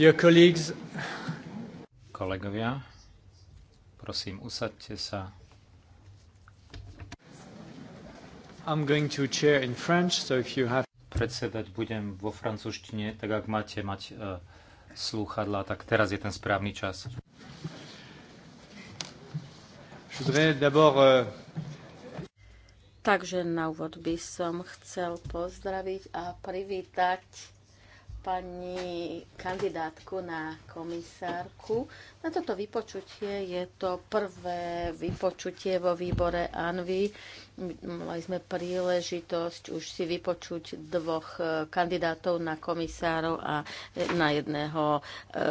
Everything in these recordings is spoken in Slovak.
Dear colleagues, kolegovia, prosím, usaďte sa. I'm going to chair in French, so if you have... Predsedať budem vo francúzštine, tak ak máte mať uh, e, slúchadla, tak teraz je ten správny čas. Je d'abord uh, Takže na úvod by som chcel pozdraviť a privítať pani kandidátku na komisárku. Na toto vypočutie je to prvé vypočutie vo výbore ANVI Mali sme príležitosť už si vypočuť dvoch e, kandidátov na komisárov a e, na jedného e,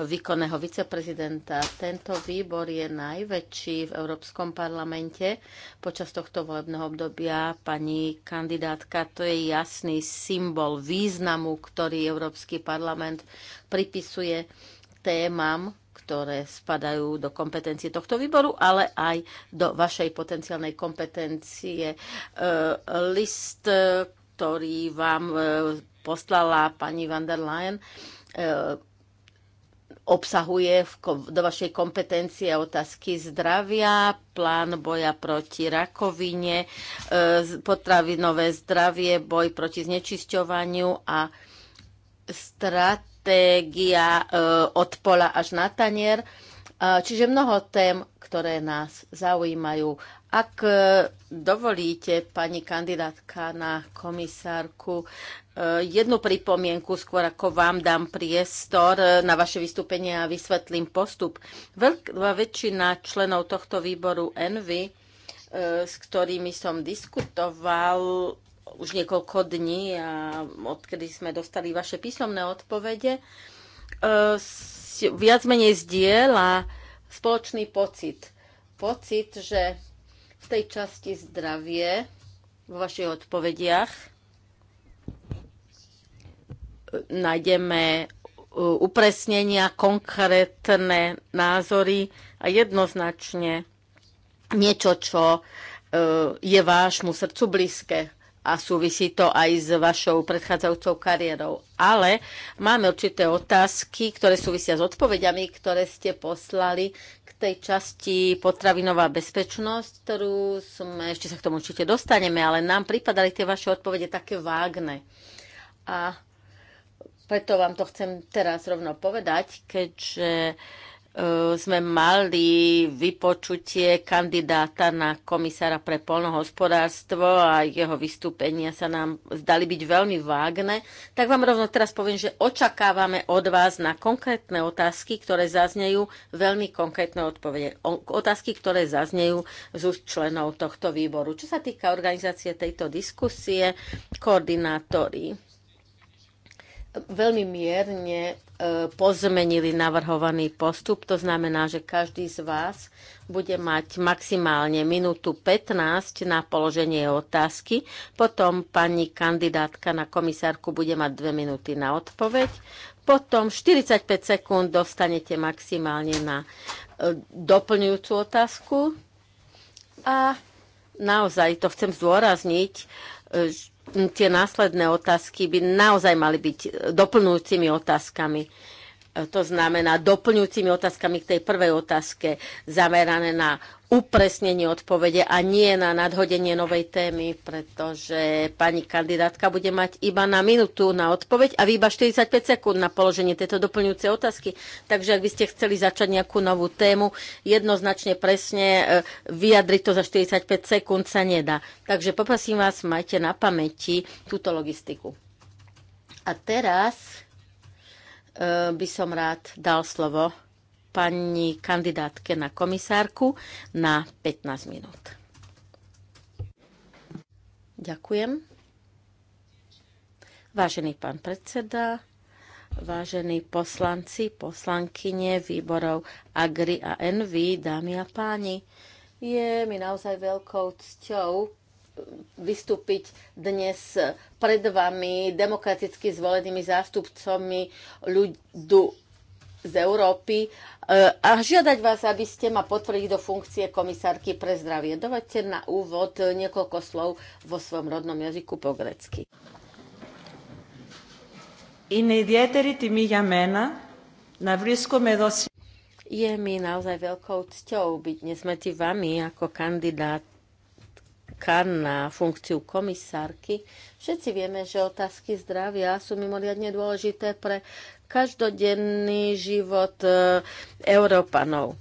výkonného viceprezidenta. Tento výbor je najväčší v Európskom parlamente. Počas tohto volebného obdobia pani kandidátka, to je jasný symbol významu, ktorý Európsky parlament pripisuje témam, ktoré spadajú do kompetencie tohto výboru, ale aj do vašej potenciálnej kompetencie. E, list, ktorý vám e, poslala pani van der Leyen, e, obsahuje do vašej kompetencie otázky zdravia, plán boja proti rakovine, potravinové zdravie, boj proti znečisťovaniu a strat stratégia e, od pola až na tanier. E, čiže mnoho tém, ktoré nás zaujímajú. Ak e, dovolíte, pani kandidátka na komisárku, jednu pripomienku, skôr ako vám dám priestor na vaše vystúpenie a vysvetlím postup. Veľká väčšina členov tohto výboru Envy, s ktorými som diskutoval, už niekoľko dní a odkedy sme dostali vaše písomné odpovede, e, viac menej zdieľa spoločný pocit. Pocit, že v tej časti zdravie vo vašich odpovediach nájdeme e, upresnenia, konkrétne názory a jednoznačne niečo, čo e, je vášmu srdcu blízke a súvisí to aj s vašou predchádzajúcou kariérou. Ale máme určité otázky, ktoré súvisia s odpovediami, ktoré ste poslali k tej časti potravinová bezpečnosť, ktorú sme, ešte sa k tomu určite dostaneme, ale nám pripadali tie vaše odpovede také vágne. A preto vám to chcem teraz rovno povedať, keďže Eh, sme mali vypočutie kandidáta na komisára pre polnohospodárstvo a jeho vystúpenia sa nám zdali byť veľmi vágne, tak vám rovno teraz poviem, že očakávame od vás na konkrétne otázky, ktoré zaznejú, veľmi konkrétne odpovede. Otázky, ktoré zaznejú z členov tohto výboru. Čo sa týka organizácie tejto diskusie, koordinátori veľmi mierne e, pozmenili navrhovaný postup. To znamená, že každý z vás bude mať maximálne minútu 15 na položenie otázky. Potom pani kandidátka na komisárku bude mať 2 minúty na odpoveď. Potom 45 sekúnd dostanete maximálne na e, doplňujúcu otázku. A naozaj to chcem zdôrazniť, e, tie následné otázky by naozaj mali byť e, doplňujúcimi otázkami. E, to znamená doplňujúcimi otázkami k tej prvej otázke, zamerané na upresnenie odpovede a nie na nadhodenie novej témy, pretože pani kandidátka bude mať iba na minútu na odpoveď a vy iba 45 sekúnd na položenie tejto doplňujúce otázky. Takže ak by ste chceli začať nejakú novú tému, jednoznačne presne e, vyjadriť to za 45 sekúnd sa nedá. Takže poprosím vás, majte na pamäti túto logistiku. A teraz e, by som rád dal slovo pani kandidátke na komisárku na 15 minút. Ďakujem. Vážený pán predseda, vážení poslanci, poslankyne výborov Agri a Envy, dámy a páni, je mi naozaj veľkou cťou vystúpiť dnes pred vami demokraticky zvolenými zástupcami ľudu z Európy e, a žiadať vás, aby ste ma potvrdili do funkcie komisárky pre zdravie. Dovedte na úvod niekoľko slov vo svojom rodnom jazyku po grecky. Je mi naozaj veľkou cťou byť dnes medzi vami ako kandidát na funkciu komisárky. Všetci vieme, že otázky zdravia sú mimoriadne dôležité pre každodenný život e, Európanov.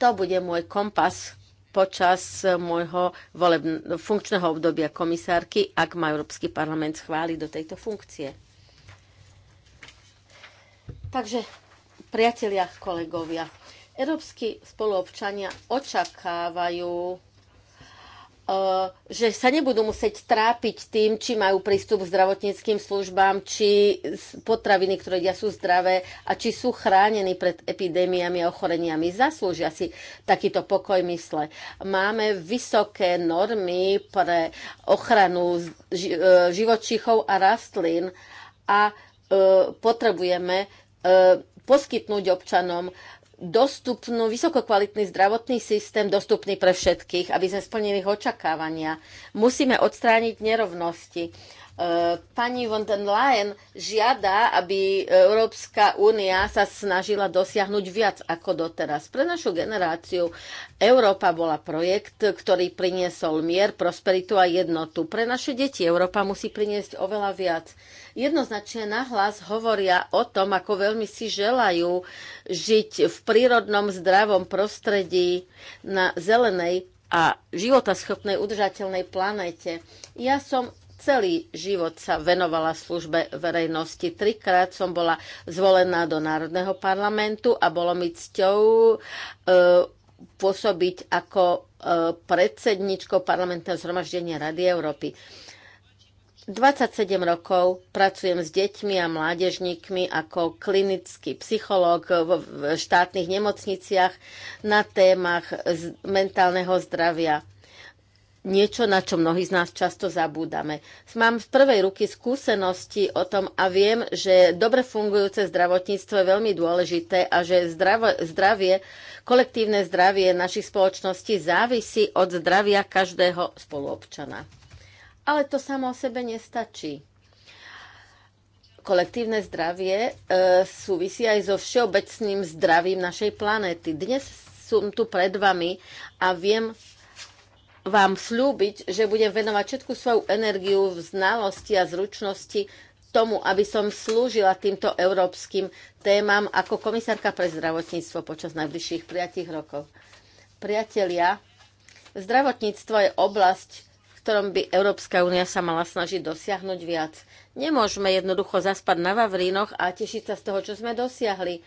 To bude môj kompas počas môjho volebn- funkčného obdobia komisárky, ak ma Európsky parlament schváli do tejto funkcie. Takže, priatelia, kolegovia, európsky spoluobčania očakávajú Eh, že sa nebudú musieť trápiť tým, či majú prístup k zdravotníckým službám, či potraviny, ktoré jedia, sú zdravé a či sú chránení pred epidémiami a ochoreniami. Zaslúžia si takýto pokoj mysle. Máme vysoké normy pre ochranu eh, živočíchov a rastlín a eh, potrebujeme poskytnúť občanom dostupnú, vysokokvalitný zdravotný systém, dostupný pre všetkých, aby sme splnili ich očakávania. Musíme odstrániť nerovnosti Eh, pani von den Leyen žiada, aby Európska únia sa snažila dosiahnuť viac ako doteraz. Pre našu generáciu Európa bola projekt, ktorý priniesol mier, prosperitu a jednotu. Pre naše deti Európa musí priniesť oveľa viac. Jednoznačne nahlas hovoria o tom, ako veľmi si želajú žiť v prírodnom zdravom prostredí na zelenej a životaschopnej udržateľnej planéte. Ja som celý život sa venovala službe verejnosti. Trikrát som bola zvolená do Národného parlamentu a bolo mi cťou e, pôsobiť ako e, predsedničkou parlamentného zhromaždenia Rady Európy. 27 rokov pracujem s deťmi a mládežníkmi ako klinický psychológ v štátnych nemocniciach na témach mentálneho zdravia niečo, na čo mnohí z nás často zabúdame. Mám z prvej ruky skúsenosti o tom a viem, že dobre fungujúce zdravotníctvo je veľmi dôležité a že zdravo, zdravie, kolektívne zdravie našich spoločností závisí od zdravia každého spoluobčana. Ale to samo o sebe nestačí. Kolektívne zdravie e, súvisí aj so všeobecným zdravím našej planéty. Dnes som tu pred vami a viem vám slúbiť, že budem venovať všetku svoju energiu v znalosti a zručnosti tomu, aby som slúžila týmto európskym témam ako komisárka pre zdravotníctvo počas najbližších priatých rokov. Priatelia, zdravotníctvo je oblasť, v ktorom by Európska únia sa mala snažiť dosiahnuť viac. Nemôžeme jednoducho zaspať na Vavrínoch a tešiť sa z toho, čo sme dosiahli.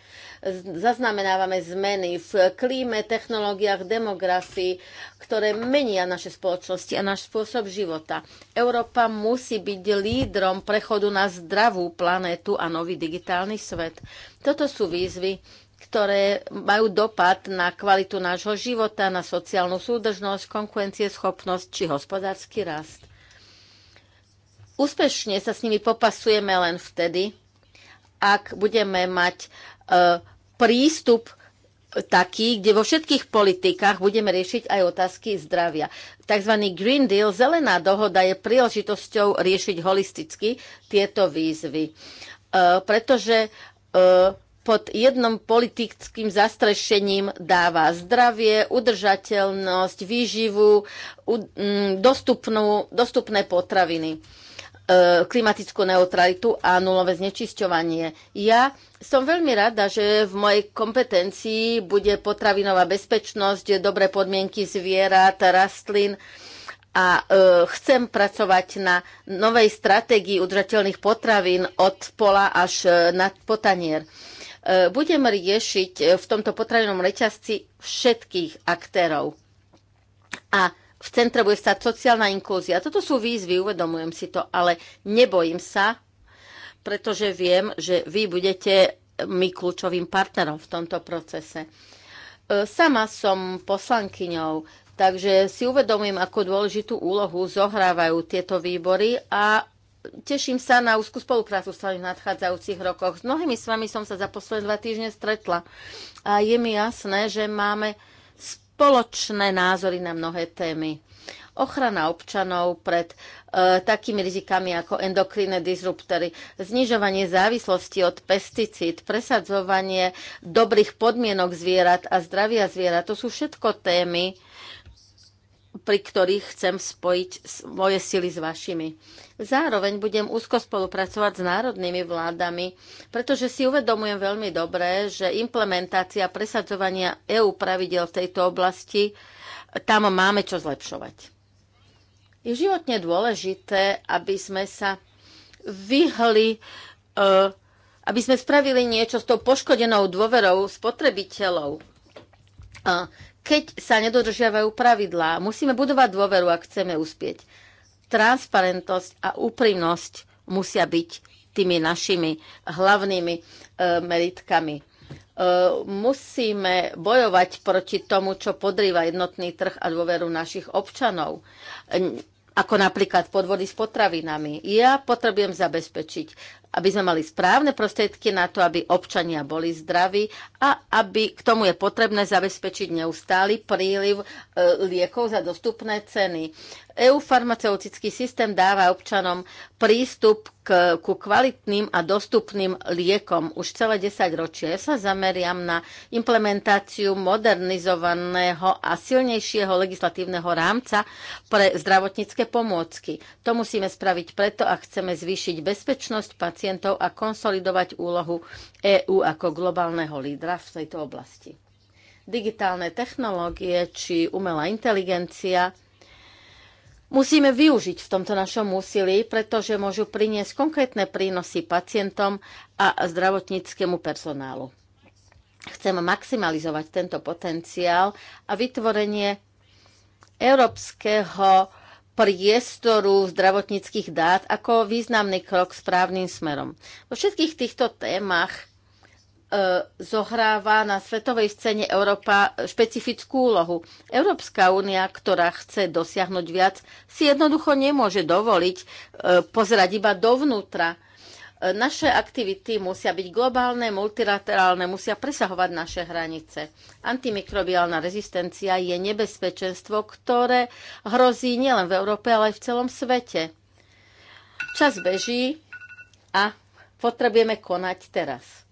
Zaznamenávame zmeny v klíme, technológiách, demografii, ktoré menia naše spoločnosti a náš spôsob života. Európa musí byť lídrom prechodu na zdravú planétu a nový digitálny svet. Toto sú výzvy, ktoré majú dopad na kvalitu nášho života, na sociálnu súdržnosť, konkurencieschopnosť či hospodársky rast úspešne sa s nimi popasujeme len vtedy, ak budeme mať e, prístup taký, kde vo všetkých politikách budeme riešiť aj otázky zdravia. Takzvaný Green Deal, zelená dohoda, je príležitosťou riešiť holisticky tieto výzvy. E, pretože e, pod jednom politickým zastrešením dáva zdravie, udržateľnosť, výživu, dostupnú, dostupné potraviny. E, klimatickú neutralitu a nulové znečisťovanie. Ja som veľmi rada, že v mojej kompetencii bude potravinová bezpečnosť, dobré podmienky zvierat, rastlín a e, chcem pracovať na novej stratégii udržateľných potravín od pola až e, na potanier. E, budem riešiť v tomto potravinom reťazci všetkých aktérov. A v centre bude stať sociálna inklúzia. Toto sú výzvy, uvedomujem si to, ale nebojím sa, pretože viem, že vy budete my kľúčovým partnerom v tomto procese. E, sama som poslankyňou, takže si uvedomujem, ako dôležitú úlohu zohrávajú tieto výbory a teším sa na úzkú spoluprácu s vami v nadchádzajúcich rokoch. S mnohými s vami som sa za posledné dva týždne stretla a je mi jasné, že máme spoločné názory na mnohé témy. Ochrana občanov pred e, takými rizikami ako endokrinné disruptory, znižovanie závislosti od pesticíd, presadzovanie dobrých podmienok zvierat a zdravia zvierat, to sú všetko témy, pri ktorých chcem spojiť moje sily s vašimi. Zároveň budem úzko spolupracovať s národnými vládami, pretože si uvedomujem veľmi dobre, že implementácia presadzovania EU pravidel v tejto oblasti, tam máme čo zlepšovať. Je životne dôležité, aby sme sa vyhli e, aby sme spravili niečo s tou poškodenou dôverou spotrebiteľov keď sa nedodržiavajú pravidlá. Musíme budovať dôveru, ak chceme uspieť. Transparentnosť a úprimnosť musia byť tými našimi hlavnými e, meritkami. E, musíme bojovať proti tomu, čo podrýva jednotný trh a dôveru našich občanov. E, ako napríklad podvody s potravinami. Ja potrebujem zabezpečiť aby sme mali správne prostriedky na to, aby občania boli zdraví a aby k tomu je potrebné zabezpečiť neustály príliv e, liekov za dostupné ceny. EU farmaceutický systém dáva občanom prístup k, ku kvalitným a dostupným liekom už celé 10 ročie sa zameriam na implementáciu modernizovaného a silnejšieho legislatívneho rámca pre zdravotnícke pomôcky. To musíme spraviť preto, ak chceme zvýšiť bezpečnosť pacientov a konsolidovať úlohu EÚ ako globálneho lídra v tejto oblasti digitálne technológie či umelá inteligencia musíme využiť v tomto našom úsilí, pretože môžu priniesť konkrétne prínosy pacientom a zdravotníckému personálu. Chcem maximalizovať tento potenciál a vytvorenie európskeho priestoru zdravotníckých dát ako významný krok správnym smerom. Vo všetkých týchto témach E, zohráva na svetovej scéne Európa špecifickú úlohu. Európska únia, ktorá chce dosiahnuť viac, si jednoducho nemôže dovoliť e, pozerať iba dovnútra. E, naše aktivity musia byť globálne, multilaterálne, musia presahovať naše hranice. Antimikrobiálna rezistencia je nebezpečenstvo, ktoré hrozí nielen v Európe, ale aj v celom svete. Čas beží a potrebujeme konať teraz.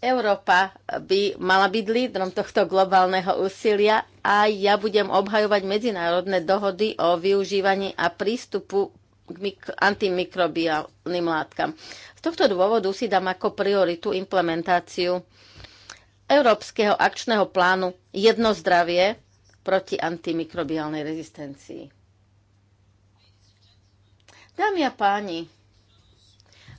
Európa by mala byť lídrom tohto globálneho úsilia a ja budem obhajovať medzinárodné dohody o využívaní a prístupu k antimikrobiálnym látkam. Z tohto dôvodu si dám ako prioritu implementáciu Európskeho akčného plánu Jedno zdravie proti antimikrobiálnej rezistencii. Dámy a páni,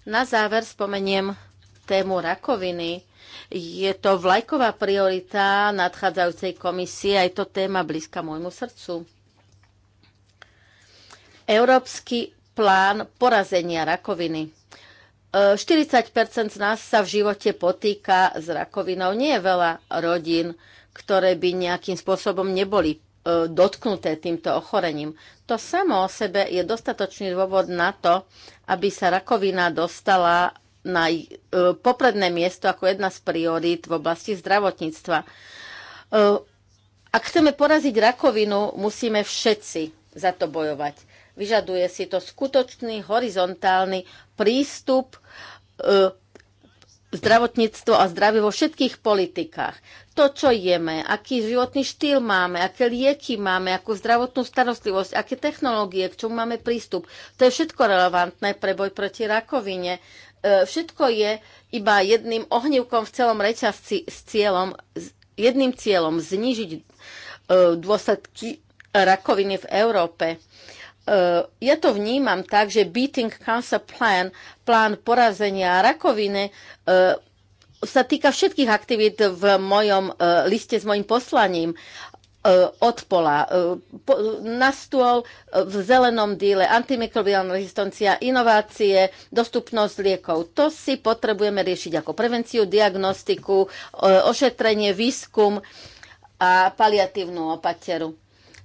na záver spomeniem tému rakoviny je to vlajková priorita nadchádzajúcej komisie a je to téma blízka môjmu srdcu. Európsky plán porazenia rakoviny. 40 e, z nás sa v živote potýka s rakovinou. Nie je veľa rodín, ktoré by nejakým spôsobom neboli e, dotknuté týmto ochorením. To samo o sebe je dostatočný dôvod na to, aby sa rakovina dostala na e, popredné miesto ako jedna z priorít v oblasti zdravotníctva. E, ak chceme poraziť rakovinu, musíme všetci za to bojovať. Vyžaduje si to skutočný horizontálny prístup e, zdravotníctvo a zdravie vo všetkých politikách. To, čo jeme, aký životný štýl máme, aké lieky máme, akú zdravotnú starostlivosť, aké technológie, k čomu máme prístup. To je všetko relevantné pre boj proti rakovine. E, všetko je iba jedným ohnívkom v celom reťazci s cieľom, s jedným cieľom znižiť e, dôsledky rakoviny v Európe. E, ja to vnímam tak, že Beating Cancer Plan, plán porazenia rakoviny, sa týka všetkých aktivít v mojom liste s mojim poslaním. E, od pola e, na stôl e, v zelenom díle antimikrobiálna rezistencia, inovácie, dostupnosť liekov. To si potrebujeme riešiť ako prevenciu, diagnostiku, ošetrenie, výskum a paliatívnu opateru.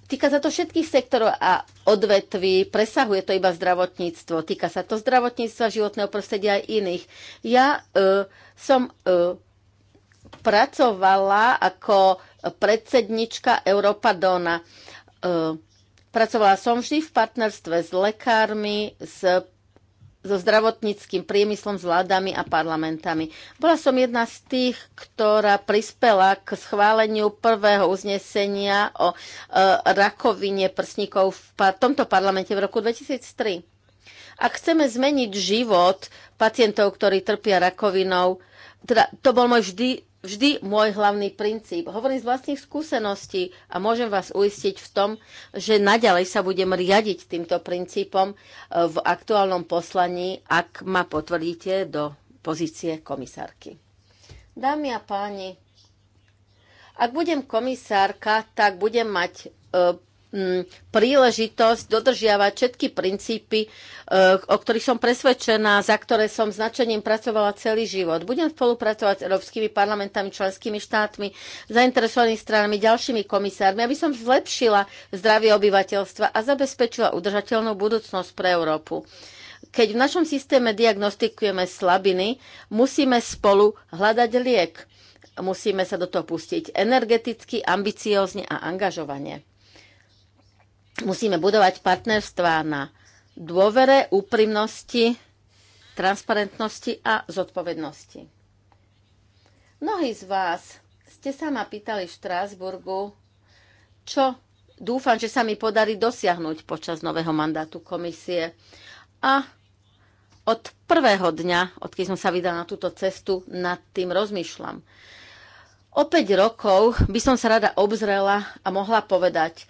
Týka sa to všetkých sektorov a odvetví, presahuje to iba zdravotníctvo. Týka sa to zdravotníctva, životného prostredia aj iných. Ja uh, som uh, pracovala ako predsednička Dona. E, pracovala som vždy v partnerstve s lekármi, s so zdravotníckým priemyslom, s vládami a parlamentami. Bola som jedna z tých, ktorá prispela k schváleniu prvého uznesenia o e, rakovine prsníkov v pa- tomto parlamente v roku 2003. Ak chceme zmeniť život pacientov, ktorí trpia rakovinou, teda to bol môj vždy vždy môj hlavný princíp. Hovorím z vlastných skúseností a môžem vás uistiť v tom, že naďalej sa budem riadiť týmto princípom e, v aktuálnom poslaní, ak ma potvrdíte do pozície komisárky. Dámy a páni, ak budem komisárka, tak budem mať e, Mm, príležitosť dodržiavať všetky princípy, e, o ktorých som presvedčená, za ktoré som značením pracovala celý život. Budem spolupracovať s európskymi parlamentami, členskými štátmi, zainteresovanými stranami, ďalšími komisármi, aby som zlepšila zdravie obyvateľstva a zabezpečila udržateľnú budúcnosť pre Európu keď v našom systéme diagnostikujeme slabiny, musíme spolu hľadať liek. Musíme sa do toho pustiť energeticky, ambiciózne a angažovanie. Musíme budovať partnerstvá na dôvere, úprimnosti, transparentnosti a zodpovednosti. Mnohí z vás ste sa ma pýtali v Štrásburgu, čo dúfam, že sa mi podarí dosiahnuť počas nového mandátu komisie. A od prvého dňa, odkedy som sa vydala na túto cestu, nad tým rozmýšľam. O 5 rokov by som sa rada obzrela a mohla povedať,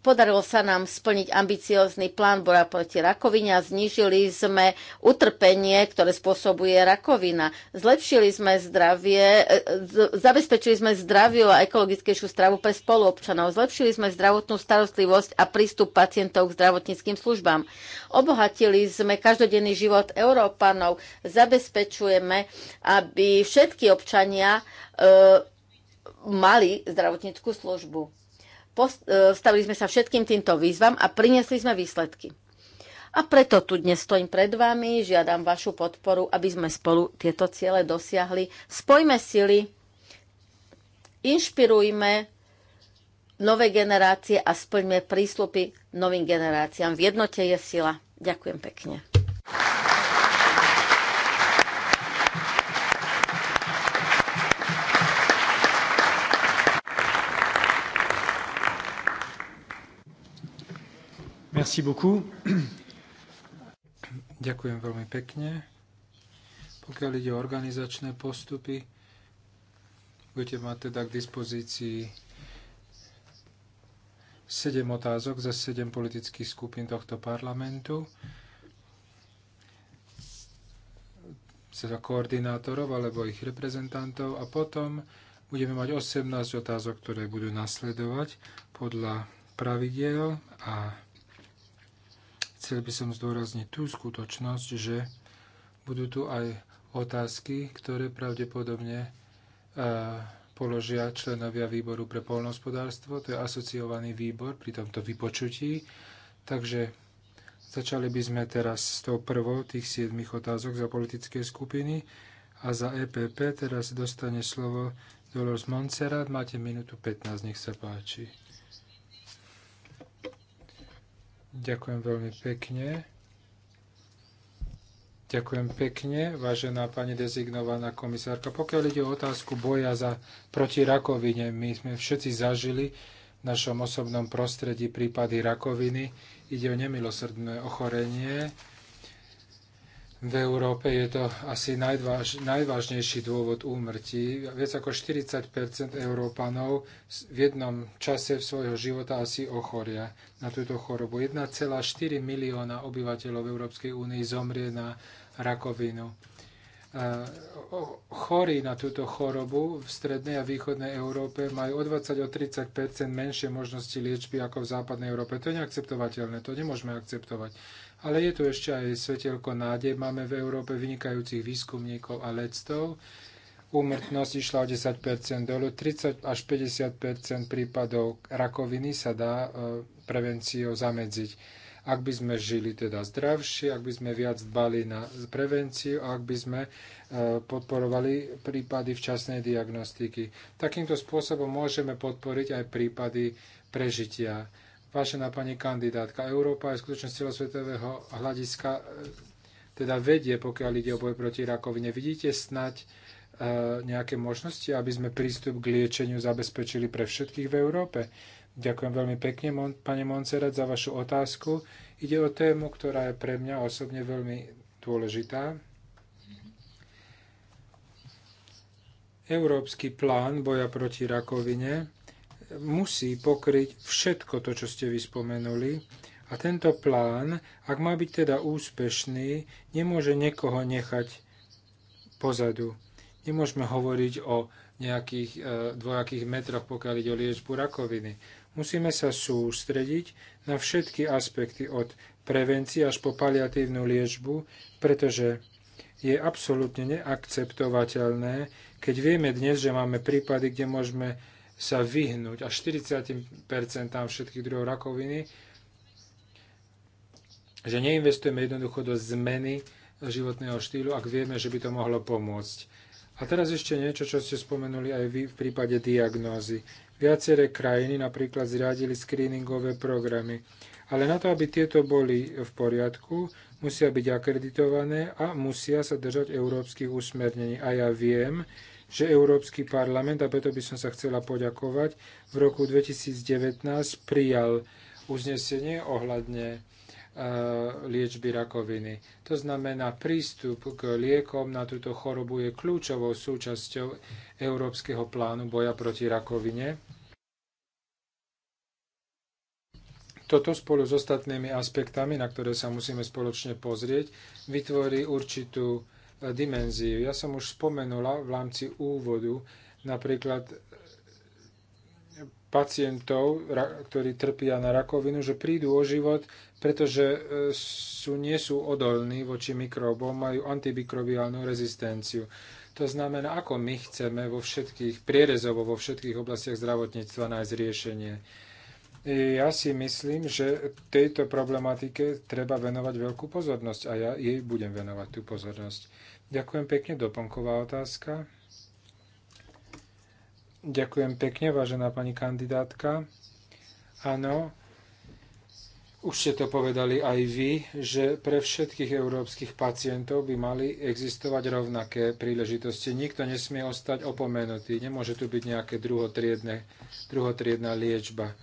Podarilo sa nám splniť ambiciózny plán boja proti rakovine a znížili sme utrpenie, ktoré spôsobuje rakovina. Zlepšili sme zdravie, e, e, zabezpečili sme zdraviu a ekologickejšiu stravu pre spoluobčanov. Zlepšili sme zdravotnú starostlivosť a prístup pacientov k zdravotníckým službám. Obohatili sme každodenný život Európanov. Zabezpečujeme, aby všetky občania e, mali zdravotníckú službu postavili e, sme sa všetkým týmto výzvam a priniesli sme výsledky. A preto tu dnes stojím pred vami, žiadam vašu podporu, aby sme spolu tieto ciele dosiahli. Spojme sily, inšpirujme nové generácie a splňme prísľupy novým generáciám. V jednote je sila. Ďakujem pekne. Merci beaucoup. Ďakujem veľmi pekne. Pokiaľ ide o organizačné postupy, budete mať teda k dispozícii 7 otázok za 7 politických skupín tohto parlamentu. za koordinátorov alebo ich reprezentantov a potom budeme mať 18 otázok, ktoré budú nasledovať podľa pravidel a chcel by som zdôrazniť tú skutočnosť, že budú tu aj otázky, ktoré pravdepodobne e, položia členovia výboru pre polnohospodárstvo, to je asociovaný výbor pri tomto vypočutí. Takže začali by sme teraz s tou prvou tých siedmých otázok za politické skupiny a za EPP teraz dostane slovo Dolores Montserrat. Máte minútu 15, nech sa páči. Ďakujem veľmi pekne. Ďakujem pekne, vážená pani dezignovaná komisárka. Pokiaľ ide o otázku boja za, proti rakovine, my sme všetci zažili v našom osobnom prostredí prípady rakoviny. Ide o nemilosrdné ochorenie, v Európe je to asi najváž, najvážnejší dôvod úmrtí. Viac ako 40 Európanov v jednom čase v svojho života asi ochoria na túto chorobu. 1,4 milióna obyvateľov Európskej únie zomrie na rakovinu. E, chorí na túto chorobu v strednej a východnej Európe majú o 20 o 30 menšie možnosti liečby ako v západnej Európe. To je neakceptovateľné, to nemôžeme akceptovať ale je tu ešte aj svetelko nádej. Máme v Európe vynikajúcich výskumníkov a lectov. Úmrtnosť išla o 10 dolu, 30 až 50 prípadov rakoviny sa dá e, prevenciou zamedziť. Ak by sme žili teda zdravšie, ak by sme viac dbali na prevenciu, ak by sme e, podporovali prípady včasnej diagnostiky. Takýmto spôsobom môžeme podporiť aj prípady prežitia. Vážená pani kandidátka, Európa je skutočne z celosvetového hľadiska e, teda vedie, pokiaľ ide o boj proti rakovine. Vidíte snať e, nejaké možnosti, aby sme prístup k liečeniu zabezpečili pre všetkých v Európe? Ďakujem veľmi pekne, mon, pani Monserat, za vašu otázku. Ide o tému, ktorá je pre mňa osobne veľmi dôležitá. Európsky plán boja proti rakovine musí pokryť všetko to, čo ste vyspomenuli. A tento plán, ak má byť teda úspešný, nemôže niekoho nechať pozadu. Nemôžeme hovoriť o nejakých e, dvojakých metroch, pokiaľ ide o liečbu rakoviny. Musíme sa sústrediť na všetky aspekty od prevencie až po paliatívnu liečbu, pretože je absolútne neakceptovateľné, keď vieme dnes, že máme prípady, kde môžeme sa vyhnúť až 40% všetkých druhov rakoviny, že neinvestujeme jednoducho do zmeny životného štýlu, ak vieme, že by to mohlo pomôcť. A teraz ešte niečo, čo ste spomenuli aj vy v prípade diagnózy. Viaceré krajiny napríklad zriadili screeningové programy, ale na to, aby tieto boli v poriadku, musia byť akreditované a musia sa držať európskych usmernení. A ja viem, že Európsky parlament, a preto by som sa chcela poďakovať, v roku 2019 prijal uznesenie ohľadne e, liečby rakoviny. To znamená, prístup k liekom na túto chorobu je kľúčovou súčasťou Európskeho plánu boja proti rakovine. Toto spolu s ostatnými aspektami, na ktoré sa musíme spoločne pozrieť, vytvorí určitú dimenziu. Ja som už spomenula v rámci úvodu napríklad eh, pacientov, ktorí trpia na rakovinu, že prídu o život, pretože eh, sú, nie sú odolní voči mikróbom, majú antimikrobiálnu rezistenciu. To znamená, ako my chceme vo všetkých, prierezovo vo všetkých oblastiach zdravotníctva nájsť riešenie. Ja si myslím, že tejto problematike treba venovať veľkú pozornosť a ja jej budem venovať tú pozornosť. Ďakujem pekne, doplnková otázka. Ďakujem pekne, vážená pani kandidátka. Áno, už ste to povedali aj vy, že pre všetkých európskych pacientov by mali existovať rovnaké príležitosti. Nikto nesmie ostať opomenutý. Nemôže tu byť nejaké druhotriedne, druhotriedna liečba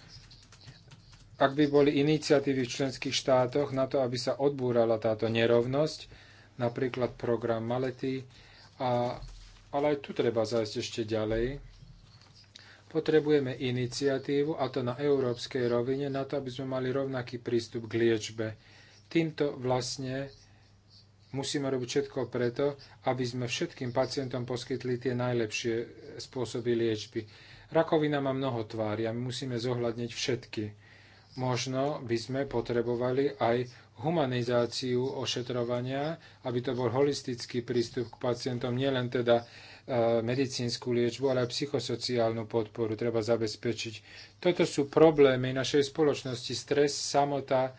ak by boli iniciatívy v členských štátoch na to, aby sa odbúrala táto nerovnosť, napríklad program Malety, a, ale aj tu treba zájsť ešte ďalej. Potrebujeme iniciatívu, a to na európskej rovine, na to, aby sme mali rovnaký prístup k liečbe. Týmto vlastne musíme robiť všetko preto, aby sme všetkým pacientom poskytli tie najlepšie spôsoby liečby. Rakovina má mnoho tvári a my musíme zohľadniť všetky možno by sme potrebovali aj humanizáciu ošetrovania, aby to bol holistický prístup k pacientom, nielen teda e, medicínsku liečbu, ale aj psychosociálnu podporu treba zabezpečiť. Toto sú problémy našej spoločnosti, stres, samota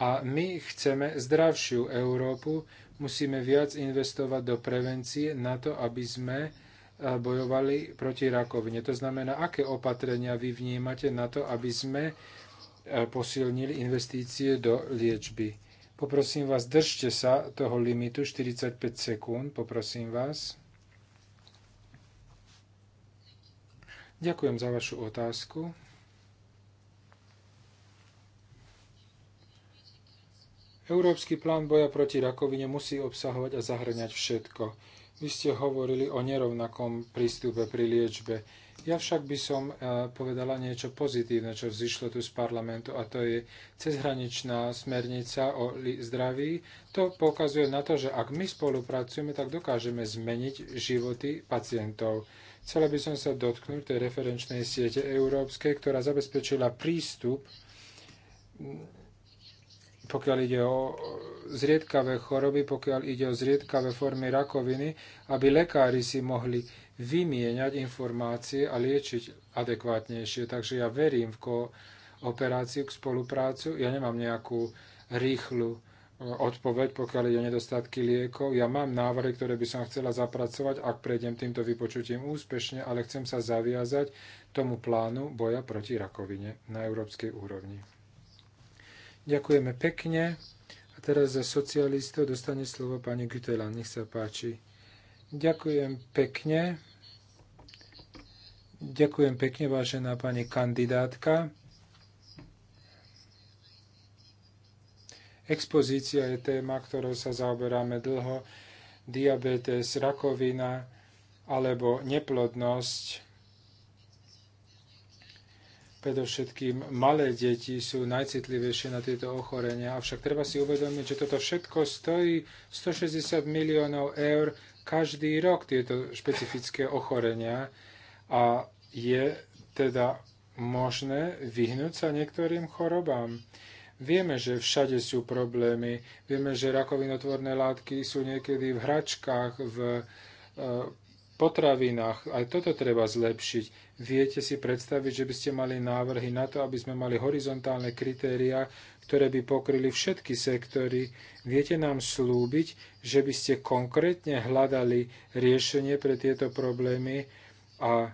a my chceme zdravšiu Európu, musíme viac investovať do prevencie na to, aby sme e, bojovali proti rakovine. To znamená, aké opatrenia vy vnímate na to, aby sme posilnili investície do liečby. Poprosím vás, držte sa toho limitu 45 sekúnd, poprosím vás. Ďakujem za vašu otázku. Európsky plán boja proti rakovine musí obsahovať a zahrňať všetko. Vy ste hovorili o nerovnakom prístupe pri liečbe. Ja však by som e, povedala niečo pozitívne, čo vzýšlo tu z parlamentu, a to je cezhraničná smernica o zdraví. To poukazuje na to, že ak my spolupracujeme, tak dokážeme zmeniť životy pacientov. Chcela by som sa dotknúť tej referenčnej siete európskej, ktorá zabezpečila prístup, pokiaľ ide o zriedkavé choroby, pokiaľ ide o zriedkavé formy rakoviny, aby lekári si mohli vymieňať informácie a liečiť adekvátnejšie. Takže ja verím v kooperáciu, k spoluprácu. Ja nemám nejakú rýchlu e, odpoveď, pokiaľ ide o nedostatky liekov. Ja mám návrhy, ktoré by som chcela zapracovať, ak prejdem týmto vypočutím úspešne, ale chcem sa zaviazať tomu plánu boja proti rakovine na európskej úrovni. Ďakujeme pekne. A teraz za socialistov dostane slovo pani Gütela. Nech sa páči. Ďakujem pekne. Ďakujem pekne, vážená pani kandidátka. Expozícia je téma, ktorou sa zaoberáme dlho. Diabetes, rakovina alebo neplodnosť. Predovšetkým malé deti sú najcitlivejšie na tieto ochorenia, avšak treba si uvedomiť, že toto všetko stojí 160 miliónov eur každý rok, tieto špecifické ochorenia. A je teda možné vyhnúť sa niektorým chorobám. Vieme, že všade sú problémy. Vieme, že rakovinotvorné látky sú niekedy v hračkách, v e, potravinách. Aj toto treba zlepšiť. Viete si predstaviť, že by ste mali návrhy na to, aby sme mali horizontálne kritéria, ktoré by pokryli všetky sektory. Viete nám slúbiť, že by ste konkrétne hľadali riešenie pre tieto problémy, a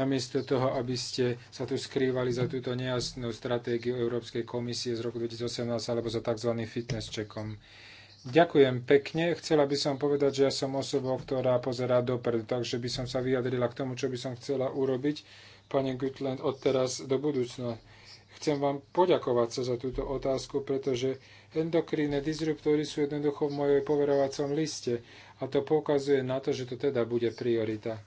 namiesto toho, aby ste sa tu skrývali za túto nejasnú stratégiu Európskej komisie z roku 2018 alebo za tzv. fitness checkom. Ďakujem pekne. Chcela by som povedať, že ja som osobou, ktorá pozerá dopredu, takže by som sa vyjadrila k tomu, čo by som chcela urobiť, pani Gutland, od teraz do budúcna. Chcem vám poďakovať sa za túto otázku, pretože endokrínne disruptory sú jednoducho v mojej poverovacom liste a to poukazuje na to, že to teda bude priorita.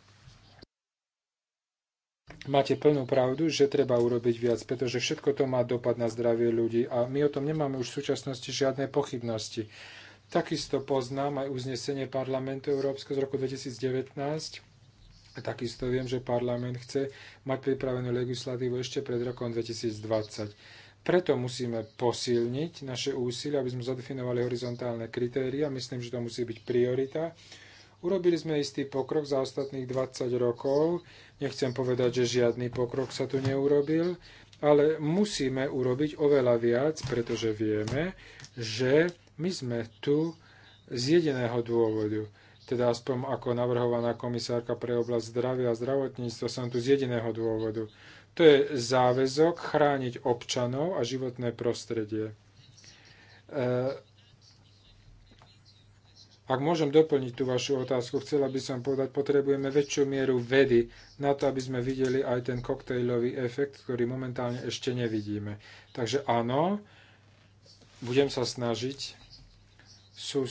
Máte plnú pravdu, že treba urobiť viac, pretože všetko to má dopad na zdravie ľudí a my o tom nemáme už v súčasnosti žiadne pochybnosti. Takisto poznám aj uznesenie parlamentu Európskeho z roku 2019, a Takisto viem, že parlament chce mať pripravenú legislatívu ešte pred rokom 2020. Preto musíme posilniť naše úsilie, aby sme zadefinovali horizontálne kritéria. Myslím, že to musí byť priorita. Urobili sme istý pokrok za ostatných 20 rokov. Nechcem povedať, že žiadny pokrok sa tu neurobil, ale musíme urobiť oveľa viac, pretože vieme, že my sme tu z jediného dôvodu teda aspoň ako navrhovaná komisárka pre oblasť zdravia a zdravotníctva, som tu z jediného dôvodu. To je záväzok chrániť občanov a životné prostredie. E, ak môžem doplniť tú vašu otázku, chcela by som povedať, potrebujeme väčšiu mieru vedy na to, aby sme videli aj ten koktejlový efekt, ktorý momentálne ešte nevidíme. Takže áno, budem sa snažiť sú,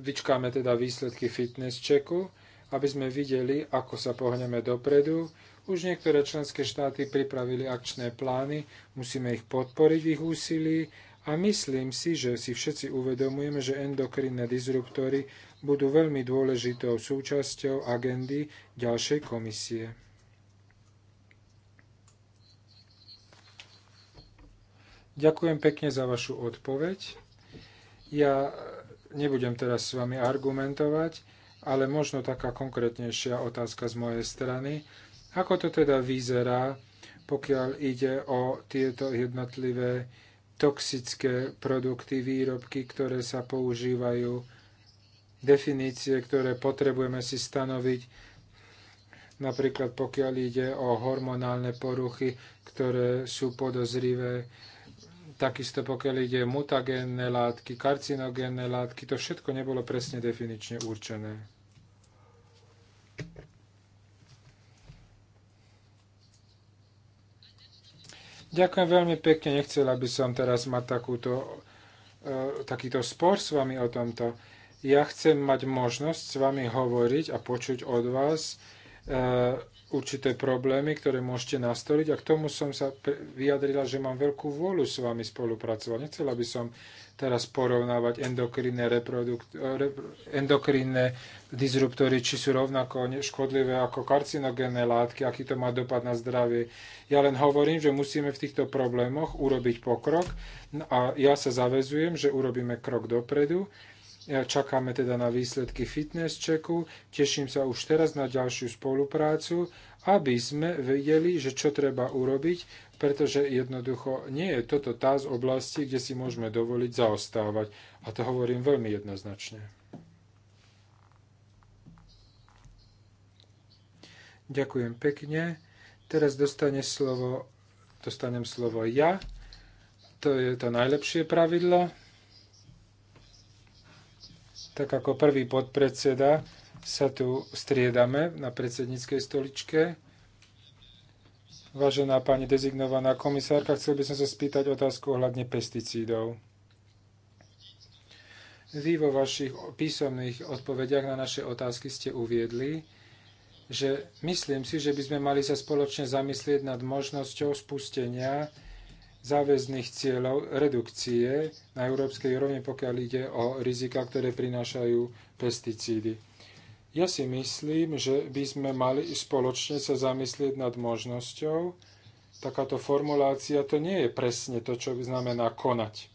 vyčkáme teda výsledky fitness checku, aby sme videli, ako sa pohneme dopredu. Už niektoré členské štáty pripravili akčné plány, musíme ich podporiť v ich úsilí a myslím si, že si všetci uvedomujeme, že endokrinné disruptory budú veľmi dôležitou súčasťou agendy ďalšej komisie. Ďakujem pekne za vašu odpoveď. Ja Nebudem teraz s vami argumentovať, ale možno taká konkrétnejšia otázka z mojej strany. Ako to teda vyzerá, pokiaľ ide o tieto jednotlivé toxické produkty, výrobky, ktoré sa používajú, definície, ktoré potrebujeme si stanoviť, napríklad pokiaľ ide o hormonálne poruchy, ktoré sú podozrivé Takisto pokiaľ ide mutagenné látky, karcinogenné látky, to všetko nebolo presne definične určené. Ďakujem veľmi pekne, nechcel by som teraz mať takúto, e, takýto spor s vami o tomto. Ja chcem mať možnosť s vami hovoriť a počuť od vás e, určité problémy, ktoré môžete nastoliť a k tomu som sa vyjadrila, že mám veľkú vôľu s vami spolupracovať. Nechcela by som teraz porovnávať endokrinné, reprodukt, e, endokrinné disruptory, či sú rovnako škodlivé ako karcinogénne látky, aký to má dopad na zdravie. Ja len hovorím, že musíme v týchto problémoch urobiť pokrok no a ja sa zavezujem, že urobíme krok dopredu Čakáme teda na výsledky fitness checku. Teším sa už teraz na ďalšiu spoluprácu, aby sme vedeli, že čo treba urobiť, pretože jednoducho nie je toto tá z oblasti, kde si môžeme dovoliť zaostávať. A to hovorím veľmi jednoznačne. Ďakujem pekne. Teraz dostane slovo, dostanem slovo ja. To je to najlepšie pravidlo tak ako prvý podpredseda sa tu striedame na predsedníckej stoličke. Vážená pani dezignovaná komisárka, chcel by som sa spýtať otázku ohľadne pesticídov. Vy vo vašich písomných odpovediach na naše otázky ste uviedli, že myslím si, že by sme mali sa spoločne zamyslieť nad možnosťou spustenia záväzných cieľov redukcie na európskej úrovni, pokiaľ ide o rizika, ktoré prinášajú pesticídy. Ja si myslím, že by sme mali spoločne sa zamyslieť nad možnosťou, takáto formulácia to nie je presne to, čo znamená konať.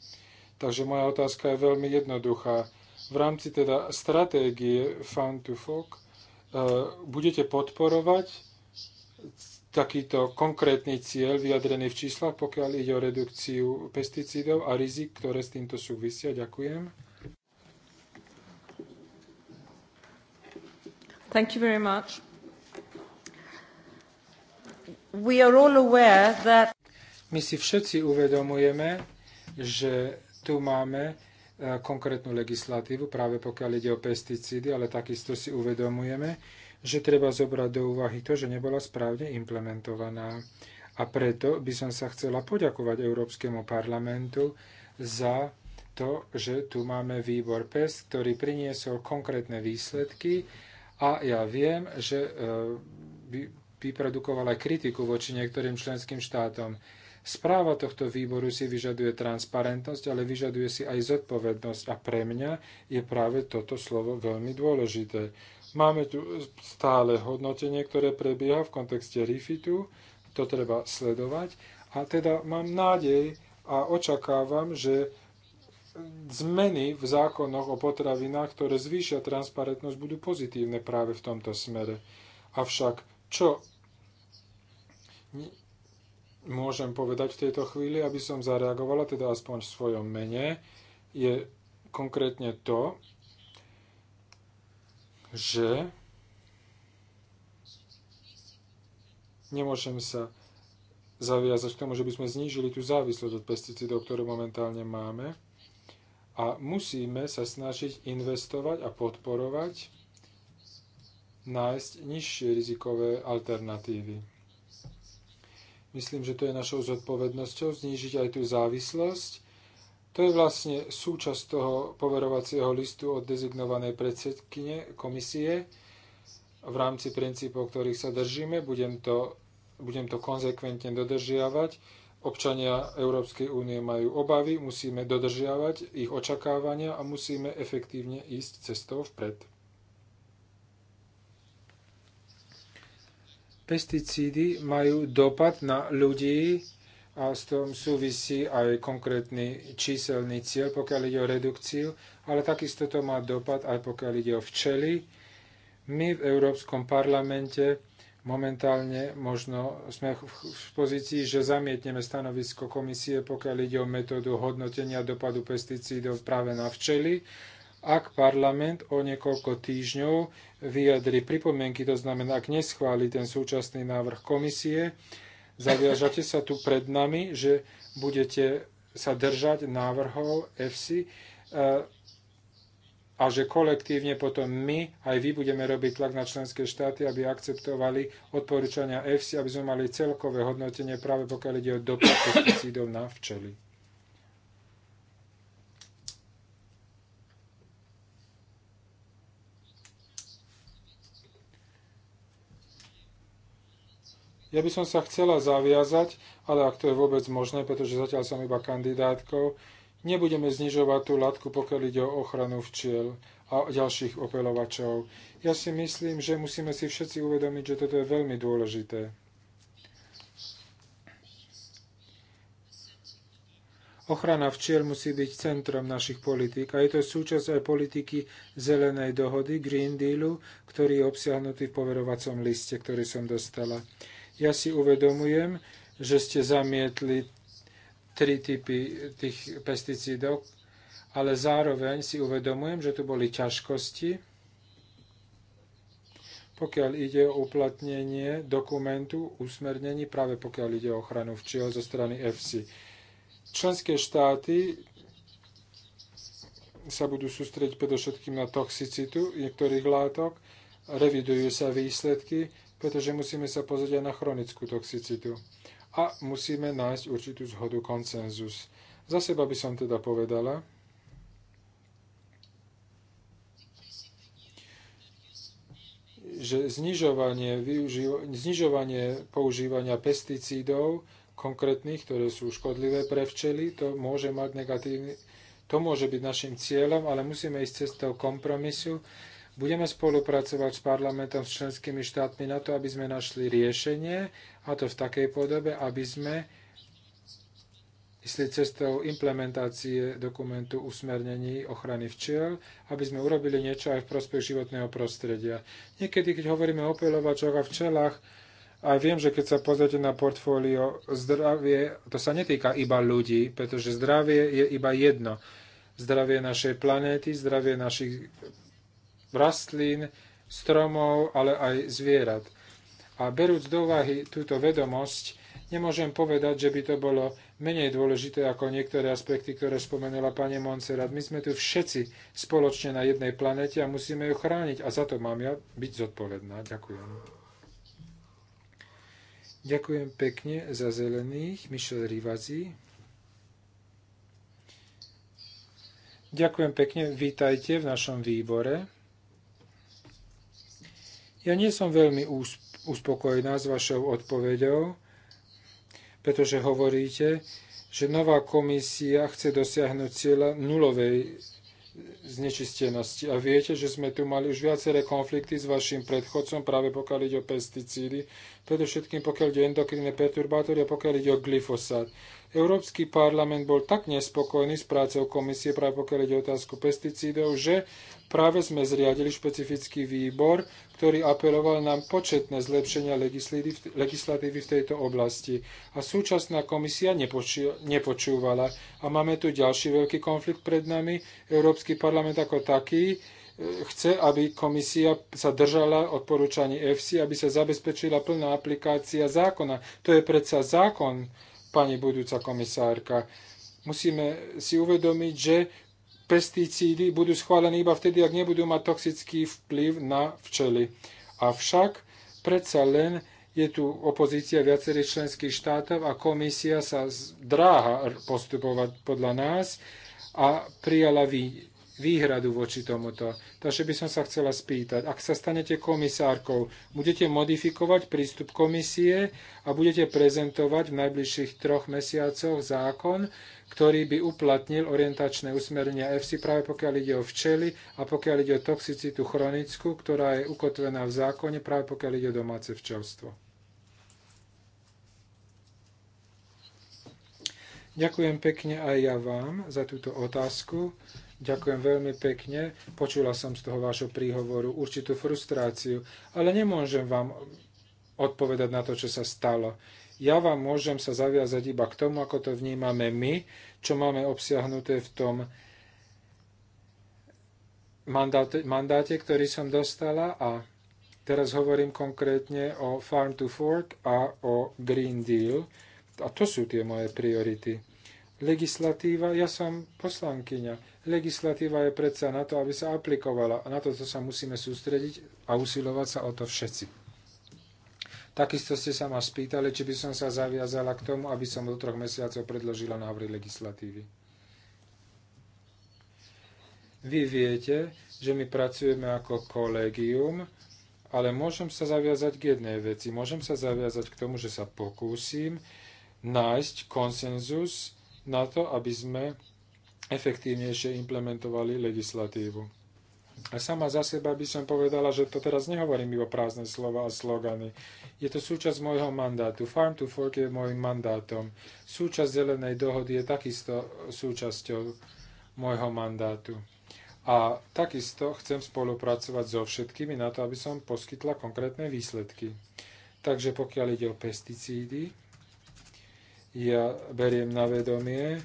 Takže moja otázka je veľmi jednoduchá. V rámci teda stratégie Found to Fog eh, budete podporovať takýto konkrétny cieľ vyjadrený v číslach, pokiaľ ide o redukciu pesticídov a rizik, ktoré s týmto súvisia. Ďakujem. Thank you very much. We are all aware that... My si všetci uvedomujeme, že tu máme e, konkrétnu legislatívu, práve pokiaľ ide o pesticídy, ale takisto si uvedomujeme, že treba zobrať do úvahy to, že nebola správne implementovaná. A preto by som sa chcela poďakovať Európskemu parlamentu za to, že tu máme výbor PES, ktorý priniesol konkrétne výsledky a ja viem, že e, vyprodukoval aj kritiku voči niektorým členským štátom. Správa tohto výboru si vyžaduje transparentnosť, ale vyžaduje si aj zodpovednosť a pre mňa je práve toto slovo veľmi dôležité. Máme tu stále hodnotenie, ktoré prebieha v kontexte RIFITu, to treba sledovať. A teda mám nádej a očakávam, že zmeny v zákonoch o potravinách, ktoré zvýšia transparentnosť, budú pozitívne práve v tomto smere. Avšak čo môžem povedať v tejto chvíli, aby som zareagovala, teda aspoň v svojom mene, je konkrétne to, že nemôžem sa zaviazať k tomu, že by sme znížili tú závislosť od pesticídov, ktorú momentálne máme. A musíme sa snažiť investovať a podporovať, nájsť nižšie rizikové alternatívy. Myslím, že to je našou zodpovednosťou znížiť aj tú závislosť to je vlastne súčasť toho poverovacieho listu od dezignovanej predsedkyne komisie v rámci princípov, ktorých sa držíme. Budem to, budem to konzekventne dodržiavať. Občania Európskej únie majú obavy, musíme dodržiavať ich očakávania a musíme efektívne ísť cestou vpred. Pesticídy majú dopad na ľudí, a s tom súvisí aj konkrétny číselný cieľ, pokiaľ ide o redukciu, ale takisto to má dopad aj pokiaľ ide o včely. My v Európskom parlamente momentálne možno sme v pozícii, že zamietneme stanovisko komisie, pokiaľ ide o metódu hodnotenia dopadu pesticídov práve na včely, ak parlament o niekoľko týždňov vyjadri pripomienky, to znamená, ak neschváli ten súčasný návrh komisie, zaviažate sa tu pred nami, že budete sa držať návrhov EFSI eh, a že kolektívne potom my, aj vy budeme robiť tlak na členské štáty, aby akceptovali odporúčania EFSI, aby sme mali celkové hodnotenie práve pokiaľ ide o dopad pesticídov na včely. Ja by som sa chcela zaviazať, ale ak to je vôbec možné, pretože zatiaľ som iba kandidátkou, nebudeme znižovať tú latku, pokiaľ ide o ochranu včiel a ďalších opelovačov. Ja si myslím, že musíme si všetci uvedomiť, že toto je veľmi dôležité. Ochrana včiel musí byť centrom našich politík a je to súčasť aj politiky zelenej dohody Green Dealu, ktorý je obsiahnutý v poverovacom liste, ktorý som dostala. Ja si uvedomujem, že ste zamietli tri typy tých pesticídov, ale zároveň si uvedomujem, že tu boli ťažkosti, pokiaľ ide o uplatnenie dokumentu usmernení, práve pokiaľ ide o ochranu včiel zo strany FC. Členské štáty sa budú sústrediť predovšetkým na toxicitu niektorých látok, revidujú sa výsledky, pretože musíme sa pozrieť aj na chronickú toxicitu. A musíme nájsť určitú zhodu, konsenzus. Za seba by som teda povedala, že znižovanie, znižovanie používania pesticídov konkrétnych, ktoré sú škodlivé pre včely, to môže mať negatívny, to môže byť našim cieľom, ale musíme ísť cestou kompromisu, Budeme spolupracovať s parlamentom, s členskými štátmi na to, aby sme našli riešenie, a to v takej podobe, aby sme išli cestou implementácie dokumentu usmernení ochrany včiel, aby sme urobili niečo aj v prospech životného prostredia. Niekedy, keď hovoríme o opeľovačoch a včelách, a viem, že keď sa pozrite na portfólio zdravie, to sa netýka iba ľudí, pretože zdravie je iba jedno. Zdravie našej planéty, zdravie našich rastlín, stromov, ale aj zvierat. A berúc do úvahy túto vedomosť, nemôžem povedať, že by to bolo menej dôležité ako niektoré aspekty, ktoré spomenula pani Monserrat. My sme tu všetci spoločne na jednej planete a musíme ju chrániť a za to mám ja byť zodpovedná. Ďakujem. Ďakujem pekne za zelených. Michel Rivazi. Ďakujem pekne. Vítajte v našom výbore. Ja nie som veľmi uspokojená s vašou odpoveďou, pretože hovoríte, že nová komisia chce dosiahnuť cieľa nulovej znečistenosti. A viete, že sme tu mali už viaceré konflikty s vašim predchodcom, práve pokiaľ ide o pesticídy, predovšetkým pokiaľ ide o endokrinné perturbátory a pokiaľ ide o glyfosát. Európsky parlament bol tak nespokojný s prácou komisie, práve pokiaľ ide o otázku pesticídov, že Práve sme zriadili špecifický výbor, ktorý apeloval na početné zlepšenia legislatívy v tejto oblasti. A súčasná komisia nepočúvala. A máme tu ďalší veľký konflikt pred nami. Európsky parlament ako taký e, chce, aby komisia sa držala odporúčaní EFSI, aby sa zabezpečila plná aplikácia zákona. To je predsa zákon, pani budúca komisárka. Musíme si uvedomiť, že pesticídy budú schválené iba vtedy, ak nebudú mať toxický vplyv na včely. Avšak predsa len je tu opozícia viacerých členských štátov a komisia sa dráha postupovať podľa nás a prijala vý, výhradu voči tomuto. Takže by som sa chcela spýtať, ak sa stanete komisárkou, budete modifikovať prístup komisie a budete prezentovať v najbližších troch mesiacoch zákon, ktorý by uplatnil orientačné usmerenia EFSI práve pokiaľ ide o včely a pokiaľ ide o toxicitu chronickú, ktorá je ukotvená v zákone práve pokiaľ ide o domáce včelstvo. Ďakujem pekne aj ja vám za túto otázku. Ďakujem veľmi pekne. Počula som z toho vášho príhovoru určitú frustráciu, ale nemôžem vám odpovedať na to, čo sa stalo. Ja vám môžem sa zaviazať iba k tomu, ako to vnímame my, čo máme obsiahnuté v tom mandáte, mandáte ktorý som dostala a teraz hovorím konkrétne o Farm to Fork a o Green Deal. A to sú tie moje priority. Legislatíva, ja som poslankyňa. Legislatíva je predsa na to, aby sa aplikovala. A na to, to sa musíme sústrediť a usilovať sa o to všetci. Takisto ste sa ma spýtali, či by som sa zaviazala k tomu, aby som do troch mesiacov predložila návrh legislatívy. Vy viete, že my pracujeme ako kolegium, ale môžem sa zaviazať k jednej veci. Môžem sa zaviazať k tomu, že sa pokúsim nájsť konsenzus na to, aby sme efektívnejšie implementovali legislatívu. A sama za seba by som povedala, že to teraz nehovorím iba prázdne slova a slogany. Je to súčasť môjho mandátu. Farm to Fork je môjim mandátom. Súčasť zelenej dohody je takisto súčasťou môjho mandátu. A takisto chcem spolupracovať so všetkými na to, aby som poskytla konkrétne výsledky. Takže pokiaľ ide o pesticídy, ja beriem na vedomie,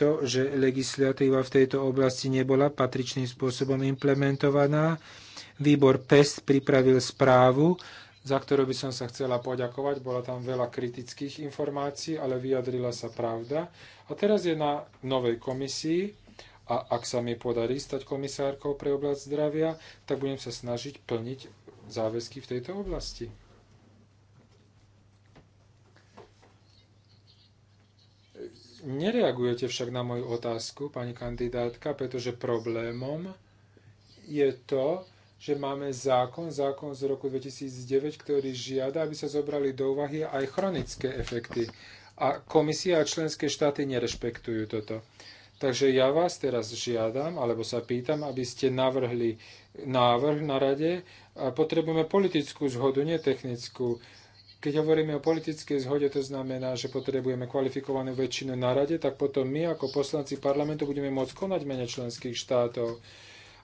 to, že legislatíva v tejto oblasti nebola patričným spôsobom implementovaná. Výbor PEST pripravil správu, za ktorú by som sa chcela poďakovať. Bola tam veľa kritických informácií, ale vyjadrila sa pravda. A teraz je na novej komisii a ak sa mi podarí stať komisárkou pre oblasť zdravia, tak budem sa snažiť plniť záväzky v tejto oblasti. Nereagujete však na moju otázku, pani kandidátka, pretože problémom je to, že máme zákon, zákon z roku 2009, ktorý žiada, aby sa zobrali do úvahy aj chronické efekty. A komisia a členské štáty nerešpektujú toto. Takže ja vás teraz žiadam, alebo sa pýtam, aby ste navrhli návrh na rade. Potrebujeme politickú zhodu, netechnickú. technickú keď hovoríme o politickej zhode, to znamená, že potrebujeme kvalifikovanú väčšinu na rade, tak potom my ako poslanci parlamentu budeme môcť konať mene členských štátov.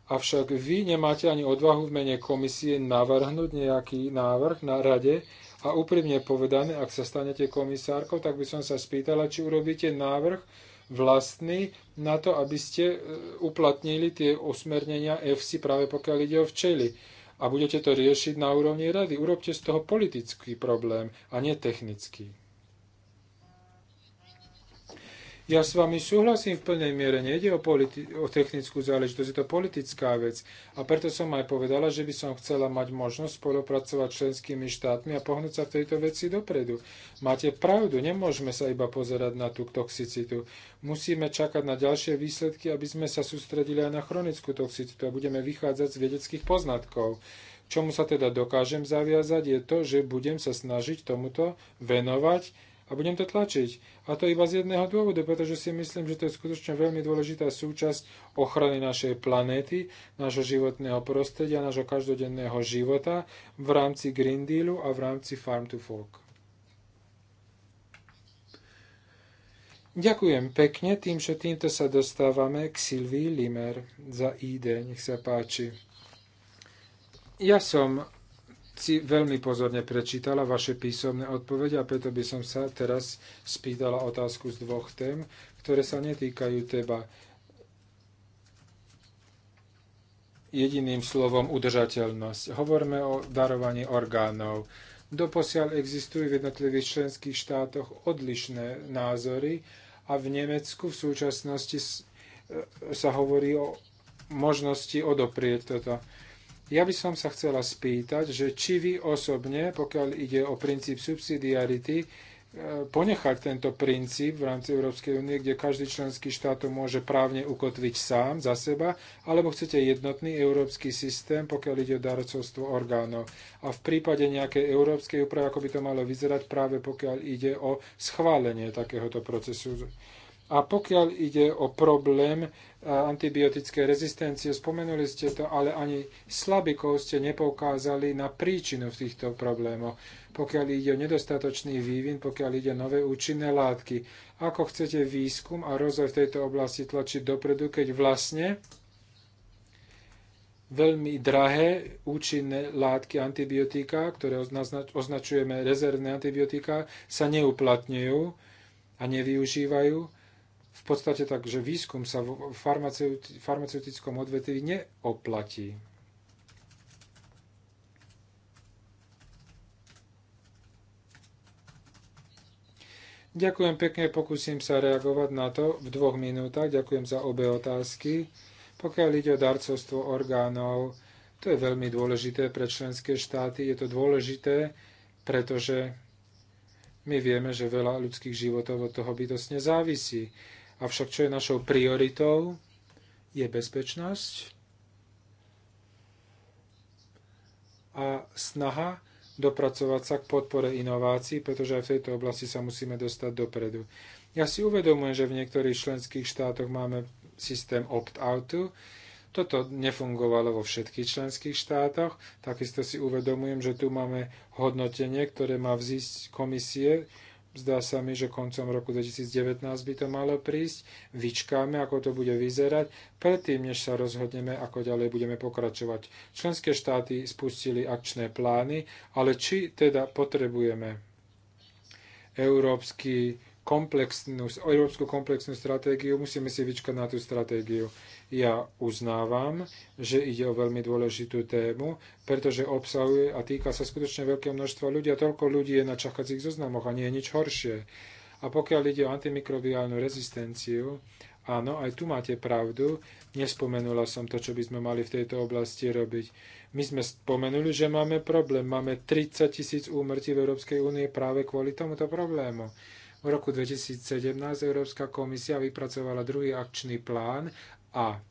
Avšak vy nemáte ani odvahu v mene komisie navrhnúť nejaký návrh na rade a úprimne povedané, ak sa stanete komisárkou, tak by som sa spýtala, či urobíte návrh vlastný na to, aby ste e, uplatnili tie usmernenia FC práve pokiaľ ide o včely a budete to riešiť na úrovni rady. Urobte z toho politický problém a technický. Ja s vami súhlasím v plnej miere, nejde o, politi- o technickú záležitosť, je to politická vec. A preto som aj povedala, že by som chcela mať možnosť spolupracovať s členskými štátmi a pohnúť sa v tejto veci dopredu. Máte pravdu, nemôžeme sa iba pozerať na tú toxicitu. Musíme čakať na ďalšie výsledky, aby sme sa sústredili aj na chronickú toxicitu a budeme vychádzať z vedeckých poznatkov. Čomu sa teda dokážem zaviazať, je to, že budem sa snažiť tomuto venovať a budem to tlačiť. A to iba z jedného dôvodu, pretože si myslím, že to je skutočne veľmi dôležitá súčasť ochrany našej planéty, nášho životného prostredia, nášho každodenného života v rámci Green Dealu a v rámci Farm to Fork. Ďakujem pekne, tým, že týmto sa dostávame k Silvii Limer za ID. Nech sa páči. Ja som si veľmi pozorne prečítala vaše písomné odpovede a preto by som sa teraz spýtala otázku z dvoch tém, ktoré sa netýkajú teba jediným slovom udržateľnosť. Hovorme o darovaní orgánov. Doposiaľ existujú v jednotlivých členských štátoch odlišné názory a v Nemecku v súčasnosti e, sa hovorí o možnosti odoprieť toto ja by som sa chcela spýtať, že či vy osobne, pokiaľ ide o princíp subsidiarity, e, ponechať tento princíp v rámci Európskej únie, kde každý členský štát to môže právne ukotviť sám za seba, alebo chcete jednotný európsky systém, pokiaľ ide o darcovstvo orgánov. A v prípade nejakej európskej úpravy, ako by to malo vyzerať, práve pokiaľ ide o schválenie takéhoto procesu a pokiaľ ide o problém e, antibiotickej rezistencie, spomenuli ste to, ale ani slabikou ste nepoukázali na príčinu v týchto problémoch. Pokiaľ ide o nedostatočný vývin, pokiaľ ide o nové účinné látky. Ako chcete výskum a rozvoj v tejto oblasti tlačiť dopredu, keď vlastne veľmi drahé účinné látky antibiotika, ktoré označujeme rezervné antibiotika, sa neuplatňujú a nevyužívajú v podstate tak, že výskum sa v farmaceuti farmaceutickom odvetví neoplatí. Ďakujem pekne, pokúsim sa reagovať na to v dvoch minútach. Ďakujem za obe otázky. Pokiaľ ide o darcovstvo orgánov, to je veľmi dôležité pre členské štáty. Je to dôležité, pretože my vieme, že veľa ľudských životov od toho bytosne závisí. Avšak čo je našou prioritou, je bezpečnosť a snaha dopracovať sa k podpore inovácií, pretože aj v tejto oblasti sa musíme dostať dopredu. Ja si uvedomujem, že v niektorých členských štátoch máme systém opt-outu. Toto nefungovalo vo všetkých členských štátoch. Takisto si uvedomujem, že tu máme hodnotenie, ktoré má vzísť komisie Zdá sa mi, že koncom roku 2019 by to malo prísť. Vyčkáme, ako to bude vyzerať, predtým, než sa rozhodneme, ako ďalej budeme pokračovať. Členské štáty spustili akčné plány, ale či teda potrebujeme európsky komplexnú, európsku komplexnú stratégiu, musíme si vyčkať na tú stratégiu. Ja uznávam, že ide o veľmi dôležitú tému, pretože obsahuje a týka sa skutočne veľkého množstva ľudí a toľko ľudí je na čakacích zoznamoch a nie je nič horšie. A pokiaľ ide o antimikrobiálnu rezistenciu, áno, aj tu máte pravdu, nespomenula som to, čo by sme mali v tejto oblasti robiť. My sme spomenuli, že máme problém. Máme 30 tisíc úmrtí v Európskej únie práve kvôli tomuto problému. V roku 2017 Európska komisia vypracovala druhý akčný plán a,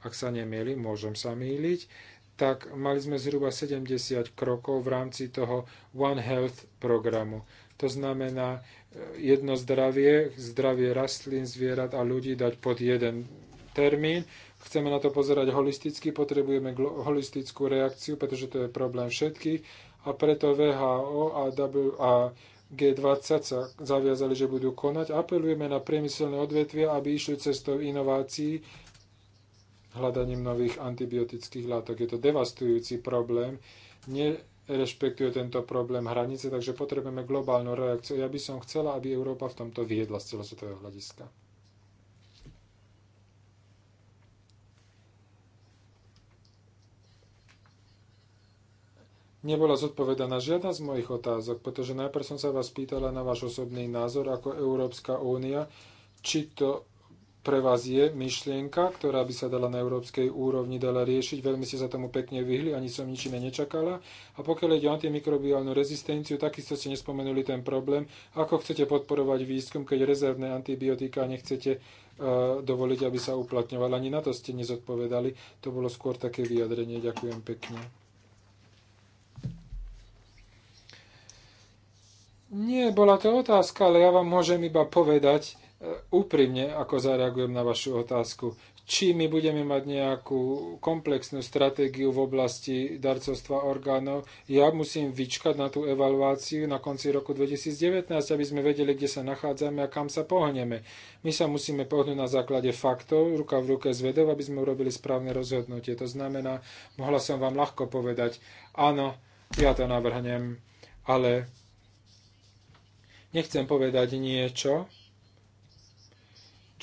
ak sa nemýlim, môžem sa mýliť, tak mali sme zhruba 70 krokov v rámci toho One Health programu. To znamená e, jedno zdravie, zdravie rastlín, zvierat a ľudí dať pod jeden termín. Chceme na to pozerať holisticky, potrebujeme holistickú reakciu, pretože to je problém všetkých a preto VHO a, w, a G20 sa zaviazali, že budú konať. Apelujeme na priemyselné odvetvia, aby išli cestou inovácií hľadaním nových antibiotických látok. Je to devastujúci problém. Nerešpektuje tento problém hranice, takže potrebujeme globálnu reakciu. Ja by som chcela, aby Európa v tomto viedla z celosvetového hľadiska. Nebola zodpovedaná žiadna z mojich otázok, pretože najprv som sa vás pýtala na váš osobný názor ako Európska únia, či to pre vás je myšlienka, ktorá by sa dala na európskej úrovni dala riešiť. Veľmi ste sa tomu pekne vyhli, ani som nič iné nečakala. A pokiaľ ide o antimikrobiálnu rezistenciu, takisto ste nespomenuli ten problém, ako chcete podporovať výskum, keď rezervné antibiotika nechcete uh, dovoliť, aby sa uplatňovala. Ani na to ste nezodpovedali. To bolo skôr také vyjadrenie. Ďakujem pekne. Nie, bola to otázka, ale ja vám môžem iba povedať e, úprimne, ako zareagujem na vašu otázku. Či my budeme mať nejakú komplexnú stratégiu v oblasti darcovstva orgánov, ja musím vyčkať na tú evaluáciu na konci roku 2019, aby sme vedeli, kde sa nachádzame a kam sa pohneme. My sa musíme pohnúť na základe faktov, ruka v ruke s vedou, aby sme urobili správne rozhodnutie. To znamená, mohla som vám ľahko povedať, áno, ja to navrhnem, ale Nechcem povedať niečo,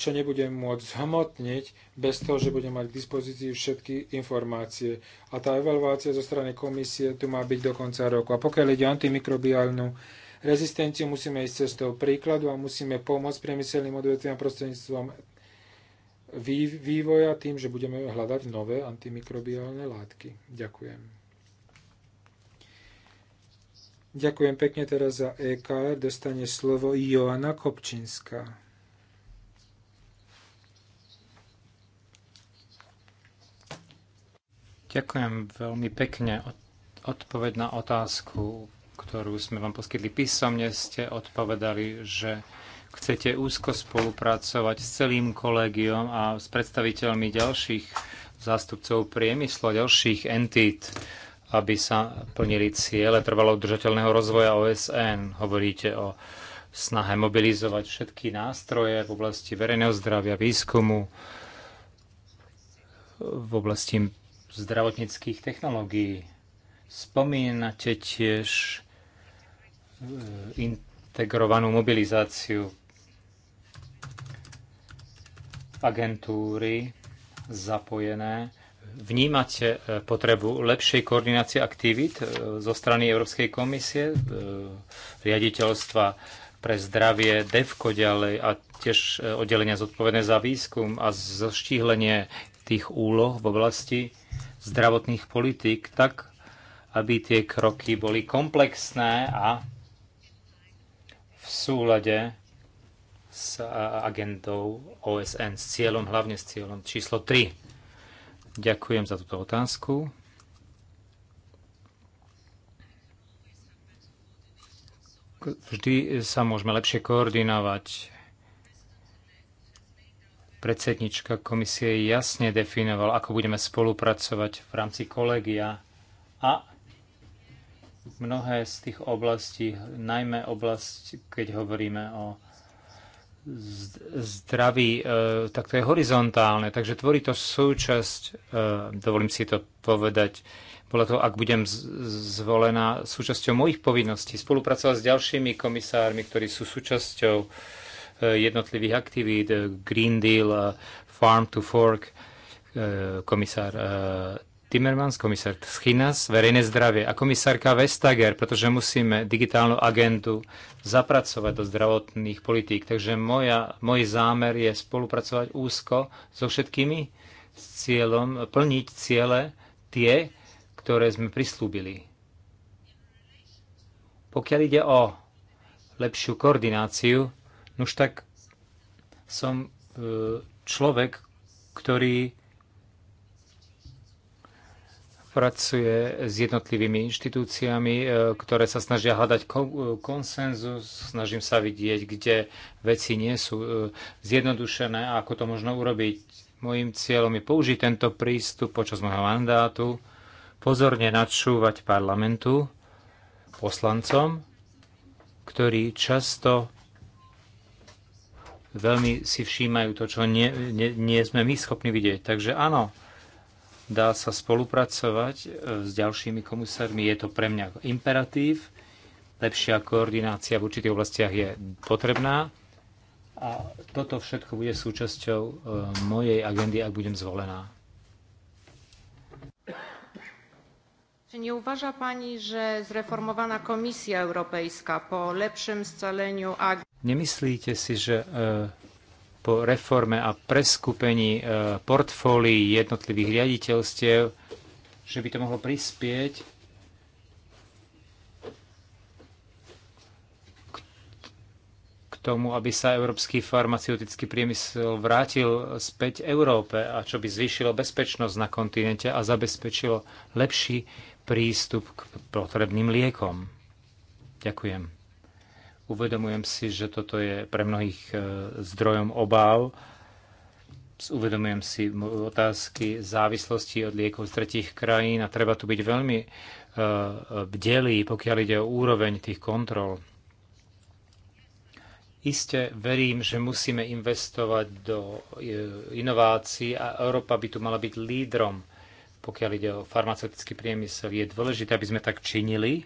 čo nebudem môcť zhmotniť bez toho, že budem mať k dispozícii všetky informácie. A tá evaluácia zo strany komisie tu má byť do konca roku. A pokiaľ ide antimikrobiálnu rezistenciu, musíme ísť cez toho príkladu a musíme pomôcť priemyselným odvetviam prostredníctvom vývoja tým, že budeme hľadať nové antimikrobiálne látky. Ďakujem. Ďakujem pekne teraz za EKR. Dostane slovo Joana Kopčinská. Ďakujem veľmi pekne. Odpoveď na otázku, ktorú sme vám poskytli písomne, ste odpovedali, že chcete úzko spolupracovať s celým kolegiom a s predstaviteľmi ďalších zástupcov priemyslu, ďalších entít aby sa plnili ciele trvalo udržateľného rozvoja OSN. Hovoríte o snahe mobilizovať všetky nástroje v oblasti verejného zdravia, výskumu, v oblasti zdravotníckých technológií. Spomínate tiež e, integrovanú mobilizáciu agentúry zapojené vnímať e, potrebu lepšej koordinácie aktivít e, zo strany Európskej komisie, e, riaditeľstva pre zdravie, DEVKO ďalej a tiež oddelenia zodpovedné za výskum a zoštíhlenie tých úloh v oblasti zdravotných politík tak, aby tie kroky boli komplexné a v súlade s agendou OSN, s cieľom, hlavne s cieľom číslo 3. Ďakujem za túto otázku. Vždy sa môžeme lepšie koordinovať. Predsednička komisie jasne definoval, ako budeme spolupracovať v rámci kolegia a mnohé z tých oblastí, najmä oblasti, keď hovoríme o zdraví, e, tak to je horizontálne, takže tvorí to súčasť, e, dovolím si to povedať, bola to, ak budem zvolená súčasťou mojich povinností, spolupracovať s ďalšími komisármi, ktorí sú súčasťou e, jednotlivých aktivít, Green Deal, Farm to Fork, komisár Timmermans, komisár Schinas, verejné zdravie a komisárka Vestager, pretože musíme digitálnu agendu zapracovať do zdravotných politík. Takže moja, môj zámer je spolupracovať úzko so všetkými s cieľom plniť ciele tie, ktoré sme prislúbili. Pokiaľ ide o lepšiu koordináciu, už tak som e, človek, ktorý spolupracuje s jednotlivými inštitúciami, e, ktoré sa snažia hľadať e, konsenzus, snažím sa vidieť, kde veci nie sú e, zjednodušené a ako to možno urobiť. Mojím cieľom je použiť tento prístup počas môjho mandátu, pozorne nadšúvať parlamentu, poslancom, ktorí často veľmi si všímajú to, čo nie, nie, nie sme my schopní vidieť. Takže áno, Dá sa spolupracovať e, s ďalšími komisármi. Je to pre mňa imperatív. Lepšia koordinácia v určitých oblastiach je potrebná. A toto všetko bude súčasťou e, mojej agendy, ak budem zvolená. Czy nie uważa Pani, że zreformowana Komisja Europejska po lepszym scaleniu Nemyslíte si, že po reforme a preskupení e, portfólií jednotlivých riaditeľstiev, že by to mohlo prispieť k tomu, aby sa európsky farmaceutický priemysel vrátil späť Európe a čo by zvýšilo bezpečnosť na kontinente a zabezpečilo lepší prístup k potrebným liekom. Ďakujem. Uvedomujem si, že toto je pre mnohých e, zdrojom obáv. Uvedomujem si otázky závislosti od liekov z tretich krajín a treba tu byť veľmi e, bdelý, pokiaľ ide o úroveň tých kontrol. Isté verím, že musíme investovať do e, inovácií a Európa by tu mala byť lídrom, pokiaľ ide o farmaceutický priemysel. Je dôležité, aby sme tak činili,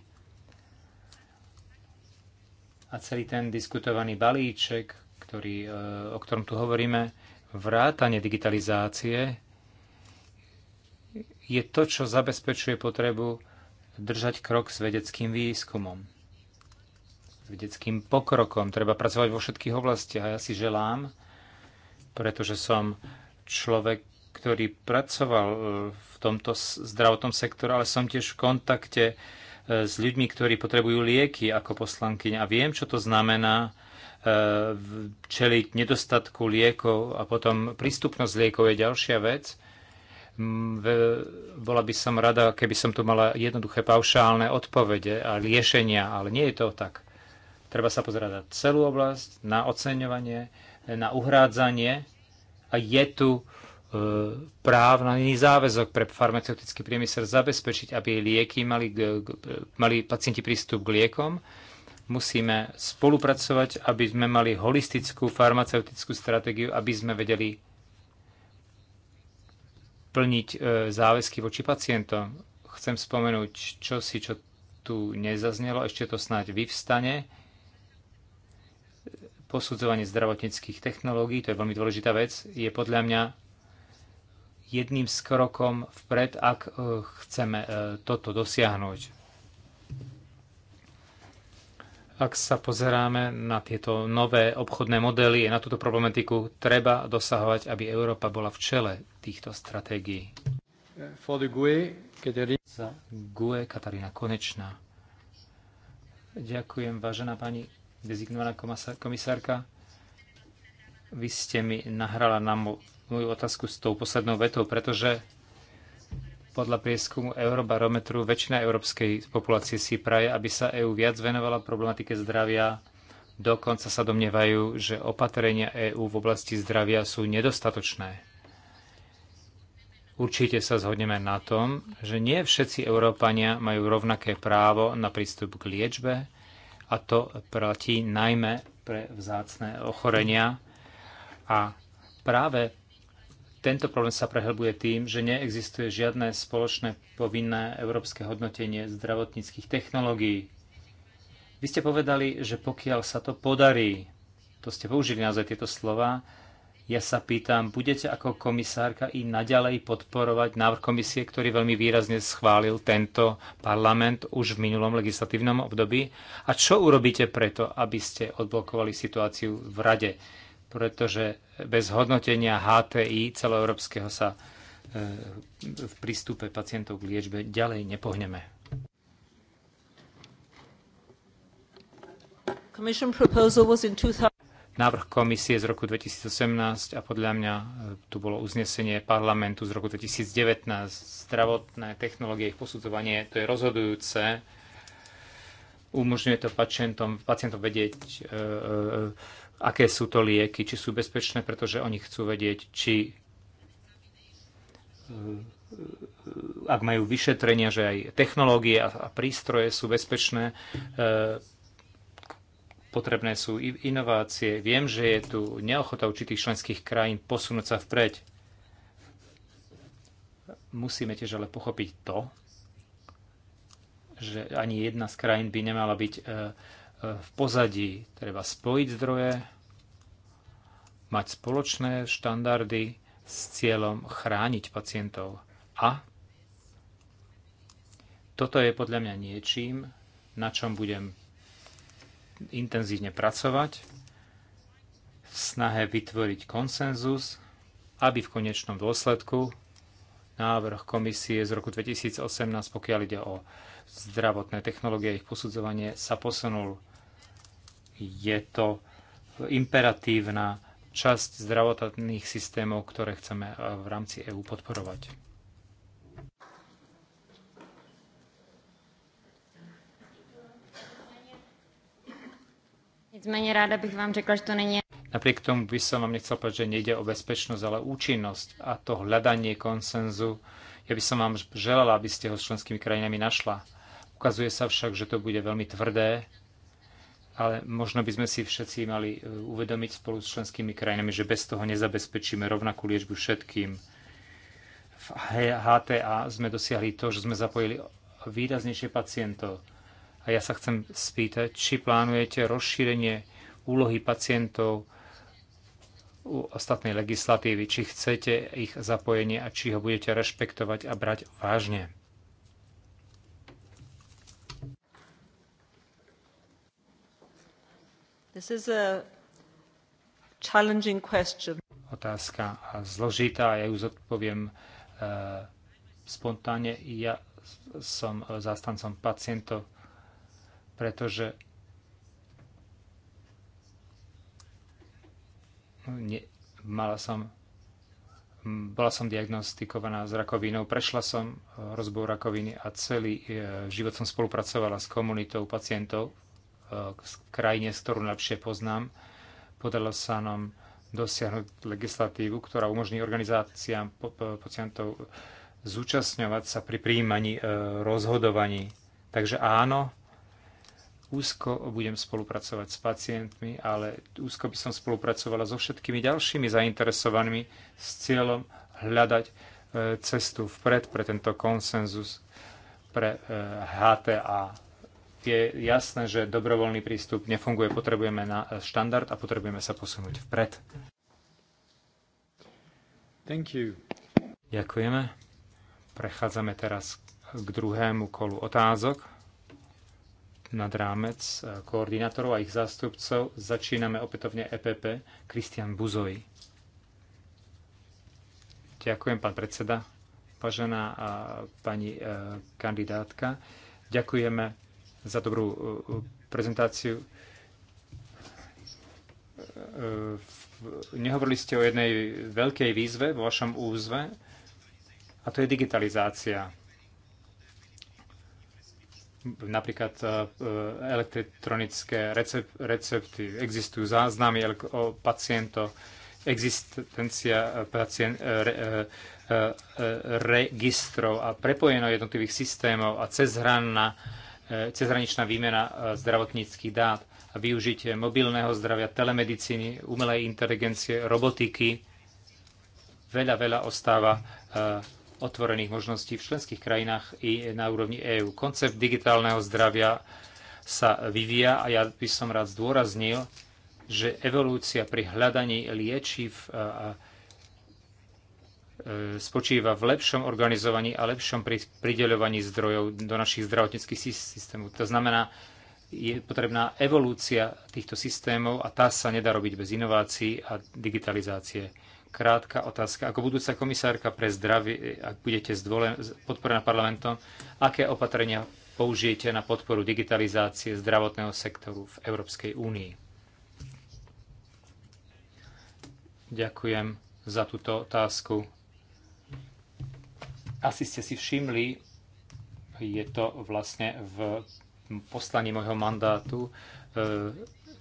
a celý ten diskutovaný balíček, ktorý, e, o ktorom tu hovoríme, vrátanie digitalizácie, je to, čo zabezpečuje potrebu držať krok s vedeckým výskumom, s vedeckým pokrokom. Treba pracovať vo všetkých oblastiach a ja si želám, pretože som človek, ktorý pracoval e, v tomto zdravotnom sektore, ale som tiež v kontakte s ľuďmi, ktorí potrebujú lieky ako poslankyňa a viem, čo to znamená e, čeliť nedostatku liekov a potom prístupnosť liekov je ďalšia vec. Bola by som rada, keby som tu mala jednoduché paušálne odpovede a riešenia, ale nie je to tak. Treba sa pozerať na celú oblasť, na oceňovanie, na uhrádzanie a je tu právny záväzok pre farmaceutický priemysel zabezpečiť, aby lieky mali, mali pacienti prístup k liekom. Musíme spolupracovať, aby sme mali holistickú farmaceutickú stratégiu, aby sme vedeli plniť e, záväzky voči pacientom. Chcem spomenúť čo si, čo tu nezaznelo, ešte to snáď vyvstane. Posudzovanie zdravotníckých technológií, to je veľmi dôležitá vec, je podľa mňa jedným z krokom vpred, ak e, chceme e, toto dosiahnuť. Ak sa pozeráme na tieto nové obchodné modely a na túto problematiku, treba dosahovať, aby Európa bola v čele týchto stratégií. Za GUE Katarína Konečná. Ďakujem, vážená pani dezignovaná komisárka. Vy ste mi nahrala na moju otázku s tou poslednou vetou, pretože podľa prieskumu Eurobarometru väčšina európskej populácie si praje, aby sa EÚ viac venovala problematike zdravia. Dokonca sa domnievajú, že opatrenia EÚ v oblasti zdravia sú nedostatočné. Určite sa zhodneme na tom, že nie všetci Európania majú rovnaké právo na prístup k liečbe a to platí najmä pre vzácne ochorenia a práve tento problém sa prehlbuje tým, že neexistuje žiadne spoločné povinné európske hodnotenie zdravotníckých technológií. Vy ste povedali, že pokiaľ sa to podarí, to ste použili naozaj tieto slova, ja sa pýtam, budete ako komisárka i naďalej podporovať návrh komisie, ktorý veľmi výrazne schválil tento parlament už v minulom legislatívnom období? A čo urobíte preto, aby ste odblokovali situáciu v rade? pretože bez hodnotenia HTI celoeurópskeho sa e, v prístupe pacientov k liečbe ďalej nepohneme. Návrh komisie z roku 2018 a podľa mňa e, tu bolo uznesenie parlamentu z roku 2019. Zdravotné technológie, ich posudzovanie, to je rozhodujúce. Umožňuje to pacientom, pacientom vedieť e, e, aké sú to lieky, či sú bezpečné, pretože oni chcú vedieť, či eh, ak majú vyšetrenia, že aj technológie a prístroje sú bezpečné, eh, potrebné sú inovácie. Viem, že je tu neochota určitých členských krajín posunúť sa vpred. Musíme tiež ale pochopiť to, že ani jedna z krajín by nemala byť eh, v pozadí. Treba spojiť zdroje, mať spoločné štandardy s cieľom chrániť pacientov. A toto je podľa mňa niečím, na čom budem intenzívne pracovať v snahe vytvoriť konsenzus, aby v konečnom dôsledku návrh komisie z roku 2018, pokiaľ ide o zdravotné technológie a ich posudzovanie, sa posunul je to imperatívna časť zdravotných systémov, ktoré chceme eh, v rámci EÚ podporovať. Nicméně ráda bych vám řekla, že to není... Napriek tomu by som vám nechcel povedať, že nejde o bezpečnosť, ale účinnosť a to hľadanie konsenzu. Ja by som vám želala, aby ste ho s členskými krajinami našla. Ukazuje sa však, že to bude veľmi tvrdé, ale možno by sme si všetci mali e, uvedomiť spolu s členskými krajinami, že bez toho nezabezpečíme rovnakú liečbu všetkým. V HTA sme dosiahli to, že sme zapojili výraznejšie pacientov. A ja sa chcem spýtať, či plánujete rozšírenie úlohy pacientov u ostatnej legislatívy, či chcete ich zapojenie a či ho budete rešpektovať a brať vážne. Otázka zložitá, a Otázka zložitá, ja ju zodpoviem uh, spontánne. Ja som zástancom pacientov, pretože mala som bola som diagnostikovaná s rakovinou, prešla som rozbor rakoviny a celý e, život som spolupracovala s komunitou pacientov krajine, z ktorú najlepšie poznám. Podalo sa nám dosiahnuť legislatívu, ktorá umožní organizáciám pacientov zúčastňovať sa pri príjmaní e, rozhodovaní. Takže áno, úzko budem spolupracovať s pacientmi, ale úzko by som spolupracovala so všetkými ďalšími zainteresovanými s cieľom hľadať e, cestu vpred pre tento konsenzus pre e, HTA je jasné, že dobrovoľný prístup nefunguje. Potrebujeme na eh, štandard a potrebujeme sa posunúť vpred. Thank you. Ďakujeme. Prechádzame teraz k druhému kolu otázok nad rámec eh, koordinátorov a ich zástupcov. Začíname opätovne EPP. Kristian Buzoj. Ďakujem, pán predseda. Vážená eh, pani kandidátka, ďakujeme za dobrú e, e, prezentáciu. E, nehovorili ste o jednej veľkej výzve vo vašom úzve, a to je digitalizácia. Napríklad elektronické recepty, existujú záznamy o pacientov, existencia pacient, re, re, registrov a prepojeno jednotlivých systémov a cezhranná E, cezhraničná výmena e, zdravotníckých dát a využitie mobilného zdravia, telemedicíny, umelej inteligencie, robotiky. Veľa, veľa ostáva e, otvorených možností v členských krajinách i na úrovni EÚ. Koncept digitálneho zdravia sa vyvíja a ja by som rád zdôraznil, že evolúcia pri hľadaní liečiv a E, spočíva v lepšom organizovaní a lepšom prideľovaní zdrojov do našich zdravotníckých systémov. To znamená, je potrebná evolúcia týchto systémov a tá sa nedá robiť bez inovácií a digitalizácie. Krátka otázka. Ako budúca komisárka pre zdravie, ak budete zdvolen, podporená parlamentom, aké opatrenia použijete na podporu digitalizácie zdravotného sektoru v Európskej únii? Ďakujem za túto otázku asi ste si všimli, je to vlastne v poslaní môjho mandátu. E,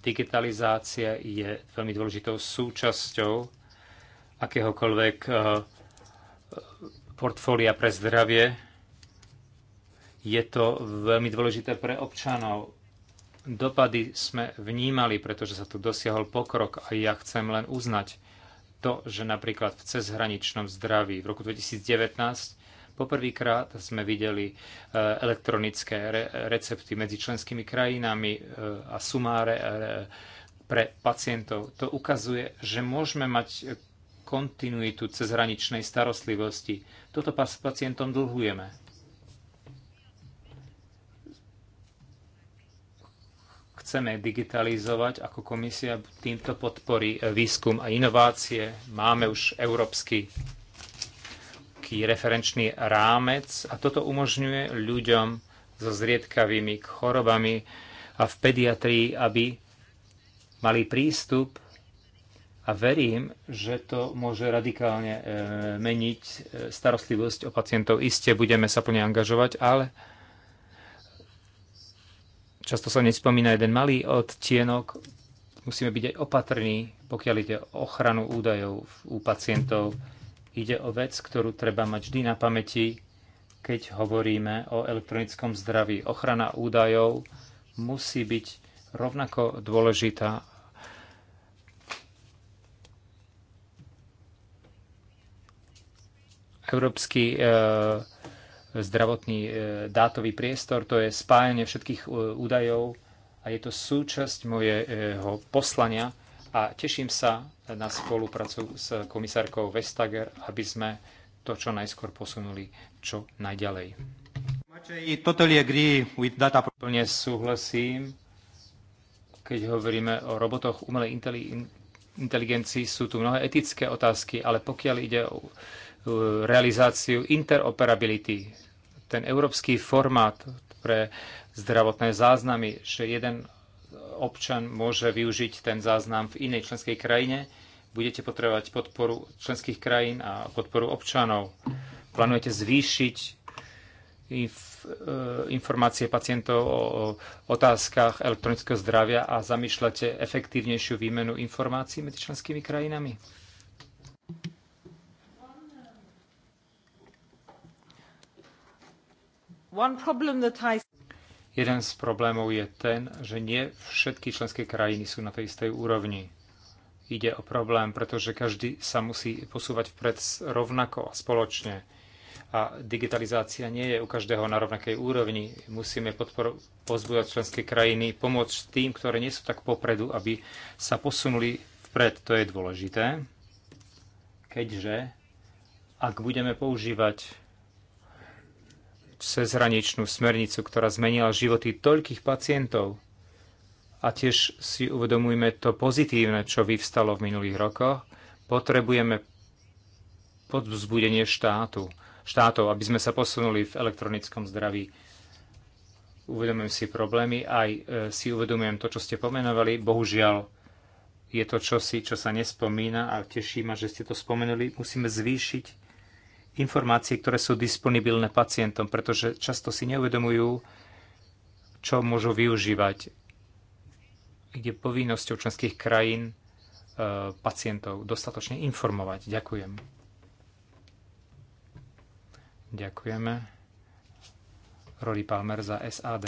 digitalizácia je veľmi dôležitou súčasťou akéhokoľvek e, portfólia pre zdravie. Je to veľmi dôležité pre občanov. Dopady sme vnímali, pretože sa tu dosiahol pokrok a ja chcem len uznať to, že napríklad v cezhraničnom zdraví v roku 2019 Poprvýkrát sme videli e, elektronické recepty medzi členskými krajinami e, a sumáre e, pre pacientov. To ukazuje, že môžeme mať kontinuitu cezhraničnej starostlivosti. Toto s pacientom dlhujeme. chceme digitalizovať, ako komisia týmto podporí výskum a inovácie. Máme už Európsky taký referenčný rámec a toto umožňuje ľuďom so zriedkavými chorobami a v pediatrii, aby mali prístup a verím, že to môže radikálne e, meniť e, starostlivosť o pacientov. Isté budeme sa plne angažovať, ale často sa nespomína jeden malý odtienok. Musíme byť aj opatrní, pokiaľ ide o ochranu údajov u pacientov. Ide o vec, ktorú treba mať vždy na pamäti, keď hovoríme o elektronickom zdraví. Ochrana údajov musí byť rovnako dôležitá. Európsky e, zdravotný e, dátový priestor, to je spájanie všetkých e, údajov a je to súčasť mojeho poslania a teším sa na spoluprácu s komisárkou Vestager, aby sme to čo najskôr posunuli čo najďalej. Plne súhlasím, keď hovoríme o robotoch umelej inteligencii, sú tu mnohé etické otázky, ale pokiaľ ide o e, realizáciu interoperability, ten európsky formát pre zdravotné záznamy, že jeden občan môže využiť ten záznam v inej členskej krajine. Budete potrebovať podporu členských krajín a podporu občanov. Plánujete zvýšiť e, informácie pacientov o otázkach elektronického zdravia a zamýšľate efektívnejšiu výmenu informácií medzi členskými krajinami? One problem that I Jeden z problémov je ten, že nie všetky členské krajiny sú na tej istej úrovni. Ide o problém, pretože každý sa musí posúvať vpred rovnako a spoločne. A digitalizácia nie je u každého na rovnakej úrovni. Musíme podpor- pozbúvať členské krajiny, pomôcť tým, ktoré nie sú tak popredu, aby sa posunuli vpred. To je dôležité, keďže ak budeme používať cezhraničnú smernicu, ktorá zmenila životy toľkých pacientov. A tiež si uvedomujeme to pozitívne, čo vyvstalo v minulých rokoch. Potrebujeme podvzbudenie štátu, štátov, aby sme sa posunuli v elektronickom zdraví. Uvedomujem si problémy, aj e, si uvedomujem to, čo ste pomenovali. Bohužiaľ, je to čosi, čo sa nespomína a teší ma, že ste to spomenuli. Musíme zvýšiť informácie, ktoré sú disponibilné pacientom, pretože často si neuvedomujú, čo môžu využívať. Je povinnosťou členských krajín e, pacientov dostatočne informovať. Ďakujem. Ďakujeme. Rory Palmer za SAD.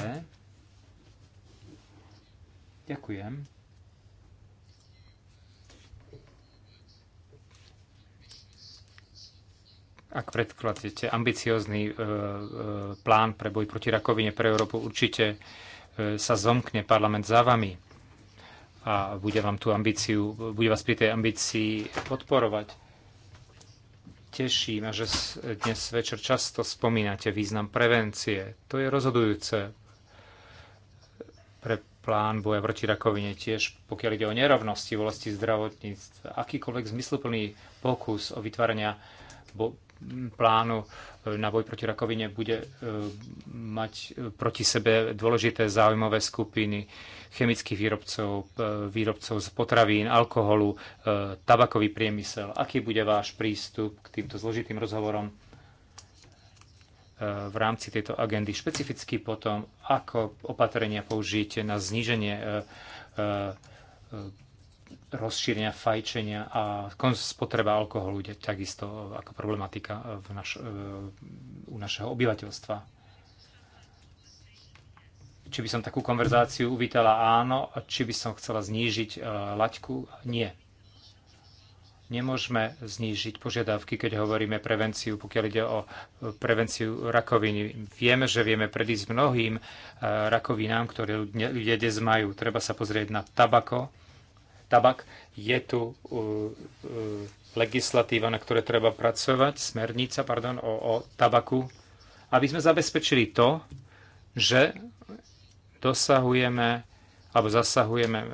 Ďakujem. ak predkladete ambiciózny e, e, plán pre boj proti rakovine pre Európu, určite e, sa zomkne parlament za vami a bude vám tú ambíciu, bude vás pri tej ambícii podporovať. Teším, že dnes večer často spomínate význam prevencie. To je rozhodujúce pre plán boja proti rakovine tiež, pokiaľ ide o nerovnosti v oblasti zdravotníctva. Akýkoľvek zmysluplný pokus o vytvárania plánu na boj proti rakovine bude e, mať e, proti sebe dôležité záujmové skupiny chemických výrobcov, e, výrobcov z potravín, alkoholu, tabakový priemysel. Aký bude váš prístup k týmto zložitým rozhovorom v rámci tejto agendy? Špecificky potom, ako opatrenia použijete na zníženie rozšírenia fajčenia a spotreba alkoholu takisto ako problematika v naš, e, u našeho obyvateľstva. Či by som takú konverzáciu uvítala? Áno. Či by som chcela znížiť e, laťku? Nie. Nemôžeme znížiť požiadavky, keď hovoríme prevenciu, pokiaľ ide o e, prevenciu rakoviny. Vieme, že vieme predísť mnohým rakovinám, ktoré ľudia dnes majú. Treba sa pozrieť na tabako, tabak. Je tu uh, uh, legislatíva, na ktoré treba pracovať, smernica pardon, o, o tabaku, aby sme zabezpečili to, že dosahujeme alebo zasahujeme e,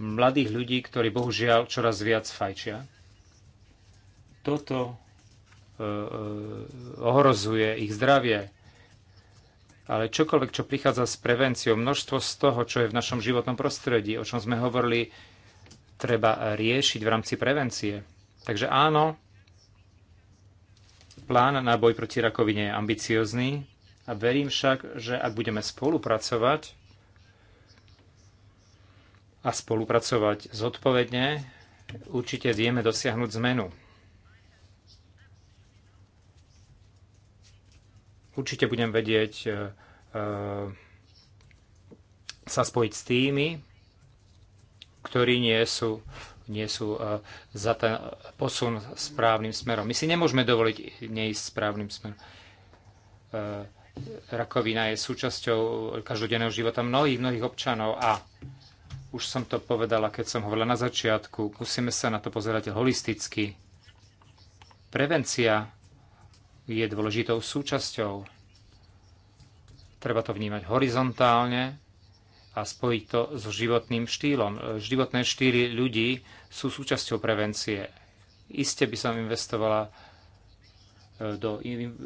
mladých ľudí, ktorí bohužiaľ čoraz viac fajčia. Toto e, e, ohrozuje ich zdravie, ale čokoľvek, čo prichádza s prevenciou, množstvo z toho, čo je v našom životnom prostredí, o čom sme hovorili, treba riešiť v rámci prevencie. Takže áno, plán na boj proti rakovine je ambiciózny a verím však, že ak budeme spolupracovať a spolupracovať zodpovedne, určite vieme dosiahnuť zmenu. Určite budem vedieť e, e, sa spojiť s tými, ktorí nie sú, nie sú e, za ten posun správnym smerom. My si nemôžeme dovoliť neísť správnym smerom. Rakovina je súčasťou každodenného života mnohých, mnohých občanov a už som to povedala, keď som hovorila na začiatku, musíme sa na to pozerať holisticky. Prevencia je dôležitou súčasťou. Treba to vnímať horizontálne a spojiť to s životným štýlom. Životné štýly ľudí sú súčasťou prevencie. Iste by som investovala e, do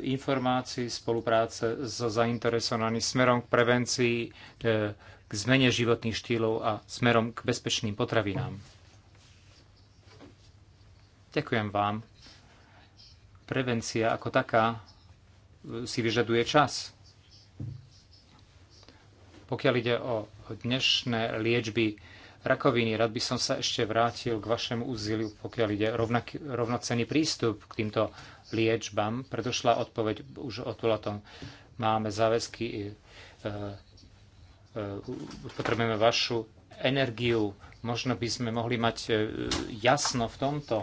informácií, spolupráce so zainteresovaným smerom k prevencii, e, k zmene životných štýlov a smerom k bezpečným potravinám. Ďakujem vám prevencia ako taká e, si vyžaduje čas. Pokiaľ ide o dnešné liečby rakoviny, rád by som sa ešte vrátil k vašemu úziliu, pokiaľ ide rovnak, rovnocený prístup k týmto liečbám. Predošla odpoveď už o tom. Máme záväzky, e, e, e, potrebujeme vašu energiu. Možno by sme mohli mať e, jasno v tomto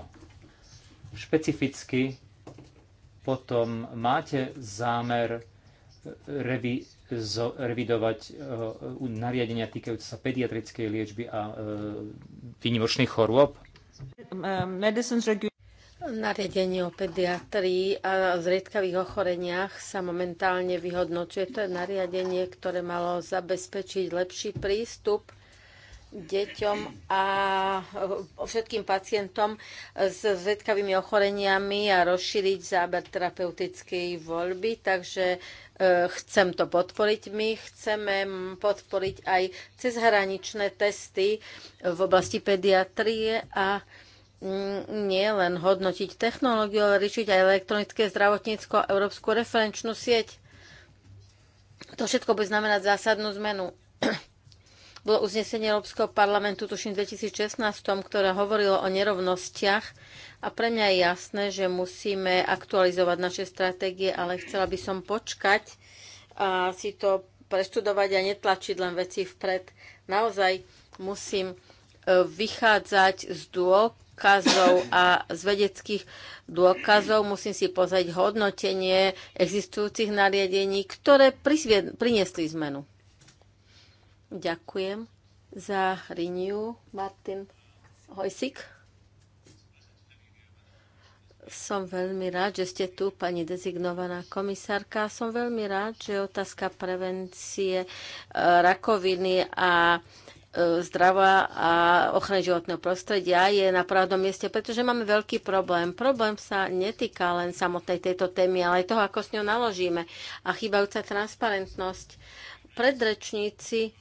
špecificky potom máte zámer revi, zo, revidovať uh, nariadenia týkajúce sa pediatrickej liečby a uh, výnimočných chorôb? Nariadenie o pediatrii a zriedkavých ochoreniach sa momentálne vyhodnocuje. To je nariadenie, ktoré malo zabezpečiť lepší prístup deťom a e, všetkým pacientom s zvedkavými ochoreniami a rozšíriť záber terapeutickej voľby. Takže e, chcem to podporiť. My chceme podporiť aj cezhraničné testy v oblasti pediatrie a nie len hodnotiť technológiu, ale riešiť aj elektronické zdravotníctvo a európsku referenčnú sieť. To všetko bude znamenať zásadnú zmenu bolo uznesenie Európskeho parlamentu, tuším 2016, ktoré hovorilo o nerovnostiach a pre mňa je jasné, že musíme aktualizovať naše stratégie, ale chcela by som počkať a si to preštudovať a netlačiť len veci vpred. Naozaj musím e, vychádzať z dôkazov a z vedeckých dôkazov. Musím si pozrieť hodnotenie existujúcich nariadení, ktoré priniesli zmenu. Ďakujem za Renew, Martin Hojsik. Som veľmi rád, že ste tu, pani dezignovaná komisárka. Som veľmi rád, že otázka prevencie e, rakoviny a e, zdravá a ochrany životného prostredia je na pravdom mieste, pretože máme veľký problém. Problém sa netýka len samotnej tejto témy, ale aj toho, ako s ňou naložíme. A chýbajúca transparentnosť. Predrečníci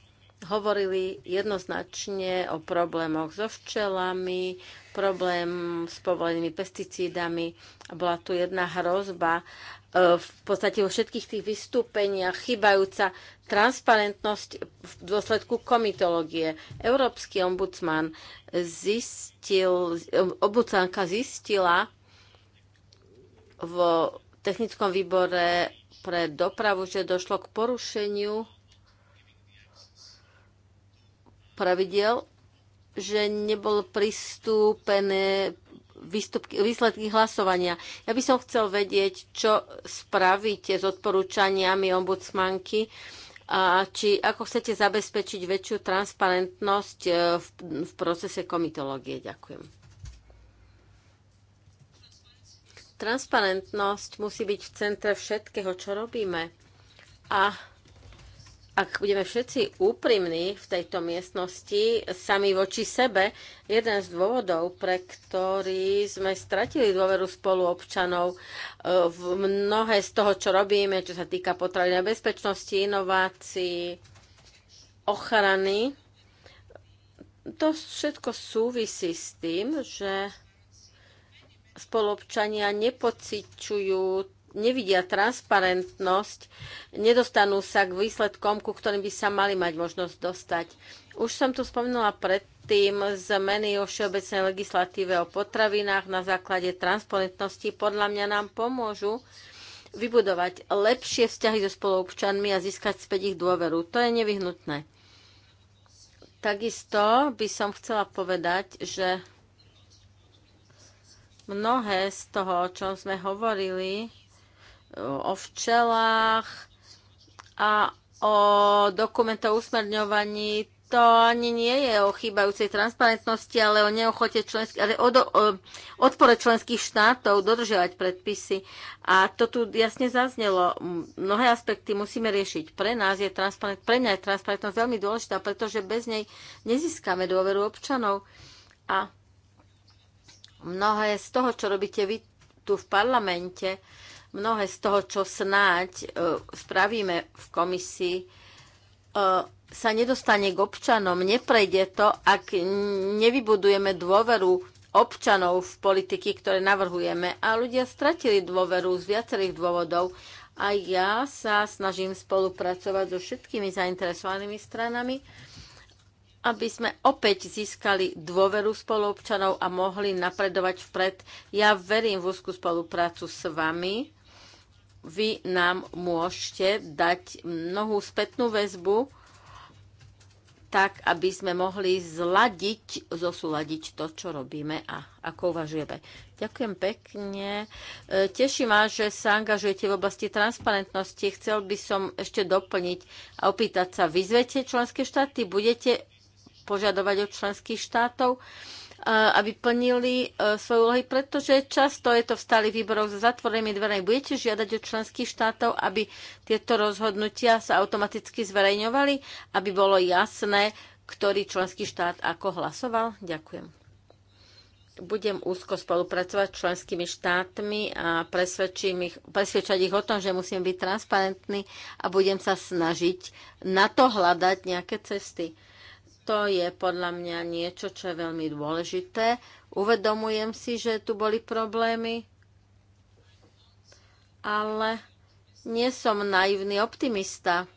hovorili jednoznačne o problémoch so včelami, problém s povolenými pesticídami. Bola tu jedna hrozba. E, v podstate vo všetkých tých vystúpeniach chybajúca transparentnosť v dôsledku komitológie. Európsky ombudsman zistil, ombudsmanka zistila vo technickom výbore pre dopravu, že došlo k porušeniu pravidel, že nebol pristúpené výstupky, výsledky hlasovania. Ja by som chcel vedieť, čo spravíte s odporúčaniami ombudsmanky a či ako chcete zabezpečiť väčšiu transparentnosť e, v, v procese komitológie. Ďakujem. Transparentnosť musí byť v centre všetkého, čo robíme. A ak budeme všetci úprimní v tejto miestnosti, sami voči sebe, jeden z dôvodov, pre ktorý sme stratili dôveru spoluobčanov e, v mnohé z toho, čo robíme, čo sa týka potravinovej bezpečnosti, inovácií, ochrany, to všetko súvisí s tým, že spolobčania nepociťujú nevidia transparentnosť, nedostanú sa k výsledkom, ku ktorým by sa mali mať možnosť dostať. Už som tu spomínala predtým zmeny o všeobecnej legislatíve o potravinách na základe transparentnosti. Podľa mňa nám pomôžu vybudovať lepšie vzťahy so spoluobčanmi a získať späť ich dôveru. To je nevyhnutné. Takisto by som chcela povedať, že mnohé z toho, o čom sme hovorili, o včelách a o dokumentov o usmerňovaní. To ani nie je o chýbajúcej transparentnosti, ale o neochote členských, ale o, do, o odpore členských štátov dodržiavať predpisy. A to tu jasne zaznelo. Mnohé aspekty musíme riešiť. Pre nás je transparent, pre mňa je transparentnosť veľmi dôležitá, pretože bez nej nezískame dôveru občanov. A mnohé z toho, čo robíte vy tu v parlamente, mnohé z toho, čo snáď e, spravíme v komisii, e, sa nedostane k občanom. Neprejde to, ak nevybudujeme dôveru občanov v politiky, ktoré navrhujeme. A ľudia stratili dôveru z viacerých dôvodov. A ja sa snažím spolupracovať so všetkými zainteresovanými stranami, aby sme opäť získali dôveru spoluobčanov a mohli napredovať vpred. Ja verím v úzkú spoluprácu s vami vy nám môžete dať mnohú spätnú väzbu, tak aby sme mohli zladiť, zosúladiť to, čo robíme a ako uvažujeme. Ďakujem pekne. E, teší ma, že sa angažujete v oblasti transparentnosti. Chcel by som ešte doplniť a opýtať sa, vyzvete členské štáty? Budete požadovať od členských štátov? aby plnili e, svoje úlohy, pretože často je to v stálych výboroch za zatvorenými dverami. Budete žiadať od členských štátov, aby tieto rozhodnutia sa automaticky zverejňovali, aby bolo jasné, ktorý členský štát ako hlasoval? Ďakujem budem úzko spolupracovať s členskými štátmi a ich, presvedčať ich o tom, že musím byť transparentný a budem sa snažiť na to hľadať nejaké cesty to je podľa mňa niečo, čo je veľmi dôležité. Uvedomujem si, že tu boli problémy, ale nie som naivný optimista.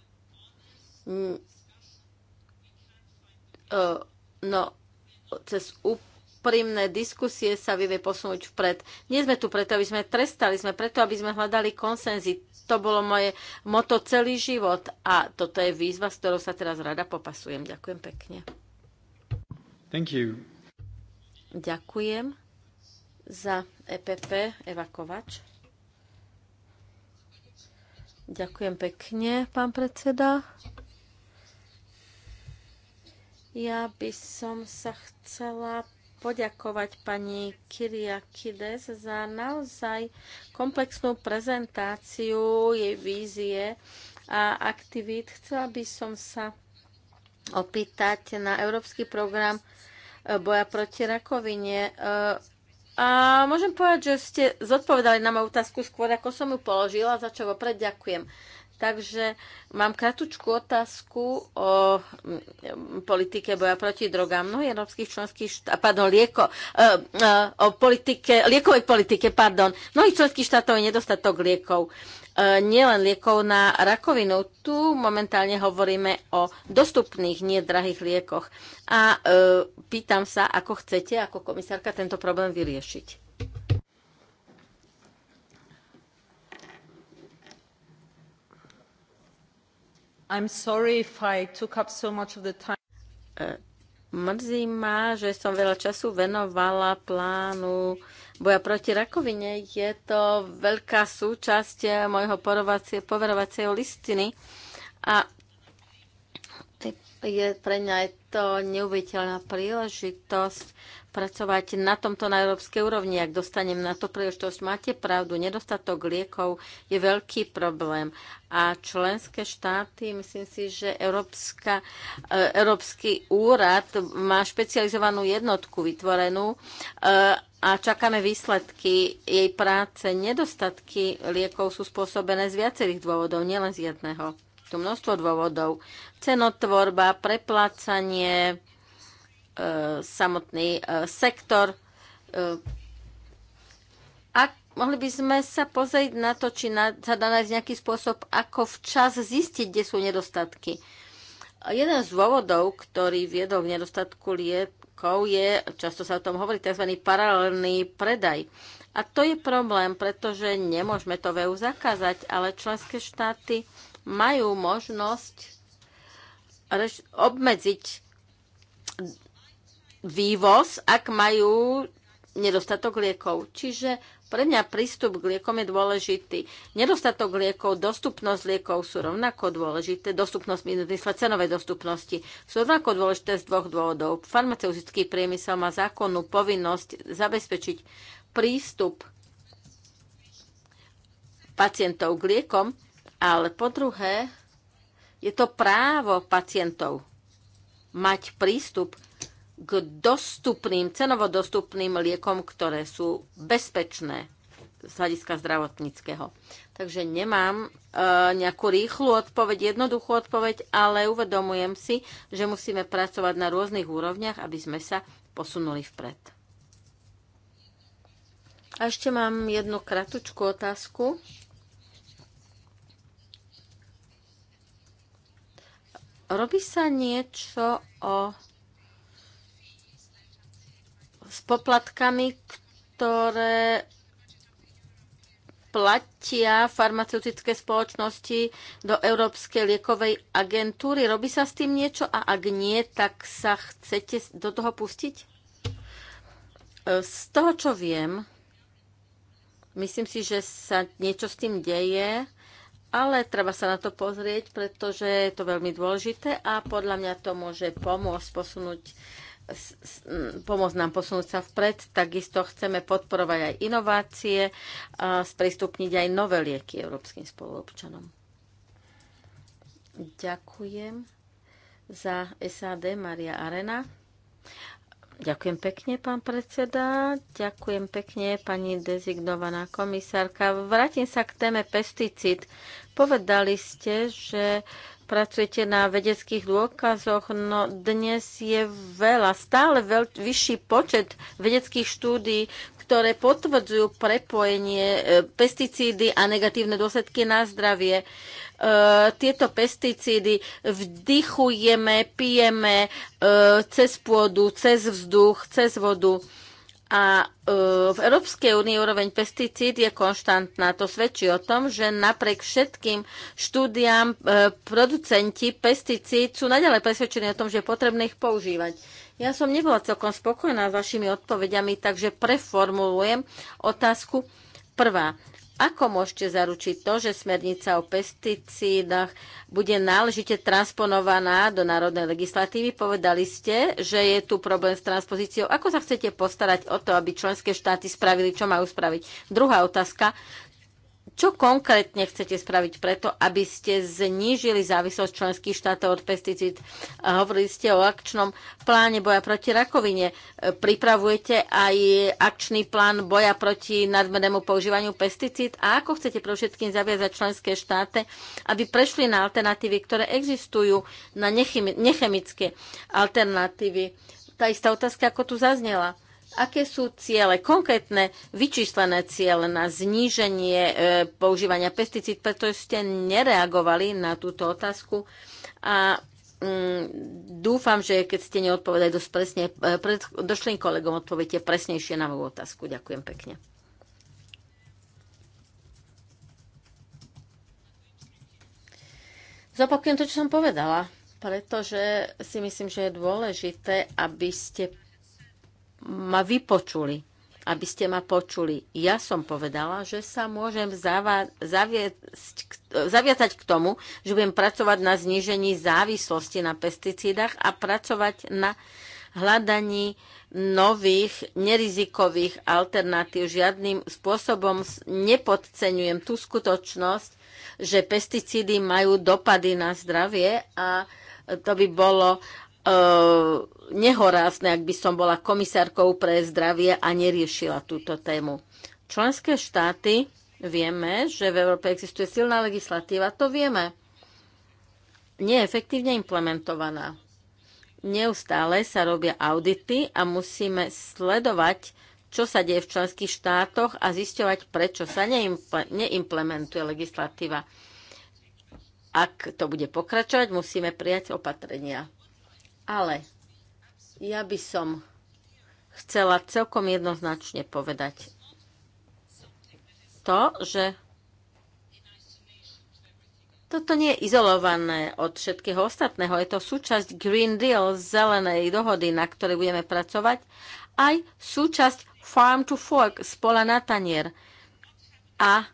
E, no, cez úplne úprimné diskusie sa vyvie posunúť vpred. Nie sme tu preto, aby sme trestali, sme preto, aby sme hľadali konsenzy. To bolo moje moto celý život a toto je výzva, s ktorou sa teraz rada popasujem. Ďakujem pekne. Thank you. Ďakujem za EPP Eva Kovač. Ďakujem pekne, pán predseda. Ja by som sa chcela poďakovať pani Kyriakides za naozaj komplexnú prezentáciu jej vízie a aktivít. Chcela by som sa opýtať na Európsky program e, boja proti rakovine. E, a môžem povedať, že ste zodpovedali na moju otázku skôr, ako som ju položila, za čo vopred ďakujem. Takže mám kratučku otázku o mm, politike boja proti drogám. Mnohí európskych členských štátov, pardon, lieko, e, e, o politike, liekovej politike, pardon. Mnohých členských štátov je nedostatok liekov. E, nielen liekov na rakovinu. Tu momentálne hovoríme o dostupných, nedrahých liekoch. A pýtam sa, ako chcete ako komisárka tento problém vyriešiť. Eh, mrzí ma, že som veľa času venovala plánu boja proti rakovine. Je to veľká súčasť eh, mojho poverovacieho listiny a je, pre mňa je to neuviteľná príležitosť pracovať na tomto na európskej úrovni. Ak dostanem na to príležitosť, máte pravdu, nedostatok liekov je veľký problém. A členské štáty, myslím si, že Európska, e, Európsky úrad má špecializovanú jednotku vytvorenú e, a čakáme výsledky jej práce. Nedostatky liekov sú spôsobené z viacerých dôvodov, nielen z jedného. Tu množstvo dôvodov. Cenotvorba, preplácanie, samotný e, sektor. E, A mohli by sme sa pozrieť na to, či sa dá nájsť nejaký spôsob, ako včas zistiť, kde sú nedostatky. Jeden z dôvodov, ktorý viedol k nedostatku liekov, je, často sa o tom hovorí, tzv. paralelný predaj. A to je problém, pretože nemôžeme to v EU zakázať, ale členské štáty majú možnosť obmedziť vývoz, ak majú nedostatok liekov. Čiže pre mňa prístup k liekom je dôležitý. Nedostatok liekov, dostupnosť liekov sú rovnako dôležité. Dostupnosť, mysle cenové dostupnosti sú rovnako dôležité z dvoch dôvodov. Farmaceutický priemysel má zákonnú povinnosť zabezpečiť prístup pacientov k liekom, ale po druhé je to právo pacientov mať prístup k dostupným, cenovo dostupným liekom, ktoré sú bezpečné z hľadiska zdravotníckého. Takže nemám e, nejakú rýchlu odpoveď, jednoduchú odpoveď, ale uvedomujem si, že musíme pracovať na rôznych úrovniach, aby sme sa posunuli vpred. A ešte mám jednu kratučku otázku. Robí sa niečo o s poplatkami, ktoré platia farmaceutické spoločnosti do Európskej liekovej agentúry. Robí sa s tým niečo? A ak nie, tak sa chcete do toho pustiť? E, z toho, čo viem, myslím si, že sa niečo s tým deje, ale treba sa na to pozrieť, pretože je to veľmi dôležité a podľa mňa to môže pomôcť posunúť pomôcť nám posunúť sa vpred. Takisto chceme podporovať aj inovácie a sprístupniť aj nové lieky európskym spoluobčanom. Ďakujem za SAD Maria Arena. Ďakujem pekne, pán predseda. Ďakujem pekne, pani dezignovaná komisárka. Vrátim sa k téme pesticíd. Povedali ste, že pracujete na vedeckých dôkazoch, no dnes je veľa, stále veľ, vyšší počet vedeckých štúdí, ktoré potvrdzujú prepojenie e, pesticídy a negatívne dôsledky na zdravie. E, tieto pesticídy vdychujeme, pijeme e, cez pôdu, cez vzduch, cez vodu. E, a e, v Európskej únii úroveň pesticíd je konštantná. To svedčí o tom, že napriek všetkým štúdiám e, producenti pesticíd sú naďalej presvedčení o tom, že je potrebné ich používať. Ja som nebola celkom spokojná s vašimi odpovediami, takže preformulujem otázku. Prvá, ako môžete zaručiť to, že smernica o pesticídach bude náležite transponovaná do národnej legislatívy? Povedali ste, že je tu problém s transpozíciou. Ako sa chcete postarať o to, aby členské štáty spravili, čo majú spraviť? Druhá otázka. Čo konkrétne chcete spraviť preto, aby ste znížili závislosť členských štátov od pesticíd? Hovorili ste o akčnom pláne boja proti rakovine. Pripravujete aj akčný plán boja proti nadmernému používaniu pesticíd? A ako chcete pre všetkým zaviazať členské štáty, aby prešli na alternatívy, ktoré existujú, na nechemické alternatívy? Tá istá otázka, ako tu zaznela aké sú ciele, konkrétne vyčíslené ciele na zníženie e, používania pesticíd, pretože ste nereagovali na túto otázku a mm, dúfam, že keď ste neodpovedali dosť presne, e, pred došlým kolegom odpoviete presnejšie na moju otázku. Ďakujem pekne. Zopakujem to, čo som povedala, pretože si myslím, že je dôležité, aby ste ma vypočuli, aby ste ma počuli. Ja som povedala, že sa môžem zaviesť, zaviazať k tomu, že budem pracovať na znížení závislosti na pesticídach a pracovať na hľadaní nových nerizikových alternatív. Žiadnym spôsobom nepodceňujem tú skutočnosť, že pesticídy majú dopady na zdravie a to by bolo Eh, nehorázne, ak by som bola komisárkou pre zdravie a neriešila túto tému. Členské štáty vieme, že v Európe existuje silná legislatíva, to vieme. Nie je efektívne implementovaná. Neustále sa robia audity a musíme sledovať, čo sa deje v členských štátoch a zisťovať, prečo sa neimplementuje legislatíva. Ak to bude pokračovať, musíme prijať opatrenia. Ale ja by som chcela celkom jednoznačne povedať to, že toto nie je izolované od všetkého ostatného. Je to súčasť Green Deal, zelenej dohody, na ktorej budeme pracovať, aj súčasť Farm to Fork, spola na tanier. A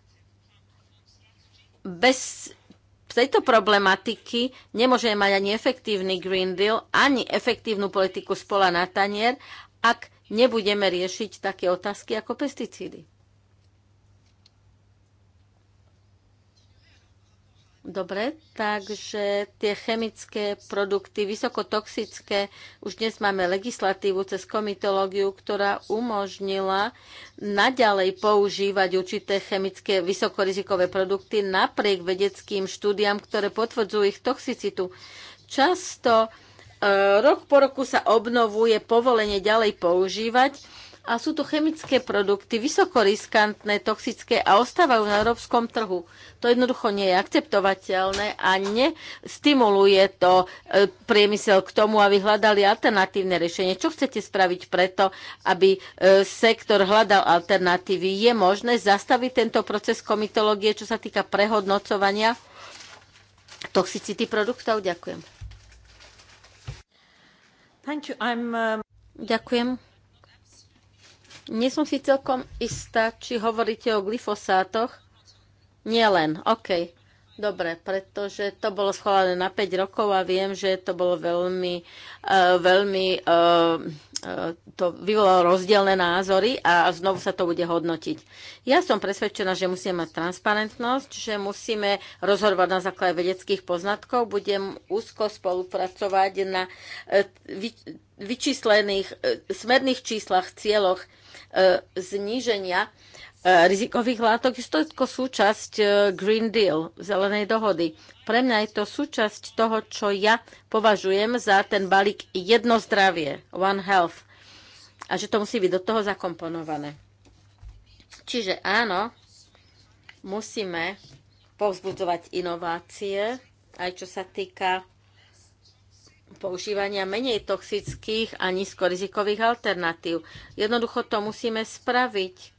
bez tejto problematiky nemôžeme mať ani efektívny Green Deal, ani efektívnu politiku spola na tanier, ak nebudeme riešiť také otázky ako pesticídy. Dobre, takže tie chemické produkty vysokotoxické, už dnes máme legislatívu cez komitológiu, ktorá umožnila naďalej používať určité chemické vysokorizikové produkty napriek vedeckým štúdiam, ktoré potvrdzujú ich toxicitu. Často e, rok po roku sa obnovuje povolenie ďalej používať a sú to chemické produkty, vysokoriskantné, toxické a ostávajú na európskom trhu. To jednoducho nie je akceptovateľné a nestimuluje to e, priemysel k tomu, aby hľadali alternatívne riešenie. Čo chcete spraviť preto, aby e, sektor hľadal alternatívy? Je možné zastaviť tento proces komitológie, čo sa týka prehodnocovania toxicity produktov? Ďakujem. Thank you. I'm, um... Ďakujem. Nie som si celkom istá, či hovoríte o glyfosátoch. Nie len, OK. Dobre, pretože to bolo schválené na 5 rokov a viem, že to bolo veľmi, uh, veľmi uh, uh, to vyvolalo rozdielne názory a znovu sa to bude hodnotiť. Ja som presvedčená, že musíme mať transparentnosť, že musíme rozhodovať na základe vedeckých poznatkov. Budem úzko spolupracovať na vy, vyčíslených smerných číslach, cieľoch zníženia E, rizikových látok, je to súčasť e, Green Deal, zelenej dohody. Pre mňa je to súčasť toho, čo ja považujem za ten balík jedno zdravie, One Health. A že to musí byť do toho zakomponované. Čiže áno, musíme povzbudzovať inovácie, aj čo sa týka používania menej toxických a nízkorizikových alternatív. Jednoducho to musíme spraviť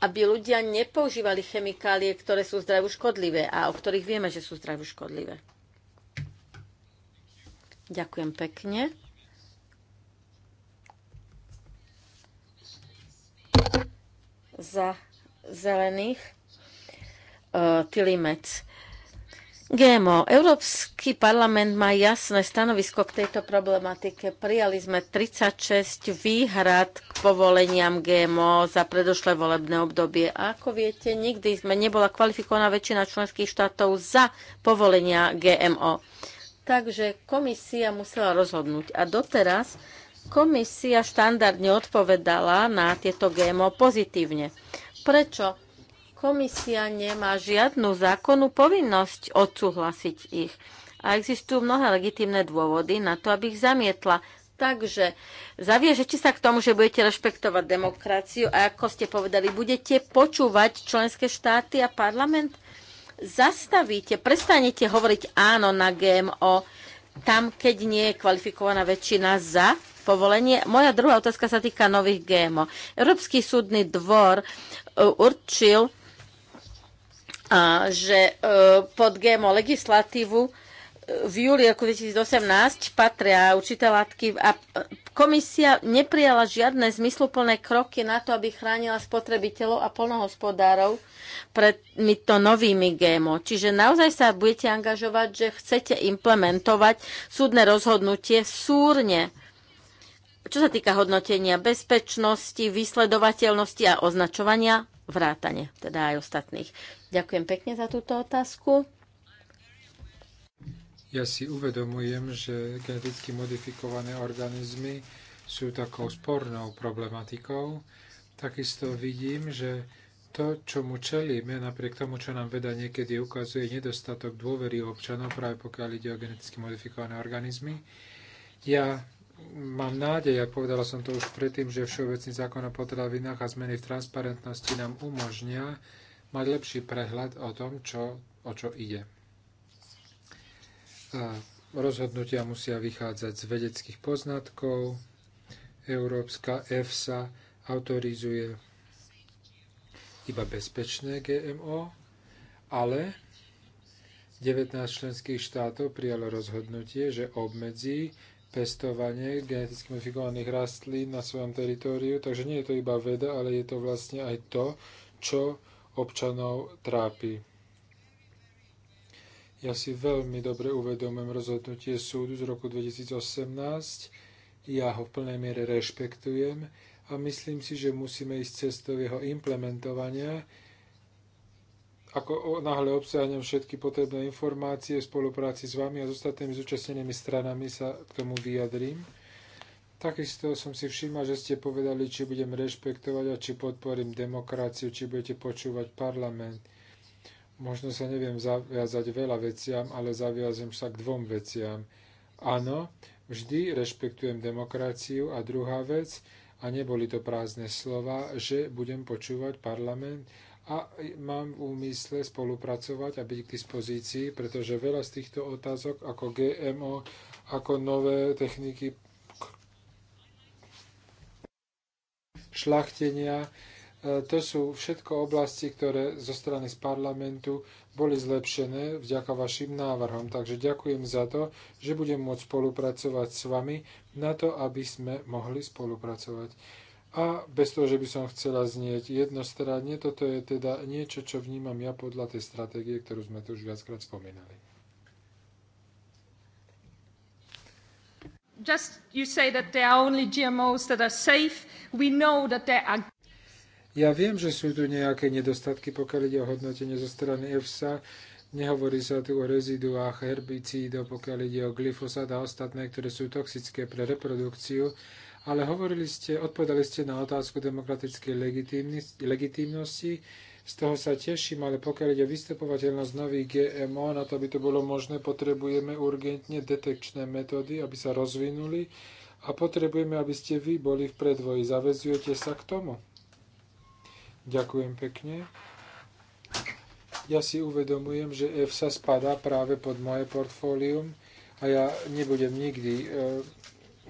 aby ľudia nepoužívali chemikálie, ktoré sú zdravu škodlivé a o ktorých vieme, že sú zdravu škodlivé. Ďakujem pekne. Za zelených uh, eh, Tilimec. GMO. Európsky parlament má jasné stanovisko k tejto problematike. Prijali sme 36 výhrad k povoleniam GMO za predošlé volebné obdobie. A ako viete, nikdy sme nebola kvalifikovaná väčšina členských štátov za povolenia GMO. Takže komisia musela rozhodnúť. A doteraz komisia štandardne odpovedala na tieto GMO pozitívne. Prečo? Komisia nemá žiadnu zákonnú povinnosť odsúhlasiť ich. A existujú mnohé legitímne dôvody na to, aby ich zamietla. Takže zaviežete sa k tomu, že budete rešpektovať demokraciu a ako ste povedali, budete počúvať členské štáty a parlament. Zastavíte, prestanete hovoriť áno na GMO tam, keď nie je kvalifikovaná väčšina za povolenie. Moja druhá otázka sa týka nových GMO. Európsky súdny dvor uh, určil, a že e, pod GMO legislatívu e, v júli roku 2018 patria určité látky a komisia neprijala žiadne zmysluplné kroky na to, aby chránila spotrebiteľov a polnohospodárov pred to novými GMO. Čiže naozaj sa budete angažovať, že chcete implementovať súdne rozhodnutie súrne čo sa týka hodnotenia bezpečnosti, vysledovateľnosti a označovania vrátane, teda aj ostatných. Ďakujem pekne za túto otázku. Ja si uvedomujem, že geneticky modifikované organizmy sú takou spornou problematikou. Takisto vidím, že to, čo mu čelíme, napriek tomu, čo nám veda niekedy ukazuje, nedostatok dôvery občanov, práve pokiaľ ide o geneticky modifikované organizmy. Ja mám nádej, a povedala som to už predtým, že Všeobecný zákon o potravinách a zmeny v transparentnosti nám umožnia mať lepší prehľad o tom, čo, o čo ide. A rozhodnutia musia vychádzať z vedeckých poznatkov. Európska EFSA autorizuje iba bezpečné GMO, ale 19 členských štátov prijalo rozhodnutie, že obmedzí pestovanie geneticky modifikovaných rastlín na svojom teritóriu, takže nie je to iba veda, ale je to vlastne aj to, čo občanov trápi. Ja si veľmi dobre uvedomujem rozhodnutie súdu z roku 2018, ja ho v plnej miere rešpektujem a myslím si, že musíme ísť cestou jeho implementovania, ako náhle obsiahnem všetky potrebné informácie v spolupráci s vami a s ostatnými zúčastnenými stranami sa k tomu vyjadrím. Takisto som si všimla, že ste povedali, či budem rešpektovať a či podporím demokraciu, či budete počúvať parlament. Možno sa neviem zaviazať veľa veciam, ale zaviazem sa k dvom veciam. Áno, vždy rešpektujem demokraciu a druhá vec, a neboli to prázdne slova, že budem počúvať parlament a mám v úmysle spolupracovať a byť k dispozícii, pretože veľa z týchto otázok ako GMO, ako nové techniky šlachtenia, e, to sú všetko oblasti, ktoré zo strany z parlamentu boli zlepšené vďaka vašim návrhom. Takže ďakujem za to, že budem môcť spolupracovať s vami na to, aby sme mohli spolupracovať a bez toho, že by som chcela znieť jednostranne, toto je teda niečo, čo vnímam ja podľa tej stratégie, ktorú sme tu už viackrát spomínali. Just you say that there are only GMOs that are safe. We know that there are ja viem, že sú tu nejaké nedostatky, pokiaľ ide o hodnotenie zo strany EFSA. Nehovorí sa tu o reziduách herbicídov, pokiaľ ide o glyfosát a ostatné, ktoré sú toxické pre reprodukciu ale hovorili ste, odpovedali ste na otázku demokratickej legitimnosti, z toho sa teším, ale pokiaľ ide vystupovateľnosť nových GMO, na to, aby to bolo možné, potrebujeme urgentne detekčné metódy, aby sa rozvinuli a potrebujeme, aby ste vy boli v predvoji. Zavezujete sa k tomu? Ďakujem pekne. Ja si uvedomujem, že EFSA spadá práve pod moje portfólium a ja nebudem nikdy e,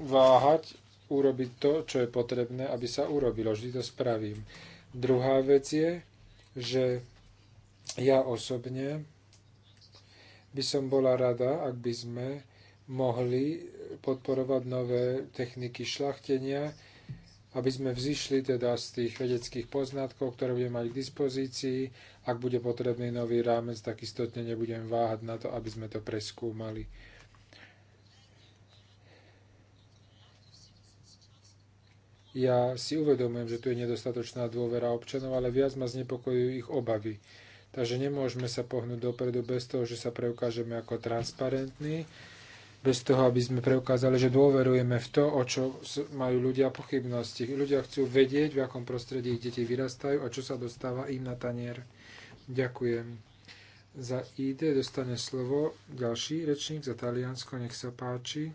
váhať urobiť to, čo je potrebné, aby sa urobilo. Vždy to spravím. Druhá vec je, že ja osobne by som bola rada, ak by sme mohli podporovať nové techniky šlachtenia, aby sme vzýšli teda z tých vedeckých poznatkov, ktoré budeme mať k dispozícii. Ak bude potrebný nový rámec, tak istotne nebudem váhať na to, aby sme to preskúmali. Ja si uvedomujem, že tu je nedostatočná dôvera občanov, ale viac ma znepokojujú ich obavy. Takže nemôžeme sa pohnúť dopredu bez toho, že sa preukážeme ako transparentní, bez toho, aby sme preukázali, že dôverujeme v to, o čo majú ľudia pochybnosti. Ľudia chcú vedieť, v akom prostredí ich deti vyrastajú a čo sa dostáva im na tanier. Ďakujem. Za ID dostane slovo ďalší rečník za Taliansko, nech sa páči.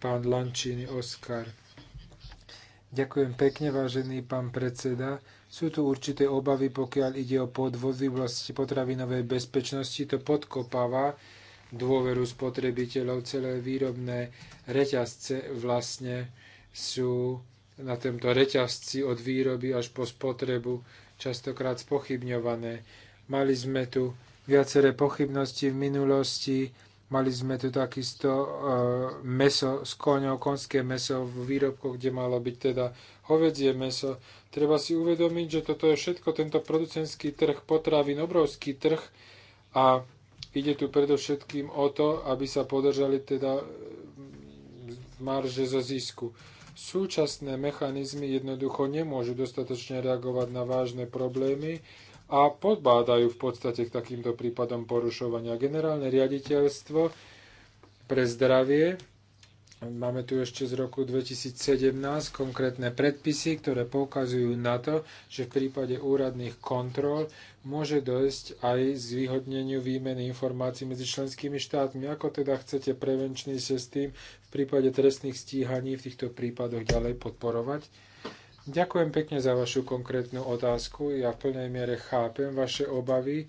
pán Lančíny Oskar. Ďakujem pekne, vážený pán predseda. Sú tu určité obavy, pokiaľ ide o podvody v oblasti potravinovej bezpečnosti. To podkopáva dôveru spotrebiteľov. Celé výrobné reťazce vlastne sú na tomto reťazci od výroby až po spotrebu častokrát spochybňované. Mali sme tu viaceré pochybnosti v minulosti Mali sme tu takisto e, meso s koňou, konské meso v výrobkoch, kde malo byť teda hovedzie meso. Treba si uvedomiť, že toto je všetko, tento producentský trh potravín, obrovský trh a ide tu predovšetkým o to, aby sa podržali teda e, marže zo zisku. Súčasné mechanizmy jednoducho nemôžu dostatočne reagovať na vážne problémy, a podbádajú v podstate k takýmto prípadom porušovania. Generálne riaditeľstvo pre zdravie Máme tu ešte z roku 2017 konkrétne predpisy, ktoré poukazujú na to, že v prípade úradných kontrol môže dojsť aj k zvýhodneniu výmeny informácií medzi členskými štátmi. Ako teda chcete prevenčný systém v prípade trestných stíhaní v týchto prípadoch ďalej podporovať? Ďakujem pekne za vašu konkrétnu otázku. Ja v plnej miere chápem vaše obavy. E,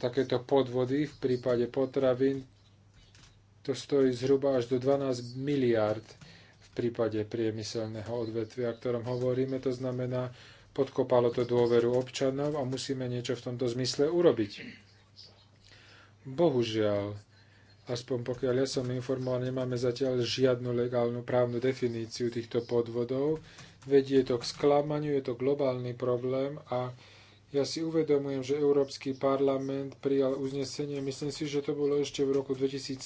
takéto podvody v prípade potravín to stojí zhruba až do 12 miliárd v prípade priemyselného odvetvia, o ktorom hovoríme. To znamená, podkopalo to dôveru občanov a musíme niečo v tomto zmysle urobiť. Bohužiaľ, aspoň pokiaľ ja som informovaný, nemáme zatiaľ žiadnu legálnu právnu definíciu týchto podvodov. Vedie to k sklamaniu, je to globálny problém a ja si uvedomujem, že Európsky parlament prijal uznesenie, myslím si, že to bolo ešte v roku 2013.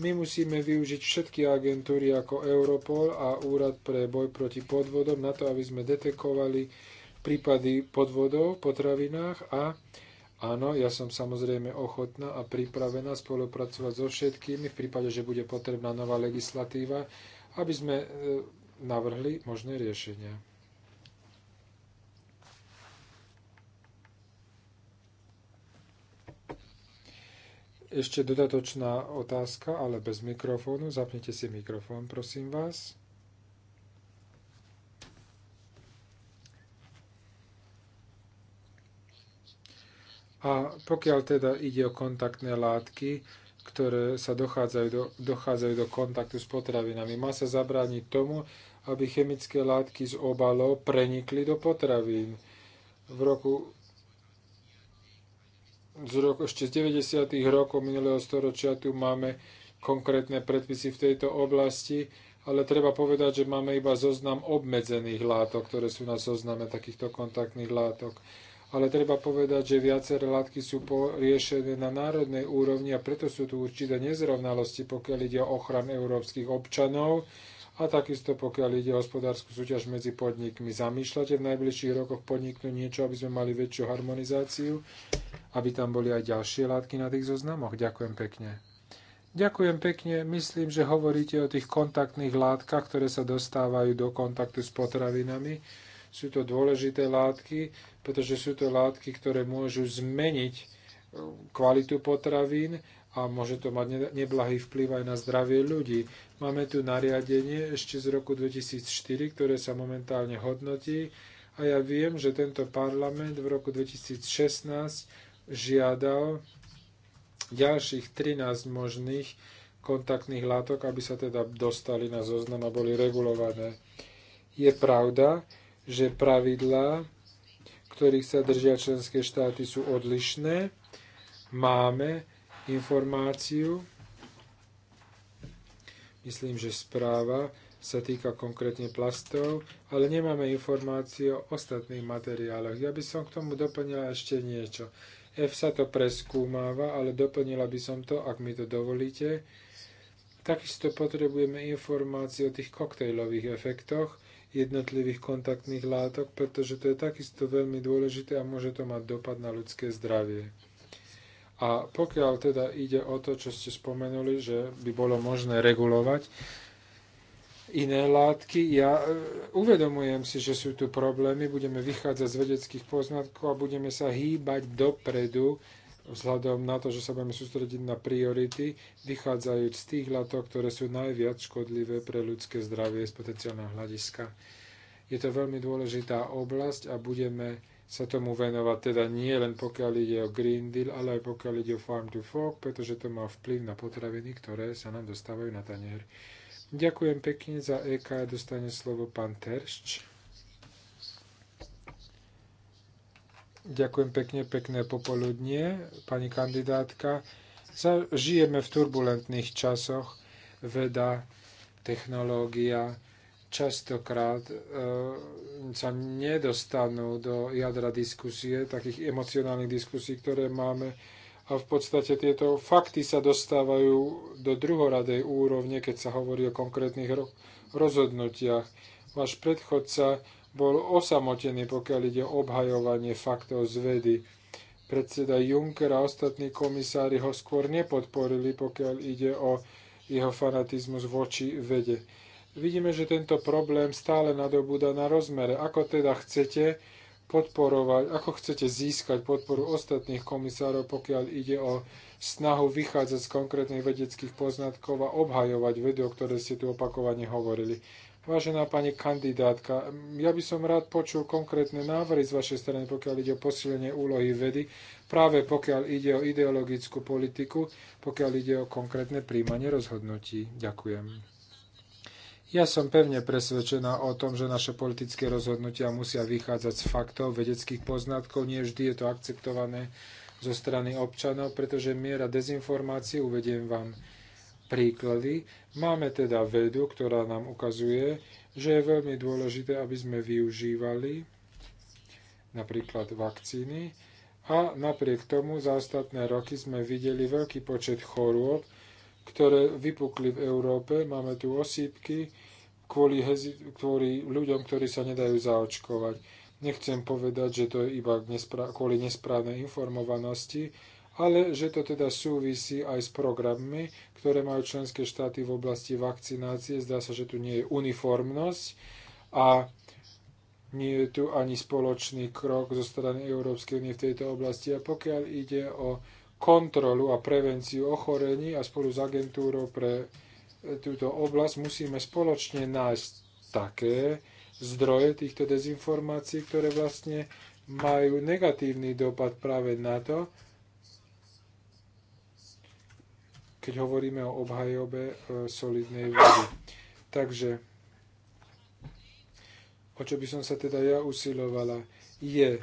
My musíme využiť všetky agentúry ako Europol a Úrad pre boj proti podvodom na to, aby sme detekovali prípady podvodov v potravinách a áno, ja som samozrejme ochotná a pripravená spolupracovať so všetkými v prípade, že bude potrebná nová legislatíva, aby sme e, navrhli možné riešenia. Ešte dodatočná otázka, ale bez mikrofónu. Zapnite si mikrofón, prosím vás. A pokiaľ teda ide o kontaktné látky, ktoré sa dochádzajú do, dochádzajú do kontaktu s potravinami. Má sa zabrániť tomu, aby chemické látky z obalov prenikli do potravín. V roku z roku, ešte z 90. rokov minulého storočia tu máme konkrétne predpisy v tejto oblasti, ale treba povedať, že máme iba zoznam obmedzených látok, ktoré sú na zozname takýchto kontaktných látok ale treba povedať, že viaceré látky sú riešené na národnej úrovni a preto sú tu určité nezrovnalosti, pokiaľ ide o ochran európskych občanov a takisto pokiaľ ide o hospodárskú súťaž medzi podnikmi. Zamýšľate v najbližších rokoch podniknúť niečo, aby sme mali väčšiu harmonizáciu, aby tam boli aj ďalšie látky na tých zoznamoch? Ďakujem pekne. Ďakujem pekne. Myslím, že hovoríte o tých kontaktných látkach, ktoré sa dostávajú do kontaktu s potravinami sú to dôležité látky, pretože sú to látky, ktoré môžu zmeniť e, kvalitu potravín a môže to mať neblahý vplyv aj na zdravie ľudí. Máme tu nariadenie ešte z roku 2004, ktoré sa momentálne hodnotí a ja viem, že tento parlament v roku 2016 žiadal ďalších 13 možných kontaktných látok, aby sa teda dostali na zoznam a boli regulované. Je pravda, že pravidlá, ktorých sa držia členské štáty, sú odlišné. Máme informáciu, myslím, že správa sa týka konkrétne plastov, ale nemáme informáciu o ostatných materiáloch. Ja by som k tomu doplnila ešte niečo. F sa to preskúmáva, ale doplnila by som to, ak mi to dovolíte. Takisto potrebujeme informácie o tých koktejlových efektoch, jednotlivých kontaktných látok, pretože to je takisto veľmi dôležité a môže to mať dopad na ľudské zdravie. A pokiaľ teda ide o to, čo ste spomenuli, že by bolo možné regulovať iné látky, ja e, uvedomujem si, že sú tu problémy, budeme vychádzať z vedeckých poznatkov a budeme sa hýbať dopredu vzhľadom na to, že sa budeme sústrediť na priority, vychádzajúc z tých látok, ktoré sú najviac škodlivé pre ľudské zdravie z potenciálneho hľadiska. Je to veľmi dôležitá oblasť a budeme sa tomu venovať, teda nie len pokiaľ ide o Green Deal, ale aj pokiaľ ide o Farm to Fork, pretože to má vplyv na potraviny, ktoré sa nám dostávajú na tanier. Ďakujem pekne za EK, dostane slovo pán Teršč. Ďakujem pekne, pekné popoludnie, pani kandidátka. Žijeme v turbulentných časoch. Veda, technológia častokrát e, sa nedostanú do jadra diskusie, takých emocionálnych diskusí, ktoré máme. A v podstate tieto fakty sa dostávajú do druhoradej úrovne, keď sa hovorí o konkrétnych rozhodnutiach. Váš predchodca bol osamotený, pokiaľ ide o obhajovanie faktov z vedy. Predseda Juncker a ostatní komisári ho skôr nepodporili, pokiaľ ide o jeho fanatizmus voči vede. Vidíme, že tento problém stále nadobúda na rozmere. Ako teda chcete podporovať, ako chcete získať podporu ostatných komisárov, pokiaľ ide o snahu vychádzať z konkrétnych vedeckých poznatkov a obhajovať vedu, o ktoré ste tu opakovane hovorili. Vážená pani kandidátka, ja by som rád počul konkrétne návrhy z vašej strany, pokiaľ ide o posilenie úlohy vedy, práve pokiaľ ide o ideologickú politiku, pokiaľ ide o konkrétne príjmanie rozhodnutí. Ďakujem. Ja som pevne presvedčená o tom, že naše politické rozhodnutia musia vychádzať z faktov, vedeckých poznatkov. Nie vždy je to akceptované zo strany občanov, pretože miera dezinformácií, uvediem vám príklady. Máme teda vedu, ktorá nám ukazuje, že je veľmi dôležité, aby sme využívali napríklad vakcíny a napriek tomu za ostatné roky sme videli veľký počet chorôb, ktoré vypukli v Európe. Máme tu osýpky kvôli, kvôli ľuďom, ktorí sa nedajú zaočkovať. Nechcem povedať, že to je iba nespra- kvôli nesprávnej informovanosti, ale že to teda súvisí aj s programmi, ktoré majú členské štáty v oblasti vakcinácie. Zdá sa, že tu nie je uniformnosť a nie je tu ani spoločný krok zo strany Európskej únie v tejto oblasti. A pokiaľ ide o kontrolu a prevenciu ochorení a spolu s agentúrou pre túto oblasť musíme spoločne nájsť také zdroje týchto dezinformácií, ktoré vlastne majú negatívny dopad práve na to, keď hovoríme o obhajobe e, solidnej vody. Takže, o čo by som sa teda ja usilovala, je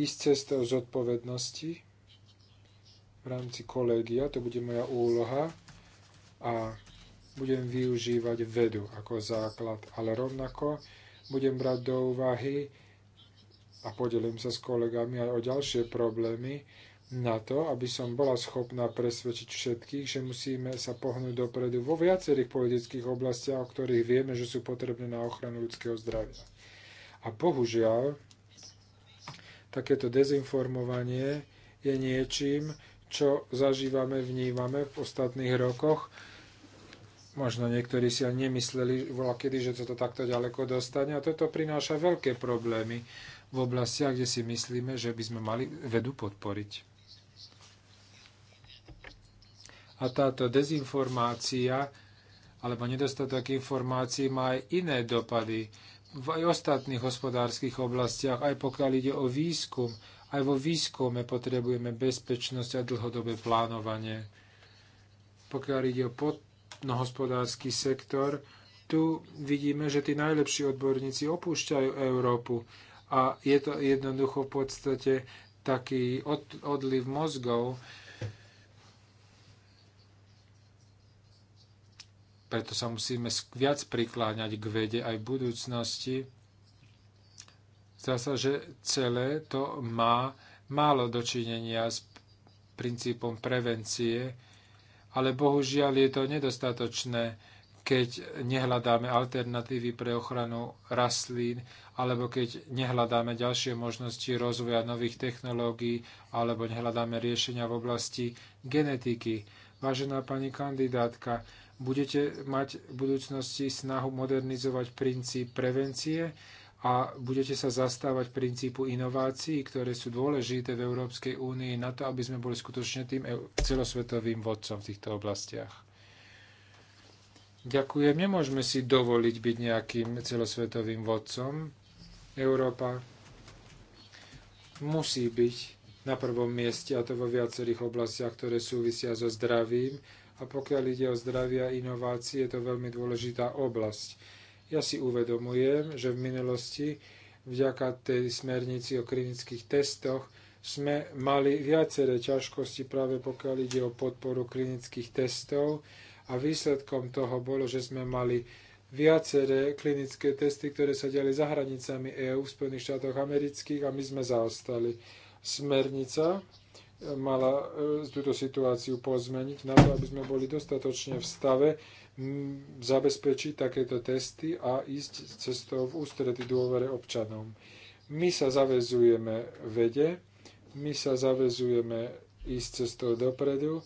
ísť cestou zodpovednosti v rámci kolegia, to bude moja úloha a budem využívať vedu ako základ, ale rovnako budem brať do úvahy a podelím sa s kolegami aj o ďalšie problémy, na to, aby som bola schopná presvedčiť všetkých, že musíme sa pohnúť dopredu vo viacerých politických oblastiach, o ktorých vieme, že sú potrebné na ochranu ľudského zdravia. A bohužiaľ, takéto dezinformovanie je niečím, čo zažívame, vnímame v ostatných rokoch. Možno niektorí si ani nemysleli kedy, že toto takto ďaleko dostane a toto prináša veľké problémy v oblastiach, kde si myslíme, že by sme mali vedu podporiť. A táto dezinformácia alebo nedostatok informácií má aj iné dopady v aj ostatných hospodárskych oblastiach, aj pokiaľ ide o výskum. Aj vo výskume potrebujeme bezpečnosť a dlhodobé plánovanie. Pokiaľ ide o podnohospodársky sektor, tu vidíme, že tí najlepší odborníci opúšťajú Európu a je to jednoducho v podstate taký od, odliv mozgov, Preto sa musíme viac prikláňať k vede aj v budúcnosti. Zdá sa, že celé to má málo dočinenia s princípom prevencie, ale bohužiaľ je to nedostatočné, keď nehľadáme alternatívy pre ochranu rastlín, alebo keď nehľadáme ďalšie možnosti rozvoja nových technológií, alebo nehľadáme riešenia v oblasti genetiky. Vážená pani kandidátka, budete mať v budúcnosti snahu modernizovať princíp prevencie a budete sa zastávať princípu inovácií, ktoré sú dôležité v Európskej únii na to, aby sme boli skutočne tým e- celosvetovým vodcom v týchto oblastiach. Ďakujem. Nemôžeme si dovoliť byť nejakým celosvetovým vodcom. Európa musí byť na prvom mieste, a to vo viacerých oblastiach, ktoré súvisia so zdravím, a pokiaľ ide o zdravie a inovácie, je to veľmi dôležitá oblasť. Ja si uvedomujem, že v minulosti vďaka tej smernici o klinických testoch sme mali viaceré ťažkosti práve pokiaľ ide o podporu klinických testov a výsledkom toho bolo, že sme mali viaceré klinické testy, ktoré sa diali za hranicami EÚ v Spojených štátoch amerických a my sme zaostali. Smernica mala e, túto situáciu pozmeniť na to, aby sme boli dostatočne v stave zabezpečiť takéto testy a ísť cestou v ústrety dôvere občanom. My sa zavezujeme vede, my sa zavezujeme ísť cestou dopredu,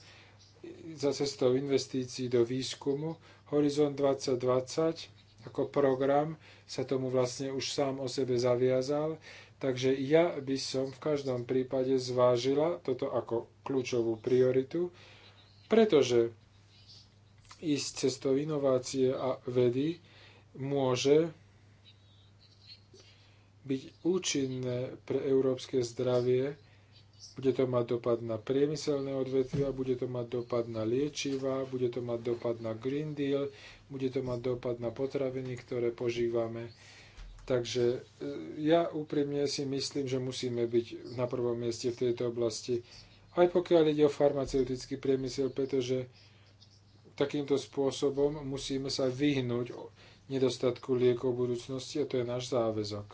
za cestou investícií do výskumu. Horizont 2020 ako program sa tomu vlastne už sám o sebe zaviazal. Takže ja by som v každom prípade zvážila toto ako kľúčovú prioritu, pretože ísť cestou inovácie a vedy môže byť účinné pre európske zdravie, bude to mať dopad na priemyselné odvetvia, bude to mať dopad na liečiva, bude to mať dopad na Green Deal, bude to mať dopad na potraviny, ktoré požívame. Takže e, ja úprimne si myslím, že musíme byť na prvom mieste v tejto oblasti, aj pokiaľ ide o farmaceutický priemysel, pretože takýmto spôsobom musíme sa vyhnúť nedostatku liekov v budúcnosti a to je náš záväzok.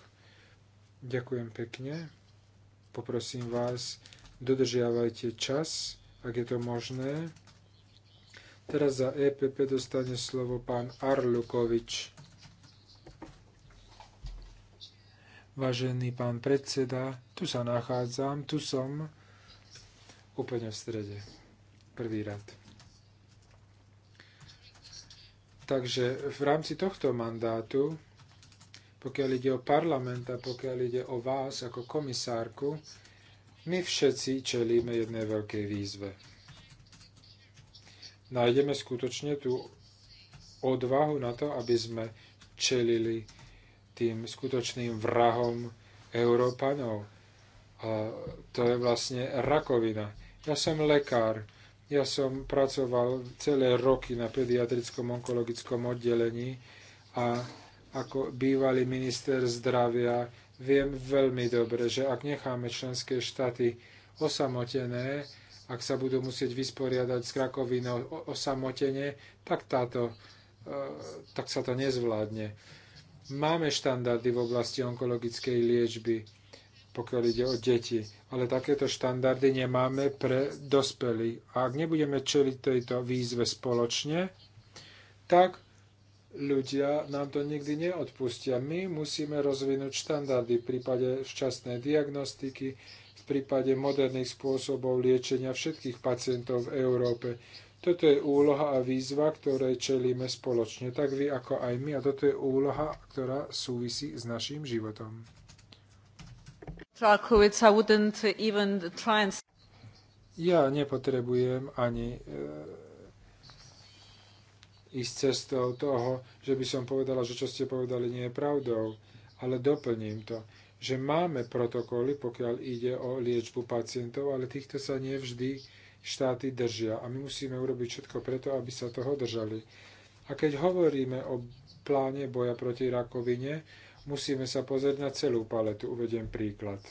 Ďakujem pekne. Poprosím vás, dodržiavajte čas, ak je to možné. Teraz za EPP dostane slovo pán Arlukovič. Vážený pán predseda, tu sa nachádzam, tu som, úplne v strede, prvý rad. Takže v rámci tohto mandátu, pokiaľ ide o parlament a pokiaľ ide o vás ako komisárku, my všetci čelíme jednej veľkej výzve. Nájdeme skutočne tú odvahu na to, aby sme čelili tým skutočným vrahom Európanov. A to je vlastne rakovina. Ja som lekár. Ja som pracoval celé roky na pediatrickom onkologickom oddelení a ako bývalý minister zdravia viem veľmi dobre, že ak necháme členské štáty osamotené, ak sa budú musieť vysporiadať s rakovinou osamotene, tak, táto, e, tak sa to nezvládne. Máme štandardy v oblasti onkologickej liečby, pokiaľ ide o deti, ale takéto štandardy nemáme pre dospelých. A ak nebudeme čeliť tejto výzve spoločne, tak ľudia nám to nikdy neodpustia. My musíme rozvinúť štandardy v prípade včasnej diagnostiky, v prípade moderných spôsobov liečenia všetkých pacientov v Európe. Toto je úloha a výzva, ktoré čelíme spoločne, tak vy ako aj my. A toto je úloha, ktorá súvisí s našim životom. Ja nepotrebujem ani e, ísť cestou toho, že by som povedala, že čo ste povedali nie je pravdou, ale doplním to že máme protokoly, pokiaľ ide o liečbu pacientov, ale týchto sa nevždy štáty držia. A my musíme urobiť všetko preto, aby sa toho držali. A keď hovoríme o pláne boja proti rakovine, musíme sa pozrieť na celú paletu. Uvediem príklad.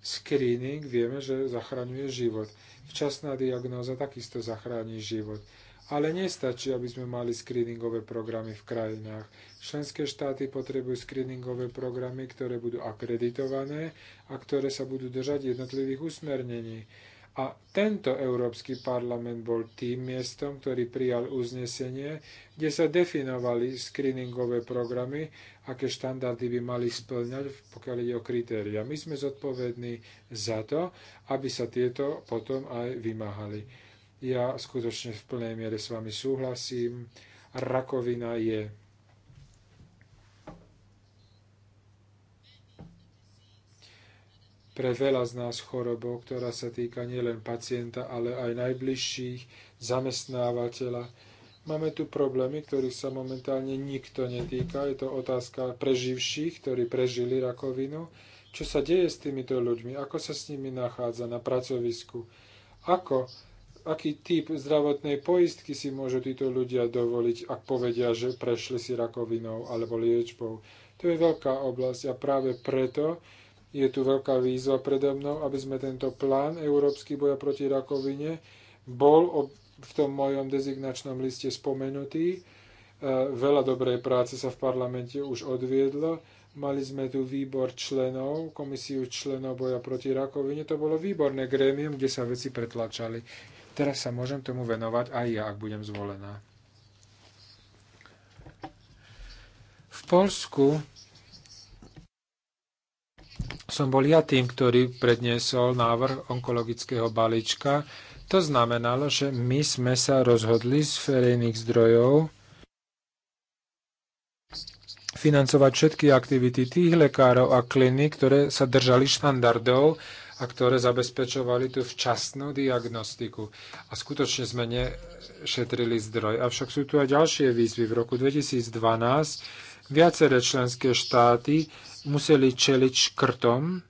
Screening vieme, že zachraňuje život. Včasná diagnóza takisto zachráni život. Ale nestačí, aby sme mali screeningové programy v krajinách. Členské štáty potrebujú screeningové programy, ktoré budú akreditované a ktoré sa budú držať jednotlivých usmernení. A tento Európsky parlament bol tým miestom, ktorý prijal uznesenie, kde sa definovali screeningové programy, aké štandardy by mali splňať, pokiaľ ide o kritéria. My sme zodpovední za to, aby sa tieto potom aj vymáhali. Ja skutočne v plnej miere s vami súhlasím. Rakovina je pre veľa z nás chorobou, ktorá sa týka nielen pacienta, ale aj najbližších, zamestnávateľa. Máme tu problémy, ktorých sa momentálne nikto netýka. Je to otázka preživších, ktorí prežili rakovinu. Čo sa deje s týmito ľuďmi? Ako sa s nimi nachádza na pracovisku? Ako aký typ zdravotnej poistky si môžu títo ľudia dovoliť, ak povedia, že prešli si rakovinou alebo liečbou. To je veľká oblasť a práve preto je tu veľká výzva predo mnou, aby sme tento plán Európsky boja proti rakovine bol v tom mojom dezignačnom liste spomenutý. E, veľa dobrej práce sa v parlamente už odviedlo. Mali sme tu výbor členov, komisiu členov boja proti rakovine. To bolo výborné grémium, kde sa veci pretlačali. Teraz sa môžem tomu venovať aj ja, ak budem zvolená. V Polsku som bol ja tým, ktorý predniesol návrh onkologického balíčka. To znamenalo, že my sme sa rozhodli z verejných zdrojov financovať všetky aktivity tých lekárov a kliník, ktoré sa držali štandardov a ktoré zabezpečovali tú včasnú diagnostiku. A skutočne sme nešetrili zdroj. Avšak sú tu aj ďalšie výzvy. V roku 2012 Viaceré členské štáty museli čeliť škrtom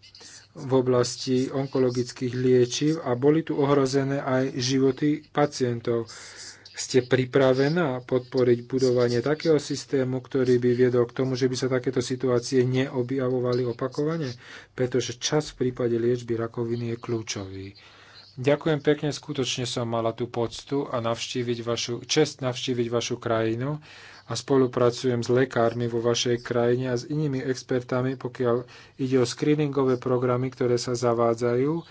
v oblasti onkologických liečiv a boli tu ohrozené aj životy pacientov. Ste pripravená podporiť budovanie takého systému, ktorý by viedol k tomu, že by sa takéto situácie neobjavovali opakovane? Pretože čas v prípade liečby rakoviny je kľúčový. Ďakujem pekne, skutočne som mala tú poctu a navštíviť vašu, čest navštíviť vašu krajinu a spolupracujem s lekármi vo vašej krajine a s inými expertami, pokiaľ ide o screeningové programy, ktoré sa zavádzajú.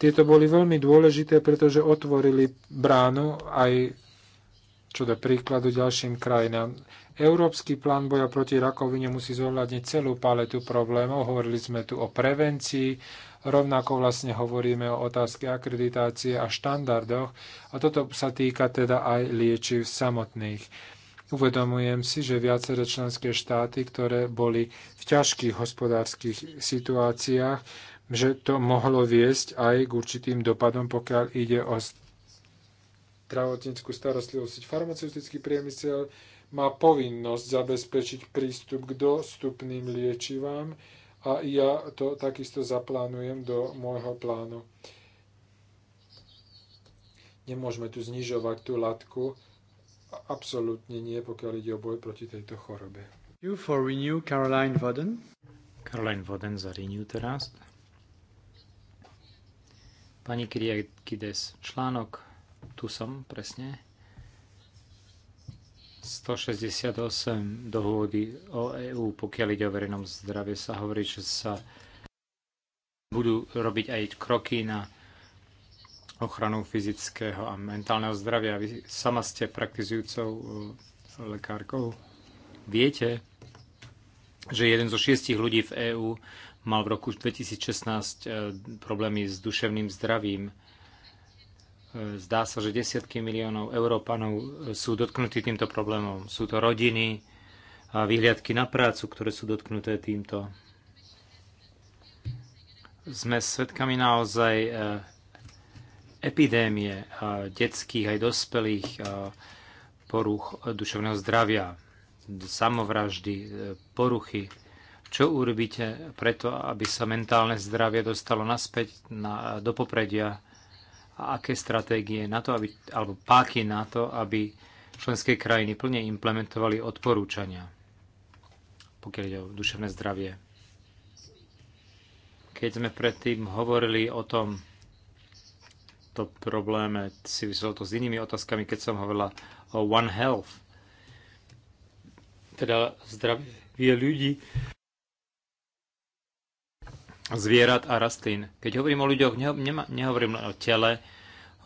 Tieto boli veľmi dôležité, pretože otvorili bránu aj čo do príkladu ďalším krajinám. Európsky plán boja proti rakovine musí zohľadniť celú paletu problémov. Hovorili sme tu o prevencii, Rovnako vlastne hovoríme o otázke akreditácie a štandardoch a toto sa týka teda aj liečiv samotných. Uvedomujem si, že viaceré členské štáty, ktoré boli v ťažkých hospodárskych situáciách, že to mohlo viesť aj k určitým dopadom, pokiaľ ide o zdravotníckú starostlivosť. Farmaceutický priemysel má povinnosť zabezpečiť prístup k dostupným liečivám, a ja to takisto zaplánujem do môjho plánu. Nemôžeme tu znižovať tú latku, absolútne nie, pokiaľ ide o boj proti tejto chorobe. You for Renew, Caroline Voden. Caroline Voden za Renew teraz. Pani Kyriakides, článok, tu som presne, 168 dohôdy o EÚ, pokiaľ ide o verejnom zdravie, sa hovorí, že sa budú robiť aj kroky na ochranu fyzického a mentálneho zdravia. Vy sama ste praktizujúcou e, lekárkou. Viete, že jeden zo šiestich ľudí v EÚ mal v roku 2016 e, problémy s duševným zdravím Zdá sa, že desiatky miliónov Európanov e, sú dotknutí týmto problémom. Sú to rodiny a vyhliadky na prácu, ktoré sú dotknuté týmto. Sme svedkami naozaj e, epidémie detských aj dospelých e, poruch duševného zdravia, samovraždy, poruchy. Čo urobíte preto, aby sa mentálne zdravie dostalo naspäť na, do popredia? a aké stratégie na to, aby, alebo páky na to, aby členské krajiny plne implementovali odporúčania, pokiaľ ide o duševné zdravie. Keď sme predtým hovorili o tom, to probléme súviselo to s inými otázkami, keď som hovorila o One Health, teda zdravie ľudí, zvierat a rastlín. Keď hovorím o ľuďoch, nehovorím len o tele,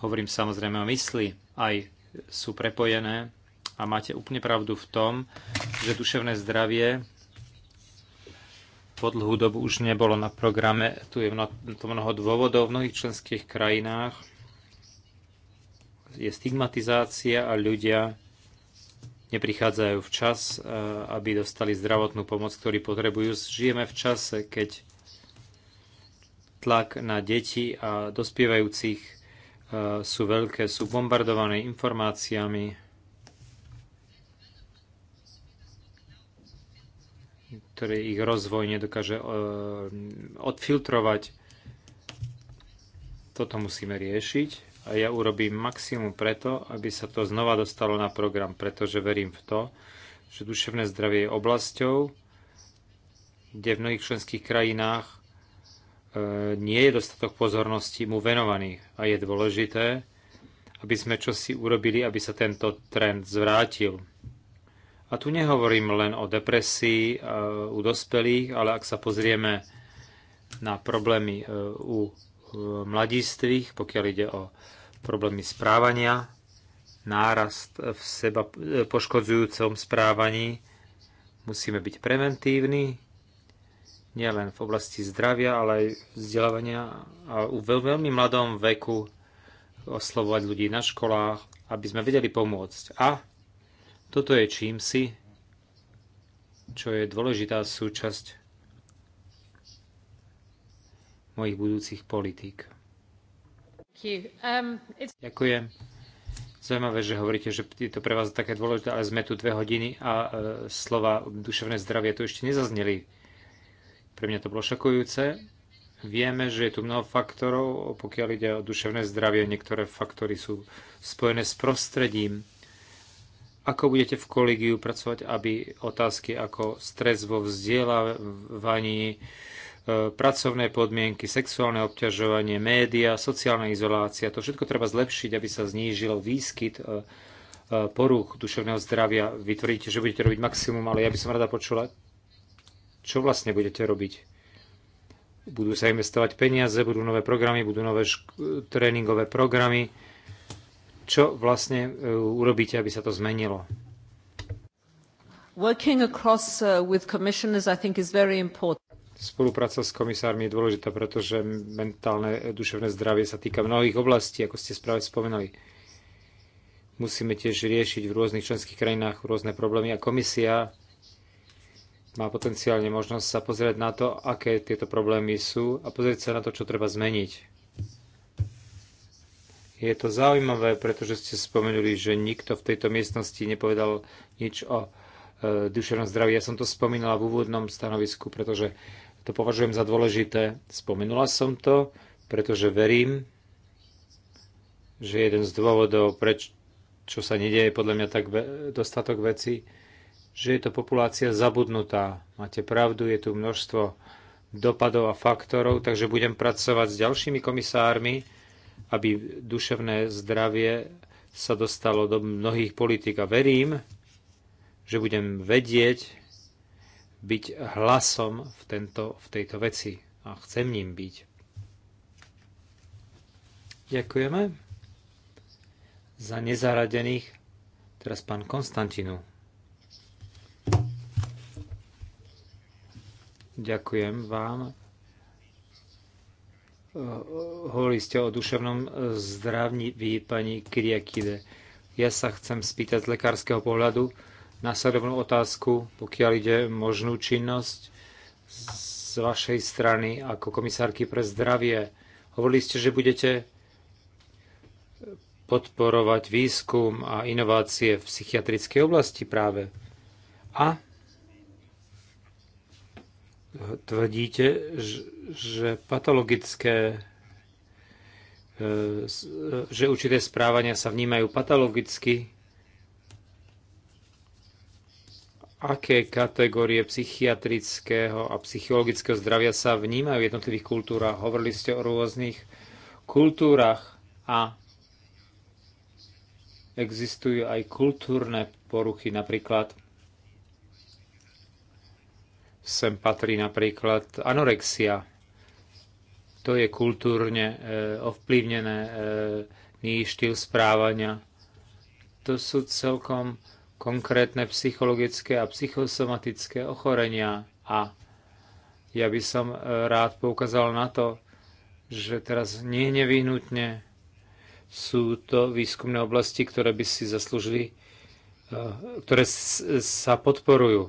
hovorím samozrejme o mysli. Aj sú prepojené a máte úplne pravdu v tom, že duševné zdravie po dlhú dobu už nebolo na programe. Tu je to mnoho dôvodov v mnohých členských krajinách. Je stigmatizácia a ľudia neprichádzajú včas, eh, aby dostali zdravotnú pomoc, ktorú potrebujú. Žijeme v čase, keď tlak na deti a dospievajúcich e, sú veľké, sú bombardované informáciami. ktoré ich rozvoj nedokáže e, odfiltrovať. Toto musíme riešiť a ja urobím maximum preto, aby sa to znova dostalo na program, pretože verím v to, že duševné zdravie je oblasťou, kde v mnohých členských krajinách E, nie je dostatok pozornosti mu venovaný a je dôležité, aby sme čosi urobili, aby sa tento trend zvrátil. A tu nehovorím len o depresii e, u dospelých, ale ak sa pozrieme na problémy e, u mladistvých, pokiaľ ide o problémy správania, nárast v seba poškodzujúcom správaní, musíme byť preventívni, nielen v oblasti zdravia, ale aj vzdelávania a u veľmi mladom veku oslovovať ľudí na školách, aby sme vedeli pomôcť. A toto je čím si, čo je dôležitá súčasť mojich budúcich politík. Um, Ďakujem. Zaujímavé, že hovoríte, že je to pre vás také dôležité, ale sme tu dve hodiny a e, slova duševné zdravie tu ešte nezazneli. Pre mňa to bolo šokujúce. Vieme, že je tu mnoho faktorov, pokiaľ ide o duševné zdravie, niektoré faktory sú spojené s prostredím. Ako budete v kolegiu pracovať, aby otázky ako stres vo vzdelávaní, e, pracovné podmienky, sexuálne obťažovanie, média, sociálna izolácia. To všetko treba zlepšiť, aby sa znížil výskyt e, e, poruch duševného zdravia. Vytvoríte, že budete robiť maximum, ale ja by som rada počula, čo vlastne budete robiť? Budú sa investovať peniaze, budú nové programy, budú nové tréningové programy. Čo vlastne e, urobíte, aby sa to zmenilo? Working across uh, with commissioners I think is very important. Spolupráca s komisármi je dôležitá, pretože mentálne e, duševné zdravie sa týka mnohých oblastí, ako ste správne spomenuli musíme tiež riešiť v rôznych členských krajinách rôzne problémy a komisia má potenciálne možnosť sa pozrieť na to, aké tieto problémy sú a pozrieť sa na to, čo treba zmeniť. Je to zaujímavé, pretože ste spomenuli, že nikto v tejto miestnosti nepovedal nič o e, duševnom zdraví. Ja som to spomínala v úvodnom stanovisku, pretože to považujem za dôležité. Spomenula som to, pretože verím, že jeden z dôvodov, prečo sa nedieje podľa mňa tak dostatok vecí, že je to populácia zabudnutá. Máte pravdu, je tu množstvo dopadov a faktorov, takže budem pracovať s ďalšími komisármi, aby duševné zdravie sa dostalo do mnohých politik a verím, že budem vedieť byť hlasom v, tento, v tejto veci a chcem ním byť. Ďakujeme za nezaradených. Teraz pán Konstantinu. Ďakujem vám. Hovorili ste o duševnom zdraví pani Kyriakide. Ja sa chcem spýtať z lekárskeho pohľadu následovnú otázku, pokiaľ ide možnú činnosť z vašej strany ako komisárky pre zdravie. Hovorili ste, že budete podporovať výskum a inovácie v psychiatrickej oblasti práve. A tvrdíte, že patologické e, že určité správania sa vnímajú patologicky. Aké kategórie psychiatrického a psychologického zdravia sa vnímajú v jednotlivých kultúrach? Hovorili ste o rôznych kultúrach a existujú aj kultúrne poruchy, napríklad Sem patrí napríklad anorexia. To je kultúrne e, ovplyvnené e, štýl správania. To sú celkom konkrétne psychologické a psychosomatické ochorenia a ja by som e, rád poukázal na to, že teraz nie nevyhnutne sú to výskumné oblasti, ktoré by si zaslúžili, ktoré sa podporujú.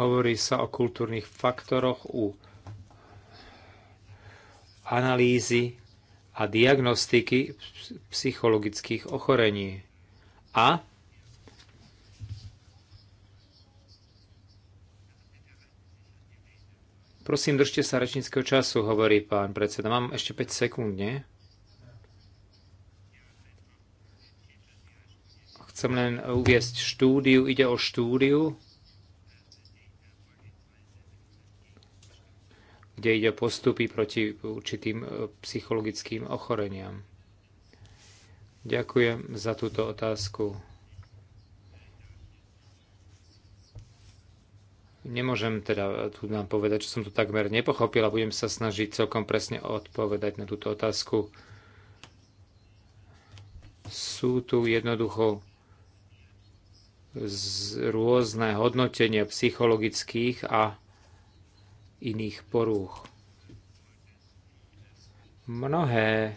Hovorí sa o kultúrnych faktoroch u analýzy a diagnostiky psychologických ochorení. A Prosím, držte sa rečníckého času, hovorí pán predseda. Mám ešte 5 sekúnd, nie? Chcem len uviesť štúdiu. Ide o štúdiu, kde ide o postupy proti určitým e, psychologickým ochoreniam. Ďakujem za túto otázku. Nemôžem teda tu nám povedať, čo som tu takmer nepochopil a budem sa snažiť celkom presne odpovedať na túto otázku. Sú tu jednoducho z rôzne hodnotenia psychologických a iných porúch. Mnohé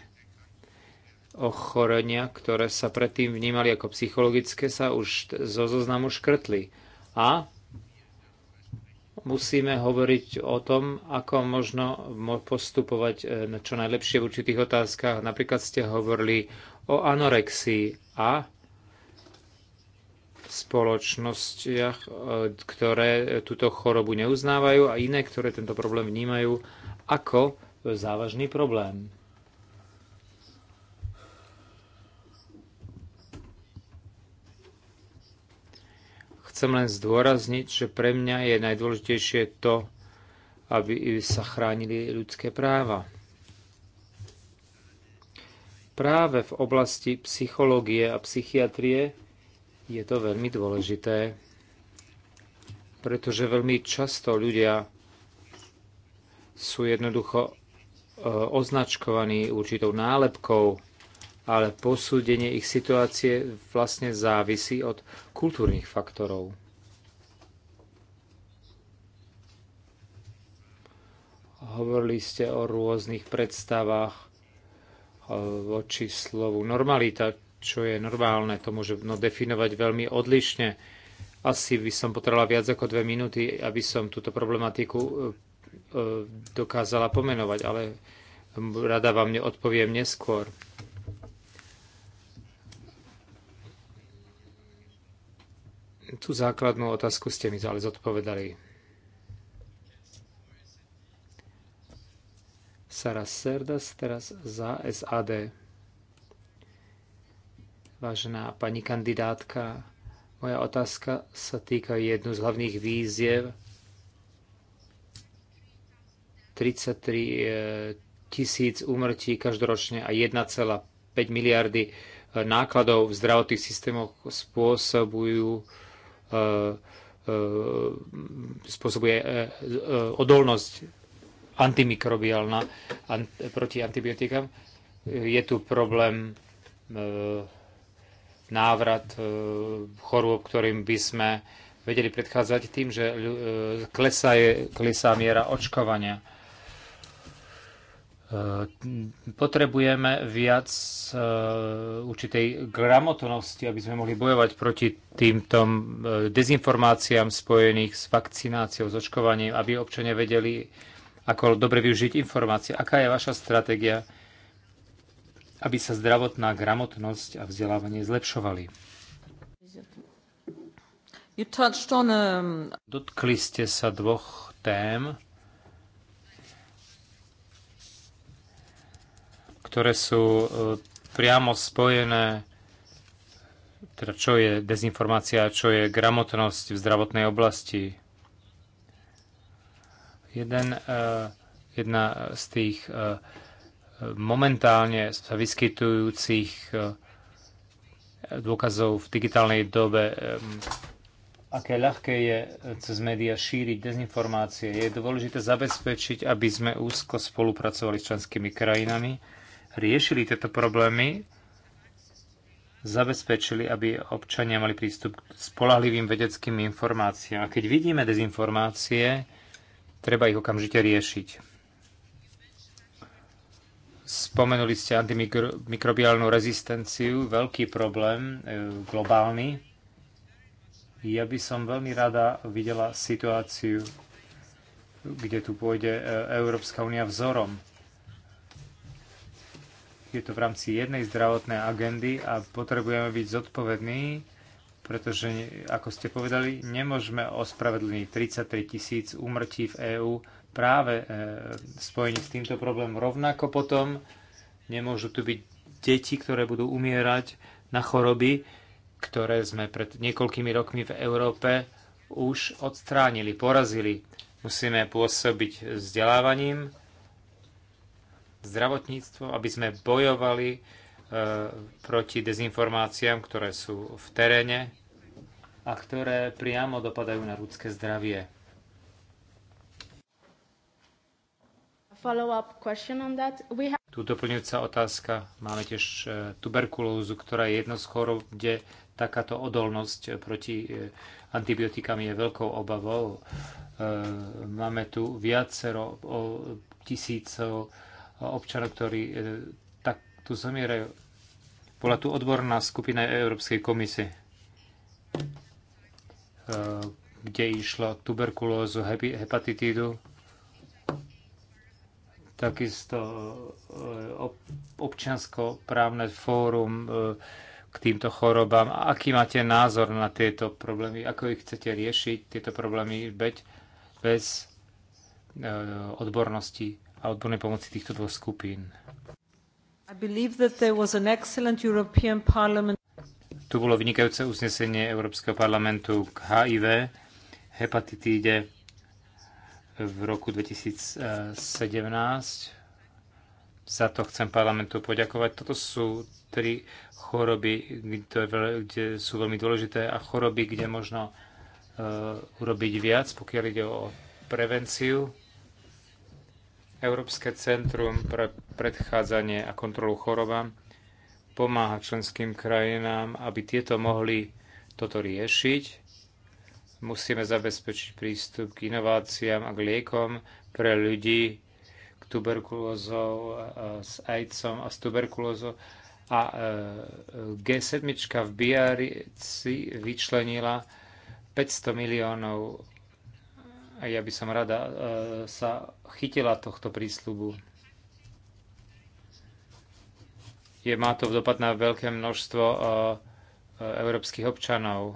ochorenia, ktoré sa predtým vnímali ako psychologické, sa už zo zoznamu škrtli. A musíme hovoriť o tom, ako možno postupovať e, čo najlepšie v určitých otázkach. Napríklad ste hovorili o anorexii a spoločnostiach, e, ktoré túto chorobu neuznávajú a iné, ktoré tento problém vnímajú ako závažný problém. Chcem len zdôrazniť, že pre mňa je najdôležitejšie to, aby sa chránili ľudské práva. Práve v oblasti psychológie a psychiatrie je to veľmi dôležité, pretože veľmi často ľudia sú jednoducho e, označkovaní určitou nálepkou, ale posúdenie ich situácie vlastne závisí od kultúrnych faktorov. Hovorili ste o rôznych predstavách e, voči slovu normalita čo je normálne, to no, definovať veľmi odlišne. Asi by som potrebovala viac ako dve minúty, aby som túto problematiku e, e, dokázala pomenovať, ale rada vám odpoviem neskôr. Tú základnú otázku ste mi ale zodpovedali. Sara Serdas teraz za SAD. Vážená pani kandidátka, moja otázka sa týka jednu z hlavných víziev 33 eh, tisíc úmrtí každoročne a 1,5 miliardy eh, nákladov v zdravotných systémoch spôsobujú eh, spôsobuje odolnosť antimikrobiálna proti antibiotikám. Je tu problém návrat e, chorôb, ktorým by sme vedeli predchádzať tým, že e, klesá, je, klesá miera očkovania. E, potrebujeme viac určitej gramotnosti, aby sme mohli bojovať proti týmto dezinformáciám spojených s vakcináciou, s očkovaním, aby občania vedeli, ako dobre využiť informácie. Aká je vaša stratégia? aby sa zdravotná gramotnosť a vzdelávanie zlepšovali. Um, Dotkli ste sa dvoch tém, ktoré sú e, priamo spojené, teda čo je dezinformácia, čo je gramotnosť v zdravotnej oblasti. Jeden, e, jedna z tých e, momentálne sa vyskytujúcich e, dôkazov v digitálnej dobe, e, aké ľahké je e, cez médiá šíriť dezinformácie. Je dôležité zabezpečiť, aby sme úzko spolupracovali s členskými krajinami, riešili tieto problémy, zabezpečili, aby občania mali prístup k spolahlivým vedeckým informáciám. A keď vidíme dezinformácie, treba ich okamžite riešiť. Spomenuli ste antimikrobiálnu rezistenciu, veľký problém, e, globálny. Ja by som veľmi rada videla situáciu, kde tu pôjde e, Európska únia vzorom. Je to v rámci jednej zdravotnej agendy a potrebujeme byť zodpovední, pretože, ako ste povedali, nemôžeme ospravedlniť 33 tisíc úmrtí v EÚ práve e, spojení s týmto problémom. Rovnako potom nemôžu tu byť deti, ktoré budú umierať na choroby, ktoré sme pred niekoľkými rokmi v Európe už odstránili, porazili. Musíme pôsobiť vzdelávaním, zdravotníctvo, aby sme bojovali e, proti dezinformáciám, ktoré sú v teréne a ktoré priamo dopadajú na ľudské zdravie. follow-up question on that. We have... Tu doplňujúca otázka. Máme tiež e, tuberkulózu, ktorá je jedno z chorov, kde takáto odolnosť e, proti e, antibiotikám je veľkou obavou. Máme tu viacero tisícov občanov, ktorí tak tu zomierajú. Bola tu odborná skupina Európskej komisie, kde išlo tuberkulózu, hepatitídu, takisto e, občiansko-právne fórum e, k týmto chorobám. A aký máte názor na tieto problémy? Ako ich chcete riešiť, tieto problémy, beď bez e, odbornosti a odbornej pomoci týchto dvoch skupín? Tu bolo vynikajúce uznesenie Európskeho parlamentu k HIV, hepatitíde, v roku 2017. Za to chcem parlamentu poďakovať. Toto sú tri choroby, kde, sú veľmi dôležité a choroby, kde možno e, urobiť viac, pokiaľ ide o prevenciu. Európske centrum pre predchádzanie a kontrolu chorobám pomáha členským krajinám, aby tieto mohli toto riešiť Musíme zabezpečiť prístup k inováciám a k liekom pre ľudí k tuberkulózou, e, e, s AIDSom a s tuberkulózou. A e, G7 v Biarici vyčlenila 500 miliónov a ja by som rada sa chytila tohto prísľubu. Je, má to dopad na veľké množstvo európskych občanov.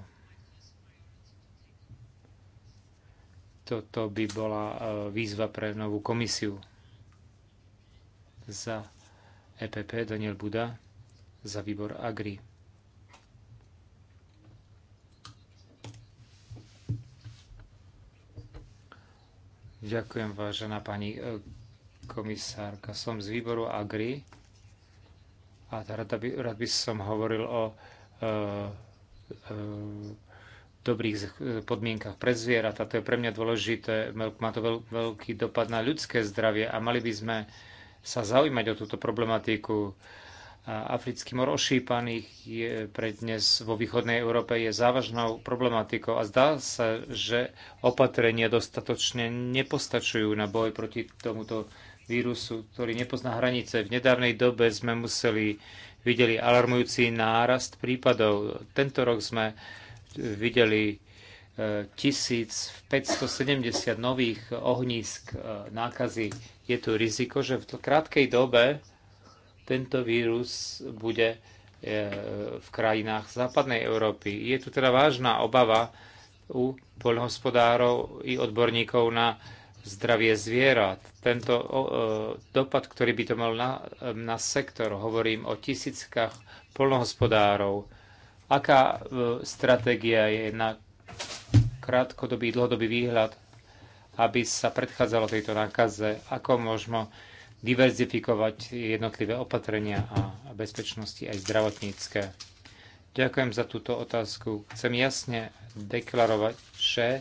Toto by bola e, výzva pre novú komisiu. Za EPP Daniel Buda, za výbor Agri. Ďakujem, vážená pani e, komisárka. Som z výboru Agri a rád teda by, rád by som hovoril o e, dobrých podmienkach pre zvieratá. To je pre mňa dôležité. Má to veľký dopad na ľudské zdravie a mali by sme sa zaujímať o túto problematiku. africký mor ošípaných je pre dnes vo východnej Európe je závažnou problematikou a zdá sa, že opatrenia dostatočne nepostačujú na boj proti tomuto vírusu, ktorý nepozná hranice. V nedávnej dobe sme museli videli alarmujúci nárast prípadov. Tento rok sme videli 1570 e, nových ohnízk e, nákazy. Je tu riziko, že v krátkej dobe tento vírus bude e, v krajinách západnej Európy. Je tu teda vážna obava u poľnohospodárov i odborníkov na zdravie zvierat. Tento dopad, ktorý by to mal na, na sektor, hovorím o tisíckach poľnohospodárov, Aká e, stratégia je na krátkodobý, dlhodobý výhľad, aby sa predchádzalo tejto nákaze? Ako možno diverzifikovať jednotlivé opatrenia a bezpečnosti aj zdravotnícke? Ďakujem za túto otázku. Chcem jasne deklarovať, že e,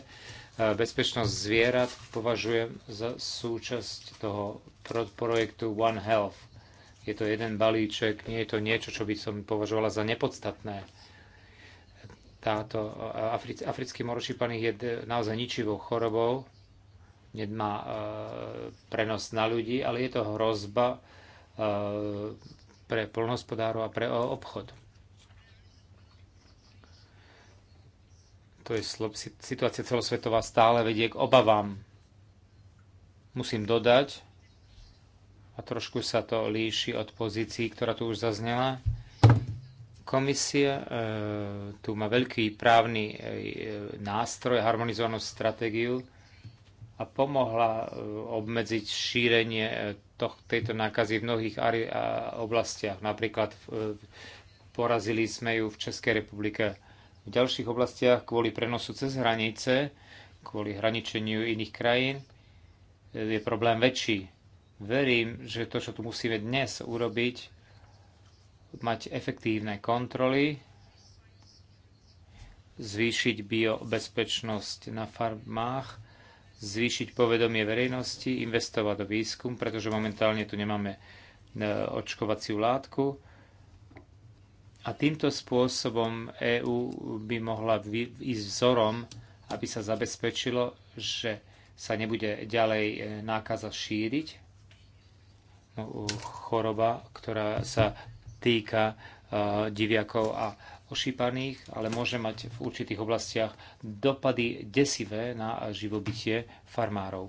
bezpečnosť zvierat považujem za súčasť toho projektu One Health. Je to jeden balíček, nie je to niečo, čo by som považovala za nepodstatné táto e, afric, africký morošipaných je naozaj ničivou chorobou, nemá e, prenos na ľudí, ale je to hrozba e, pre polnospodárov a pre obchod. To je situácia celosvetová stále vedie k obavám. Musím dodať, a trošku sa to líši od pozícií, ktorá tu už zaznela, Komisia e, tu má veľký právny e, nástroj, harmonizovanú stratégiu a pomohla e, obmedziť šírenie tejto nákazy v mnohých oblastiach. Napríklad porazili sme ju v Českej republike. V ďalších oblastiach kvôli prenosu cez hranice, kvôli hraničeniu iných krajín, je problém väčší. Verím, že to, čo tu musíme dnes urobiť, mať efektívne kontroly, zvýšiť biobezpečnosť na farmách, zvýšiť povedomie verejnosti, investovať do výskum, pretože momentálne tu nemáme e, očkovaciu látku. A týmto spôsobom EÚ by mohla ísť vzorom, aby sa zabezpečilo, že sa nebude ďalej e, nákaza šíriť. No, choroba, ktorá sa týka eh, diviakov a ošípaných, ale môže mať v určitých oblastiach dopady desivé na živobytie farmárov.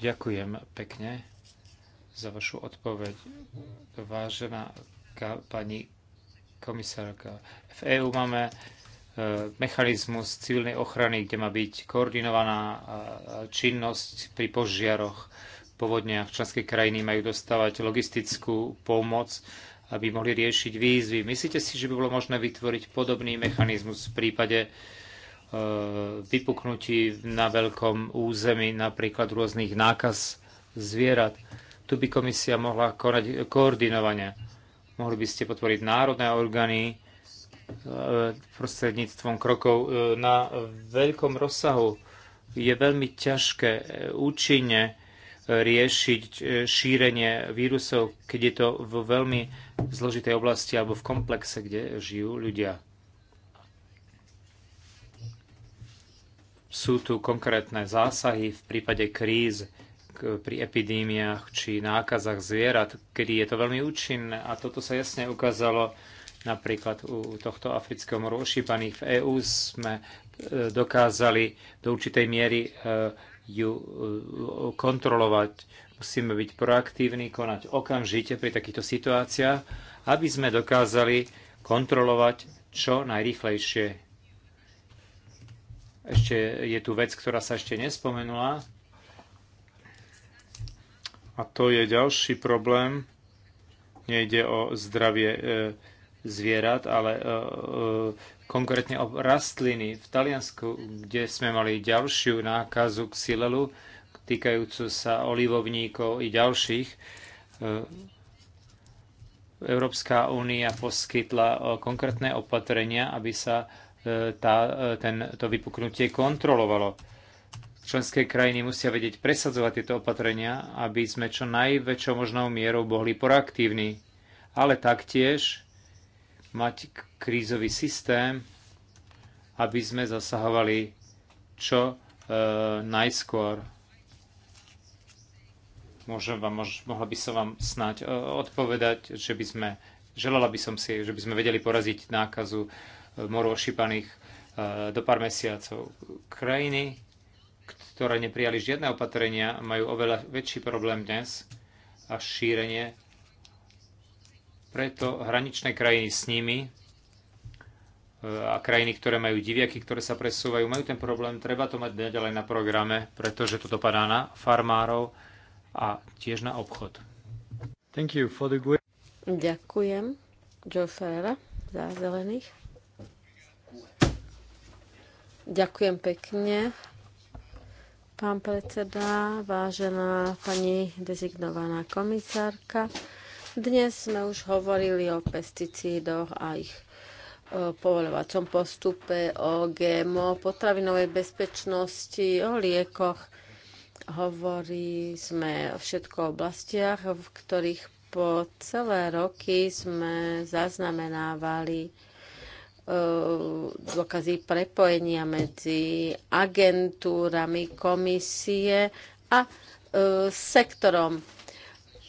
Ďakujem pekne za vašu odpoveď. Vážená pani komisárka, v EÚ máme mechanizmus civilnej ochrany, kde má byť koordinovaná e, činnosť pri požiaroch, povodniach. Členské krajiny majú dostávať logistickú pomoc, aby mohli riešiť výzvy. Myslíte si, že by bolo možné vytvoriť podobný mechanizmus v prípade e, vypuknutí na veľkom území napríklad rôznych nákaz zvierat? Tu by komisia mohla konať koordinovane. Mohli by ste potvoriť národné orgány, E, prostredníctvom krokov e, na veľkom rozsahu. Je veľmi ťažké e, účinne riešiť šírenie vírusov, keď je to v veľmi zložitej oblasti alebo v komplexe, kde žijú ľudia. Sú tu konkrétne zásahy v prípade kríz pri epidémiách či nákazách zvierat, kedy je to veľmi účinné a toto sa jasne ukázalo Napríklad u tohto afrického moru ošípaných v EÚ sme e, dokázali do určitej miery e, ju e, kontrolovať. Musíme byť proaktívni, konať okamžite pri takýchto situáciách, aby sme dokázali kontrolovať čo najrýchlejšie. Ešte je tu vec, ktorá sa ešte nespomenula. A to je ďalší problém. Nejde o zdravie e, zvierat, ale e, e, konkrétne o rastliny v Taliansku, kde sme mali ďalšiu nákazu k silelu, týkajúcu sa olivovníkov i ďalších. E, Európska únia poskytla konkrétne opatrenia, aby sa tá, ten, to vypuknutie kontrolovalo. Členské krajiny musia vedieť presadzovať tieto opatrenia, aby sme čo najväčšou možnou mierou boli proaktívni. Ale taktiež mať krízový systém, aby sme zasahovali čo e, najskôr. Môžem vám, mož, mohla by som vám snáď e, odpovedať, že by sme, želala by som si, že by sme vedeli poraziť nákazu e, moru ošípaných e, do pár mesiacov. Krajiny, ktoré neprijali žiadne opatrenia, majú oveľa väčší problém dnes a šírenie preto hraničné krajiny s nimi e, a krajiny, ktoré majú diviaky, ktoré sa presúvajú, majú ten problém, treba to mať naďalej na programe, pretože to dopadá na farmárov a tiež na obchod. Thank you for the... Ďakujem, Joe Ferreira, za zelených. Ďakujem pekne. Pán predseda, vážená pani dezignovaná komisárka, dnes sme už hovorili o pesticídoch a ich e, povoľovacom postupe, o GMO, potravinovej bezpečnosti, o liekoch. Hovorí sme o všetko oblastiach, v ktorých po celé roky sme zaznamenávali e, dôkazy prepojenia medzi agentúrami komisie a e, sektorom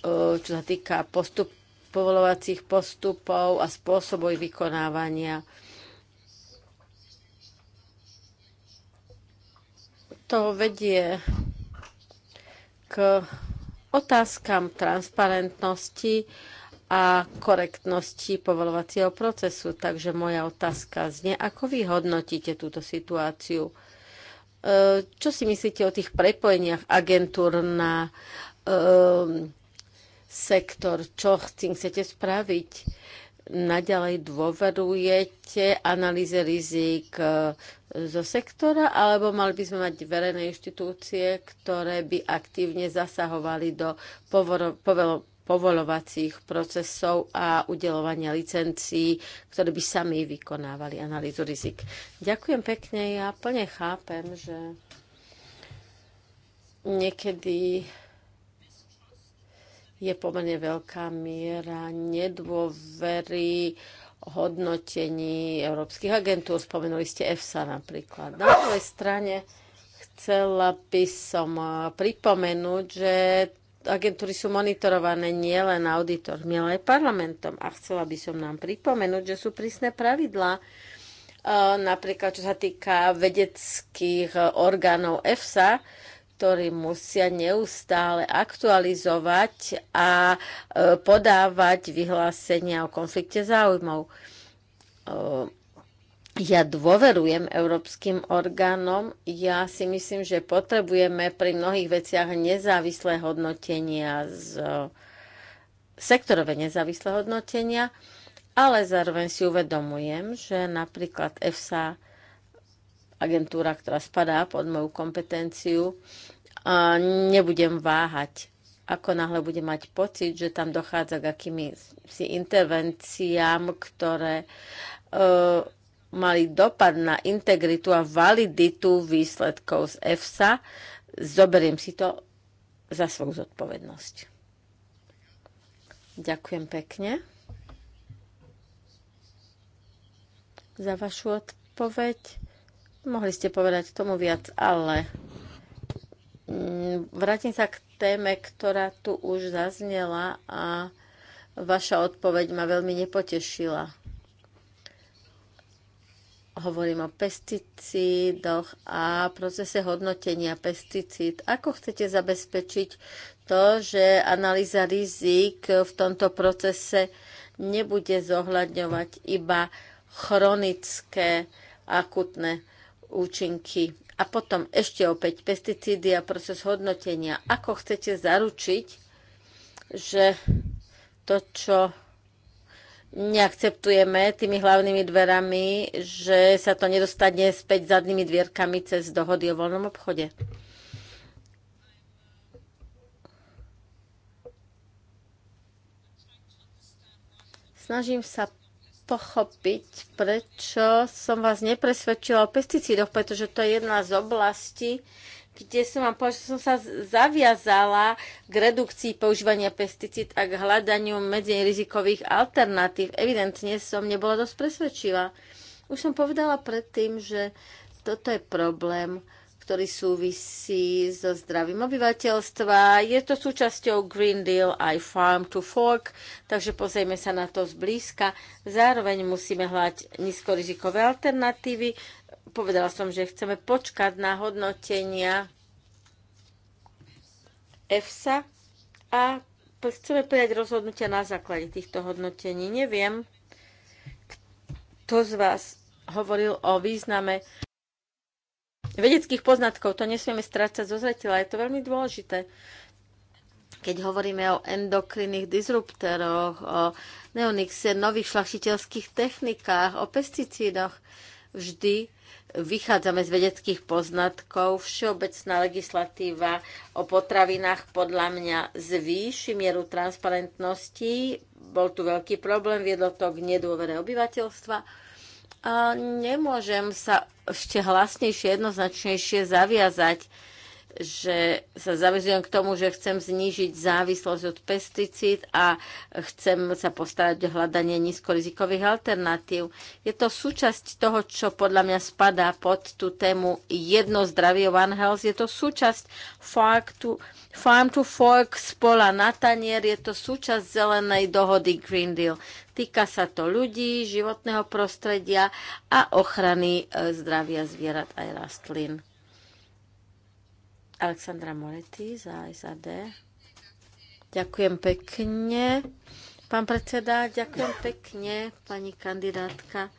E, čo sa týka postup, povolovacích postupov a spôsobov vykonávania. To vedie k otázkam transparentnosti a korektnosti povolovacieho procesu. Takže moja otázka znie, ako vy hodnotíte túto situáciu? E, čo si myslíte o tých prepojeniach agentúr na e, sektor, čo tým chcete spraviť. Naďalej dôverujete analýze rizik e, zo sektora, alebo mali by sme mať verejné inštitúcie, ktoré by aktívne zasahovali do povoro, povelo, povolovacích procesov a udelovania licencií, ktoré by sami vykonávali analýzu rizik. Ďakujem pekne, ja plne chápem, že niekedy je pomerne veľká miera nedôvery hodnotení európskych agentúr. Spomenuli ste EFSA napríklad. Na druhej strane chcela by som pripomenúť, že agentúry sú monitorované nielen auditormi, ale aj parlamentom. A chcela by som nám pripomenúť, že sú prísne pravidlá, e, napríklad čo sa týka vedeckých orgánov EFSA, ktorí musia neustále aktualizovať a e, podávať vyhlásenia o konflikte záujmov. E, ja dôverujem európskym orgánom. Ja si myslím, že potrebujeme pri mnohých veciach nezávislé hodnotenia, z, e, sektorové nezávislé hodnotenia, ale zároveň si uvedomujem, že napríklad EFSA agentúra, ktorá spadá pod moju kompetenciu a nebudem váhať. Ako náhle budem mať pocit, že tam dochádza k akými si intervenciám, ktoré e, mali dopad na integritu a validitu výsledkov z EFSA, zoberiem si to za svoju zodpovednosť. Ďakujem pekne za vašu odpoveď. Mohli ste povedať tomu viac, ale mm, vrátim sa k téme, ktorá tu už zaznela a vaša odpoveď ma veľmi nepotešila. Hovorím o pesticídoch a procese hodnotenia pesticíd. Ako chcete zabezpečiť to, že analýza rizik v tomto procese nebude zohľadňovať iba chronické akutné účinky. A potom ešte opäť pesticídy a proces hodnotenia. Ako chcete zaručiť, že to, čo neakceptujeme tými hlavnými dverami, že sa to nedostane späť zadnými dvierkami cez dohody o voľnom obchode. Snažím sa pochopiť, prečo som vás nepresvedčila o pesticídoch, pretože to je jedna z oblastí, kde som vám povedala, že som sa zaviazala k redukcii používania pesticíd a k hľadaniu medzirizikových alternatív. Evidentne som nebola dosť presvedčivá. Už som povedala predtým, že toto je problém, ktorý súvisí so zdravím obyvateľstva. Je to súčasťou Green Deal aj Farm to Fork, takže pozrieme sa na to zblízka. Zároveň musíme hľadať nízkorizikové alternatívy. Povedala som, že chceme počkať na hodnotenia EFSA a chceme prijať rozhodnutia na základe týchto hodnotení. Neviem, kto z vás hovoril o význame vedeckých poznatkov. To nesmieme strácať zo zretela. Je to veľmi dôležité. Keď hovoríme o endokrinných disruptoroch, o neonixe, nových šlachtiteľských technikách, o pesticídoch, vždy vychádzame z vedeckých poznatkov. Všeobecná legislatíva o potravinách podľa mňa zvýši mieru transparentnosti. Bol tu veľký problém, viedlo to k nedôvere obyvateľstva nemôžem sa ešte hlasnejšie, jednoznačnejšie zaviazať že sa zavizujem k tomu, že chcem znížiť závislosť od pesticíd a chcem sa postarať o hľadanie nízkorizikových alternatív. Je to súčasť toho, čo podľa mňa spadá pod tú tému jedno zdravie One Health. Je to súčasť faktu Farm to Fork spola na tanier. Je to súčasť zelenej dohody Green Deal. Týka sa to ľudí, životného prostredia a ochrany e, zdravia zvierat aj rastlín. Alexandra Moretti za SAD. Ďakujem pekne. Pán predseda, ďakujem pekne, pani kandidátka.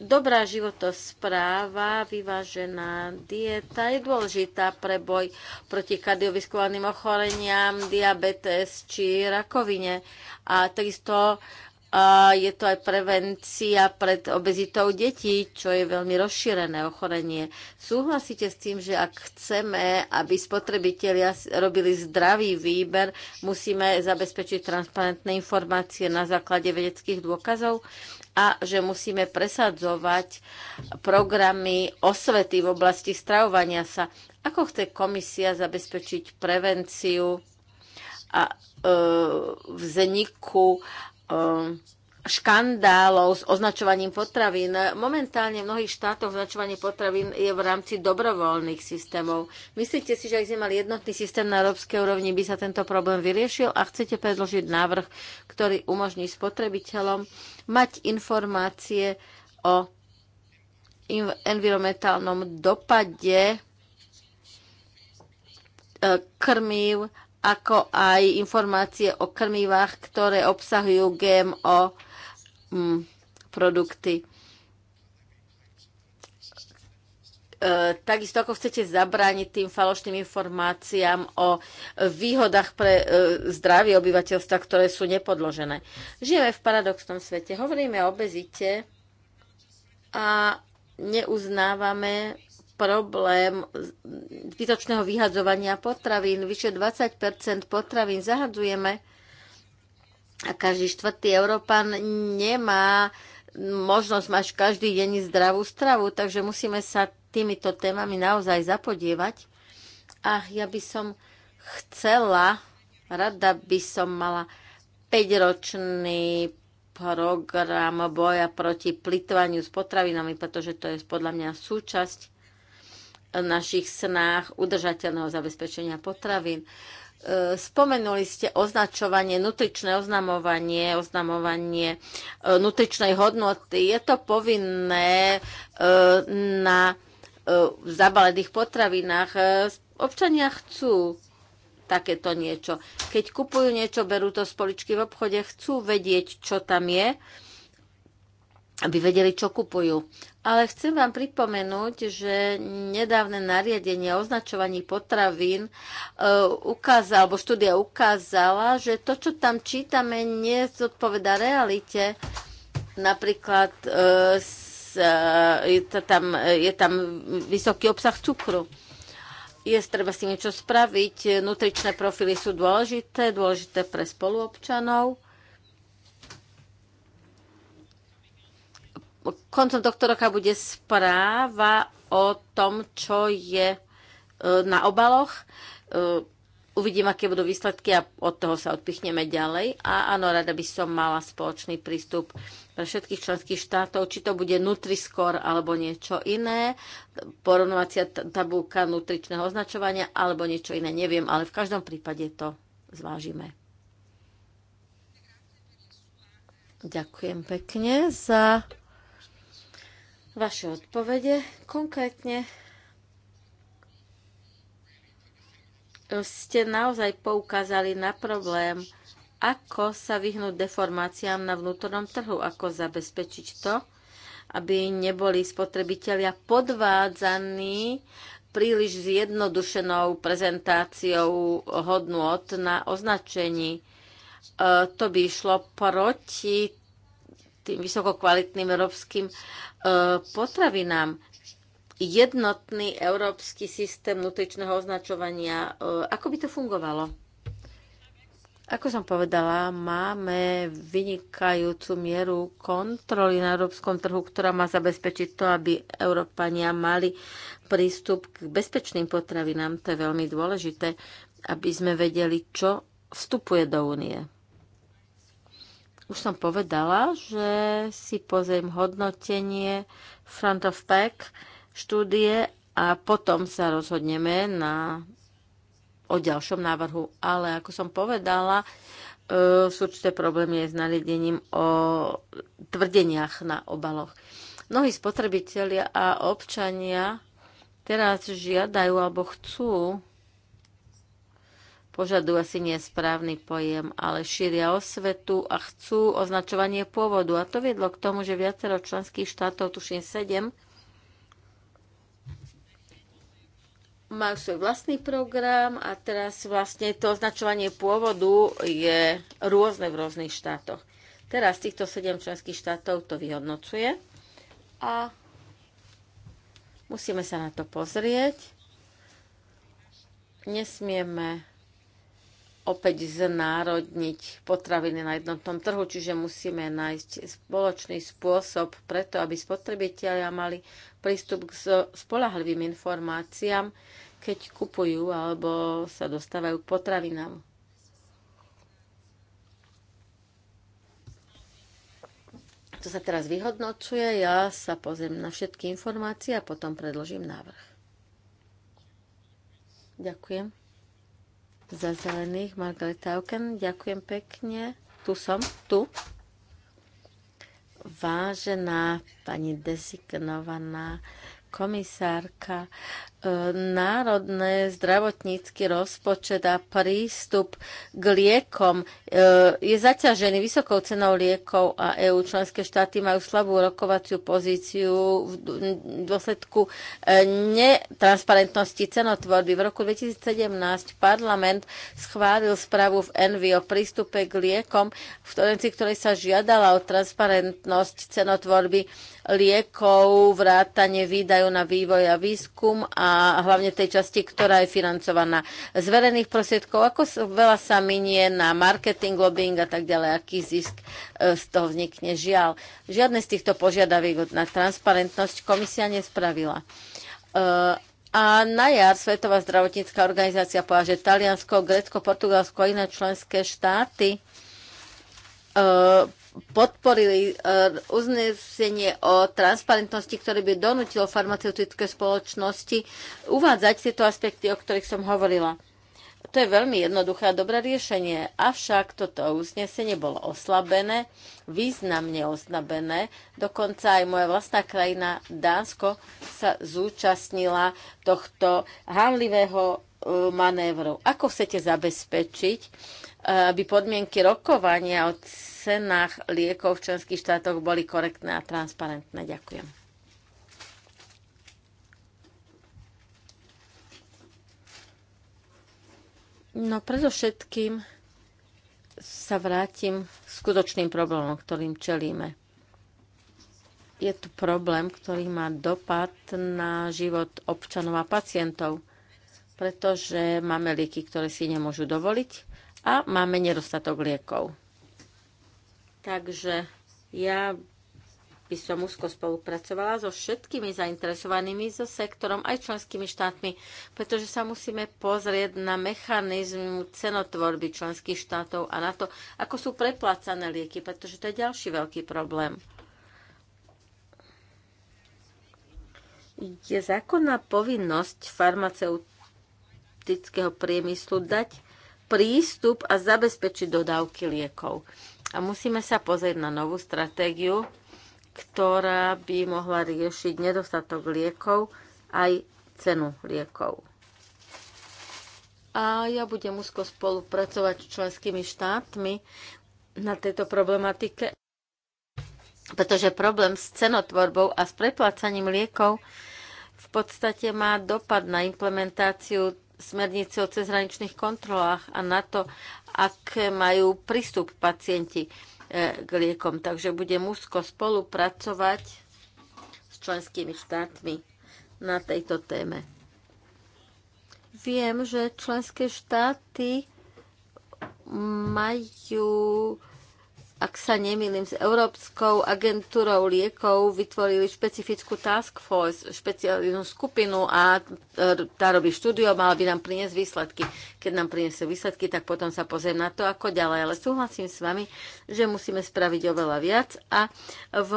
Dobrá životospráva, vyvážená dieta je dôležitá pre boj proti kardiovyskovaným ochoreniam, diabetes či rakovine. A takisto a je to aj prevencia pred obezitou detí, čo je veľmi rozšírené ochorenie. Súhlasíte s tým, že ak chceme, aby spotrebitelia robili zdravý výber, musíme zabezpečiť transparentné informácie na základe vedeckých dôkazov a že musíme presadzovať programy osvety v oblasti stravovania sa. Ako chce komisia zabezpečiť prevenciu a e, vzniku Um, škandálov s označovaním potravín. Momentálne v mnohých štátoch označovanie potravín je v rámci dobrovoľných systémov. Myslíte si, že ak sme mali jednotný systém na európskej úrovni, by sa tento problém vyriešil a chcete predložiť návrh, ktorý umožní spotrebiteľom mať informácie o environmentálnom dopade e, krmív ako aj informácie o krmivách, ktoré obsahujú GMO mm, produkty. E, takisto ako chcete zabrániť tým falošným informáciám o výhodách pre e, zdravie obyvateľstva, ktoré sú nepodložené. Žijeme v paradoxnom svete. Hovoríme o obezite a neuznávame problém zbytočného vyhadzovania potravín. Vyše 20 potravín zahadzujeme a každý štvrtý Európan nemá možnosť mať každý deň zdravú stravu, takže musíme sa týmito témami naozaj zapodievať. A ja by som chcela, rada by som mala 5-ročný program boja proti plitvaniu s potravinami, pretože to je podľa mňa súčasť našich snách udržateľného zabezpečenia potravín. E, spomenuli ste označovanie, nutričné oznamovanie, oznamovanie e, nutričnej hodnoty. Je to povinné e, na zabalených potravinách. Občania chcú takéto niečo. Keď kupujú niečo, berú to z poličky v obchode, chcú vedieť, čo tam je aby vedeli, čo kupujú. Ale chcem vám pripomenúť, že nedávne nariadenie o označovaní potravín e, ukázala, alebo štúdia ukázala, že to, čo tam čítame, nezodpoveda realite. Napríklad e, s, e, je, to tam, e, je tam vysoký obsah cukru je treba si niečo spraviť. Nutričné profily sú dôležité, dôležité pre spoluobčanov koncom tohto roka bude správa o tom, čo je e, na obaloch. E, uvidím, aké budú výsledky a od toho sa odpichneme ďalej. A áno, rada by som mala spoločný prístup pre všetkých členských štátov, či to bude Nutriscore alebo niečo iné, Porovnovacia tabulka nutričného označovania alebo niečo iné, neviem, ale v každom prípade to zvážime. Ďakujem pekne za vaše odpovede. Konkrétne ste naozaj poukázali na problém, ako sa vyhnúť deformáciám na vnútornom trhu, ako zabezpečiť to, aby neboli spotrebitelia podvádzaní príliš zjednodušenou prezentáciou hodnot na označení. E, to by išlo proti tým vysokokvalitným európskym e, potravinám. Jednotný európsky systém nutričného označovania, e, ako by to fungovalo? Ako som povedala, máme vynikajúcu mieru kontroly na európskom trhu, ktorá má zabezpečiť to, aby Európania mali prístup k bezpečným potravinám. To je veľmi dôležité, aby sme vedeli, čo vstupuje do únie. Už som povedala, že si pozriem hodnotenie front of pack štúdie a potom sa rozhodneme na, o ďalšom návrhu. Ale ako som povedala, e, sú určité problémy s nariadením o tvrdeniach na obaloch. Mnohí spotrebitelia a občania teraz žiadajú alebo chcú požadujú asi nesprávny pojem, ale šíria osvetu a chcú označovanie pôvodu. A to viedlo k tomu, že viacero členských štátov, tuším 7, majú svoj vlastný program a teraz vlastne to označovanie pôvodu je rôzne v rôznych štátoch. Teraz týchto 7 členských štátov to vyhodnocuje a musíme sa na to pozrieť. Nesmieme opäť znárodniť potraviny na jednotnom trhu, čiže musíme nájsť spoločný spôsob preto, aby spotrebitelia mali prístup k spolahlivým informáciám, keď kupujú alebo sa dostávajú k potravinám. To sa teraz vyhodnocuje, ja sa pozriem na všetky informácie a potom predložím návrh. Ďakujem za zelených Margaret Auken. Ďakujem pekne. Tu som, tu. Vážená pani dezignovaná komisárka, E, národné zdravotnícky rozpočet a prístup k liekom e, je zaťažený vysokou cenou liekov a EU členské štáty majú slabú rokovaciu pozíciu v dôsledku e, netransparentnosti cenotvorby. V roku 2017 parlament schválil správu v Envy o prístupe k liekom, v rámci ktorej sa žiadala o transparentnosť cenotvorby liekov, vrátanie výdajú na vývoj a výskum a a hlavne tej časti, ktorá je financovaná z verejných prosiedkov, ako veľa sa minie na marketing, lobbying a tak ďalej, aký zisk e, z toho vznikne. Žiaľ, žiadne z týchto požiadaviek na transparentnosť komisia nespravila. E, a na jar Svetová zdravotnícká organizácia povedala, že Taliansko, Grécko, Portugalsko a iné členské štáty e, podporili e, uznesenie o transparentnosti, ktoré by donútilo farmaceutické spoločnosti uvádzať tieto aspekty, o ktorých som hovorila. To je veľmi jednoduché a dobré riešenie, avšak toto uznesenie bolo oslabené, významne oslabené. Dokonca aj moja vlastná krajina Dánsko sa zúčastnila tohto hanlivého e, manévru. Ako chcete zabezpečiť, e, aby podmienky rokovania o cenách liekov v členských štátoch boli korektné a transparentné. Ďakujem. No predovšetkým sa vrátim k skutočným problémom, ktorým čelíme. Je tu problém, ktorý má dopad na život občanov a pacientov, pretože máme lieky, ktoré si nemôžu dovoliť a máme nedostatok liekov. Takže ja by som úzko spolupracovala so všetkými zainteresovanými, so sektorom aj členskými štátmi, pretože sa musíme pozrieť na mechanizmu cenotvorby členských štátov a na to, ako sú preplácané lieky, pretože to je ďalší veľký problém. Je zákonná povinnosť farmaceutického priemyslu dať prístup a zabezpečiť dodávky liekov. A musíme sa pozrieť na novú stratégiu, ktorá by mohla riešiť nedostatok liekov aj cenu liekov. A ja budem úzko spolupracovať s členskými štátmi na tejto problematike, pretože problém s cenotvorbou a s preplácaním liekov v podstate má dopad na implementáciu smernice o cezhraničných kontrolách a na to, ak majú prístup pacienti e, k liekom. Takže bude úzko spolupracovať s členskými štátmi na tejto téme. Viem, že členské štáty majú ak sa nemýlim, s Európskou agentúrou liekov vytvorili špecifickú task force, špeciálnu skupinu a e, tá robí štúdio, mala by nám priniesť výsledky. Keď nám priniesie výsledky, tak potom sa pozriem na to, ako ďalej. Ale súhlasím s vami, že musíme spraviť oveľa viac a v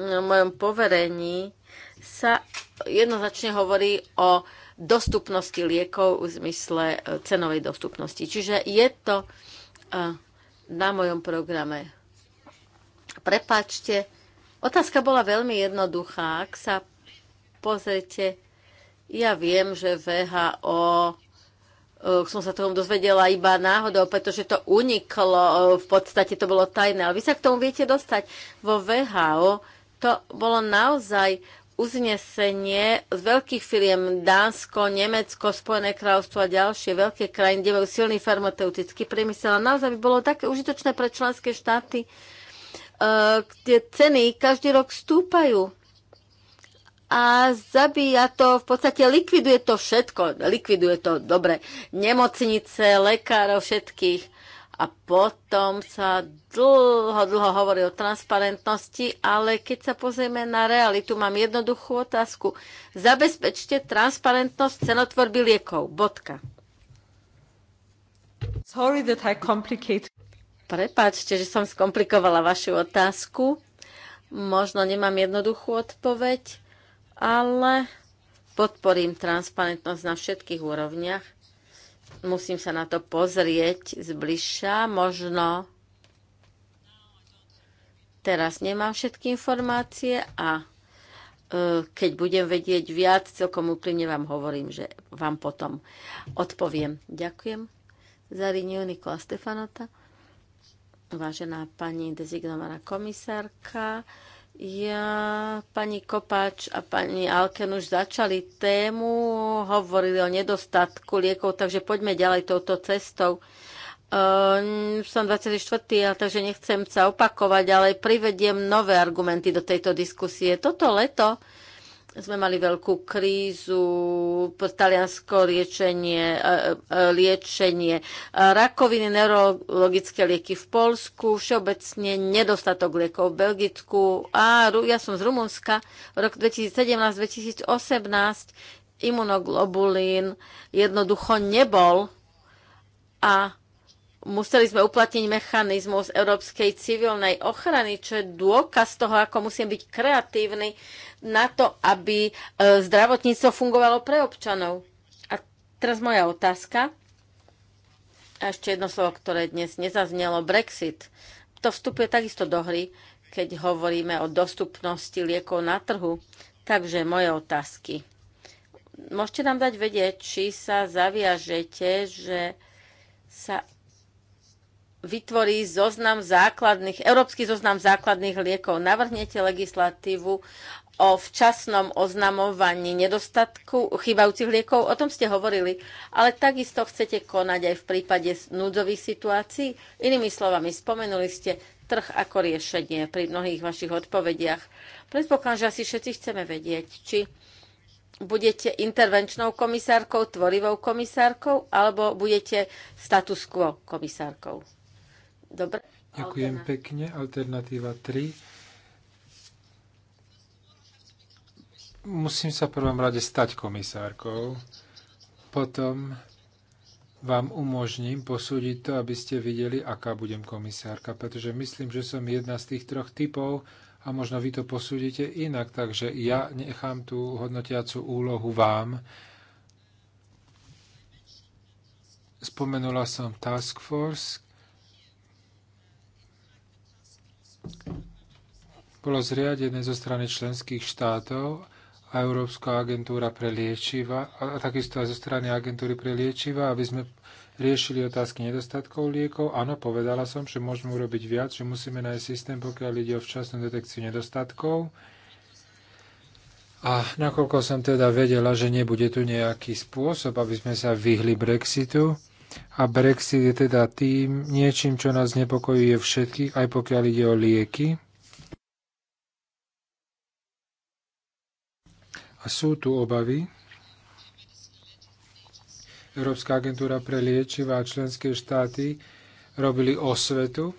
v mojom poverení sa jednoznačne hovorí o dostupnosti liekov v zmysle e, cenovej dostupnosti. Čiže je to e, na mojom programe. Prepačte, otázka bola veľmi jednoduchá. Ak sa pozrite, ja viem, že VHO eh, som sa tomu dozvedela iba náhodou, pretože to uniklo, eh, v podstate to bolo tajné, ale vy sa k tomu viete dostať. Vo VHO to bolo naozaj uznesenie z veľkých firiem Dánsko, Nemecko, Spojené kráľovstvo a ďalšie veľké krajiny, kde majú silný farmaceutický priemysel. A naozaj by bolo také užitočné pre členské štáty, e, kde ceny každý rok stúpajú. A zabíja to, v podstate likviduje to všetko. Likviduje to, dobre, nemocnice, lekárov, všetkých a potom sa dlho, dlho hovorí o transparentnosti, ale keď sa pozrieme na realitu, mám jednoduchú otázku. Zabezpečte transparentnosť cenotvorby liekov. Bodka. Sorry that I complicate. Prepáčte, že som skomplikovala vašu otázku. Možno nemám jednoduchú odpoveď, ale podporím transparentnosť na všetkých úrovniach musím sa na to pozrieť zbližša. Možno teraz nemám všetky informácie a e, keď budem vedieť viac, celkom úplne vám hovorím, že vám potom odpoviem. Ďakujem za Riniu Nikola Stefanota, vážená pani dezignovaná komisárka. Ja, pani Kopáč a pani Alken už začali tému, hovorili o nedostatku liekov, takže poďme ďalej touto cestou. Uh, som 24. takže nechcem sa opakovať, ale privediem nové argumenty do tejto diskusie. Toto leto sme mali veľkú krízu, taliansko liečenie, e, e, liečenie e, rakoviny, neurologické lieky v Polsku, všeobecne nedostatok liekov v Belgicku a ja som z Rumunska, rok 2017-2018 imunoglobulín jednoducho nebol a museli sme uplatniť mechanizmus európskej civilnej ochrany, čo je dôkaz toho, ako musím byť kreatívny na to, aby e, zdravotníctvo fungovalo pre občanov. A teraz moja otázka. A ešte jedno slovo, ktoré dnes nezaznelo. Brexit. To vstupuje takisto do hry, keď hovoríme o dostupnosti liekov na trhu. Takže moje otázky. Môžete nám dať vedieť, či sa zaviažete, že sa vytvorí zoznam základných, európsky zoznam základných liekov. Navrhnete legislatívu o včasnom oznamovaní nedostatku chýbajúcich liekov, o tom ste hovorili, ale takisto chcete konať aj v prípade núdzových situácií. Inými slovami, spomenuli ste trh ako riešenie pri mnohých vašich odpovediach. Predpokladám, že asi všetci chceme vedieť, či budete intervenčnou komisárkou, tvorivou komisárkou, alebo budete status quo komisárkou. Dobre. Ďakujem Alterna. pekne. Alternatíva 3. Musím sa v prvom rade stať komisárkou. Potom vám umožním posúdiť to, aby ste videli, aká budem komisárka, pretože myslím, že som jedna z tých troch typov a možno vy to posúdite inak, takže ja nechám tú hodnotiacu úlohu vám. Spomenula som Task Force, bolo zriadené zo strany členských štátov a Európska agentúra pre liečiva a takisto aj zo strany agentúry pre liečiva, aby sme riešili otázky nedostatkov liekov. Áno, povedala som, že môžeme urobiť viac, že musíme nájsť systém, pokiaľ ide o včasnú detekciu nedostatkov. A nakoľko som teda vedela, že nebude tu nejaký spôsob, aby sme sa vyhli Brexitu, a Brexit je teda tým niečím, čo nás nepokojuje všetkých, aj pokiaľ ide o lieky. A sú tu obavy. Európska agentúra pre liečiva a členské štáty robili osvetu.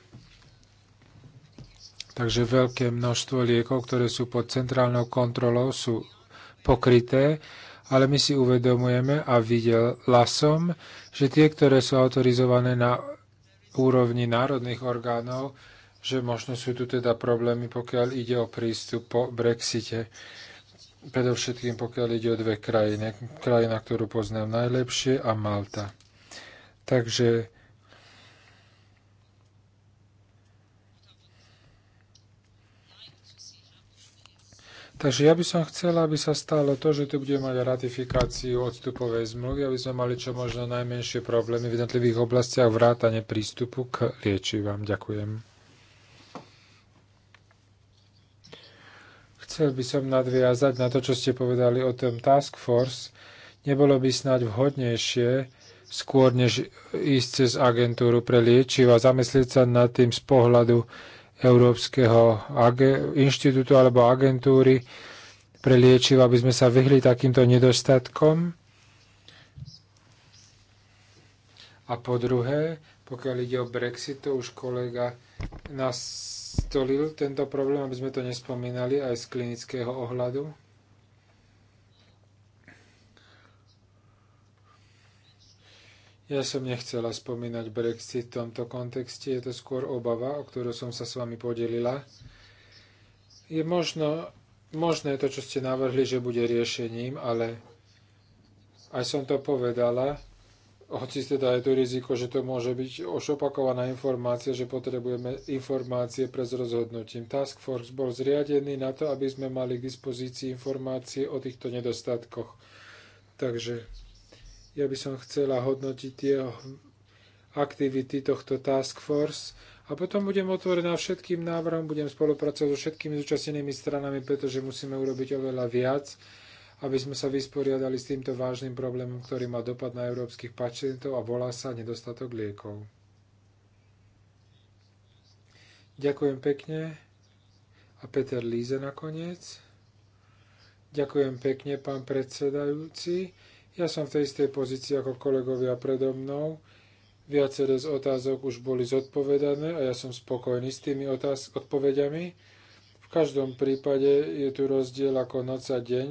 Takže veľké množstvo liekov, ktoré sú pod centrálnou kontrolou, sú pokryté ale my si uvedomujeme a videla som, že tie, ktoré sú autorizované na úrovni národných orgánov, že možno sú tu teda problémy, pokiaľ ide o prístup po Brexite. Predovšetkým pokiaľ ide o dve krajiny. Krajina, ktorú poznám najlepšie a Malta. Takže Takže ja by som chcela, aby sa stalo to, že tu bude mať ratifikáciu odstupovej zmluvy, aby sme mali čo možno najmenšie problémy v jednotlivých oblastiach vrátane prístupu k liečivám. Ďakujem. Chcel by som nadviazať na to, čo ste povedali o tom task force. Nebolo by snáď vhodnejšie, skôr než ísť cez agentúru pre liečiva, zamyslieť sa nad tým z pohľadu Európskeho inštitútu alebo agentúry pre liečiv, aby sme sa vyhli takýmto nedostatkom. A po druhé, pokiaľ ide o Brexit, to už kolega nastolil tento problém, aby sme to nespomínali aj z klinického ohľadu. Ja som nechcela spomínať Brexit v tomto kontexte, je to skôr obava, o ktorú som sa s vami podelila. Je možno, možné to, čo ste navrhli, že bude riešením, ale aj som to povedala, hoci teda je to riziko, že to môže byť ošopakovaná informácia, že potrebujeme informácie pre s rozhodnutím. Task Force bol zriadený na to, aby sme mali k dispozícii informácie o týchto nedostatkoch. Takže ja by som chcela hodnotiť tie aktivity tohto task force a potom budem otvorená všetkým návrhom, budem spolupracovať so všetkými zúčastnenými stranami, pretože musíme urobiť oveľa viac, aby sme sa vysporiadali s týmto vážnym problémom, ktorý má dopad na európskych pacientov a volá sa nedostatok liekov. Ďakujem pekne. A Peter Líze nakoniec. Ďakujem pekne, pán predsedajúci. Ja som v tej istej pozícii ako kolegovia predo mnou. Viaceré z otázok už boli zodpovedané a ja som spokojný s tými otáz- odpovediami. V každom prípade je tu rozdiel ako noc a deň,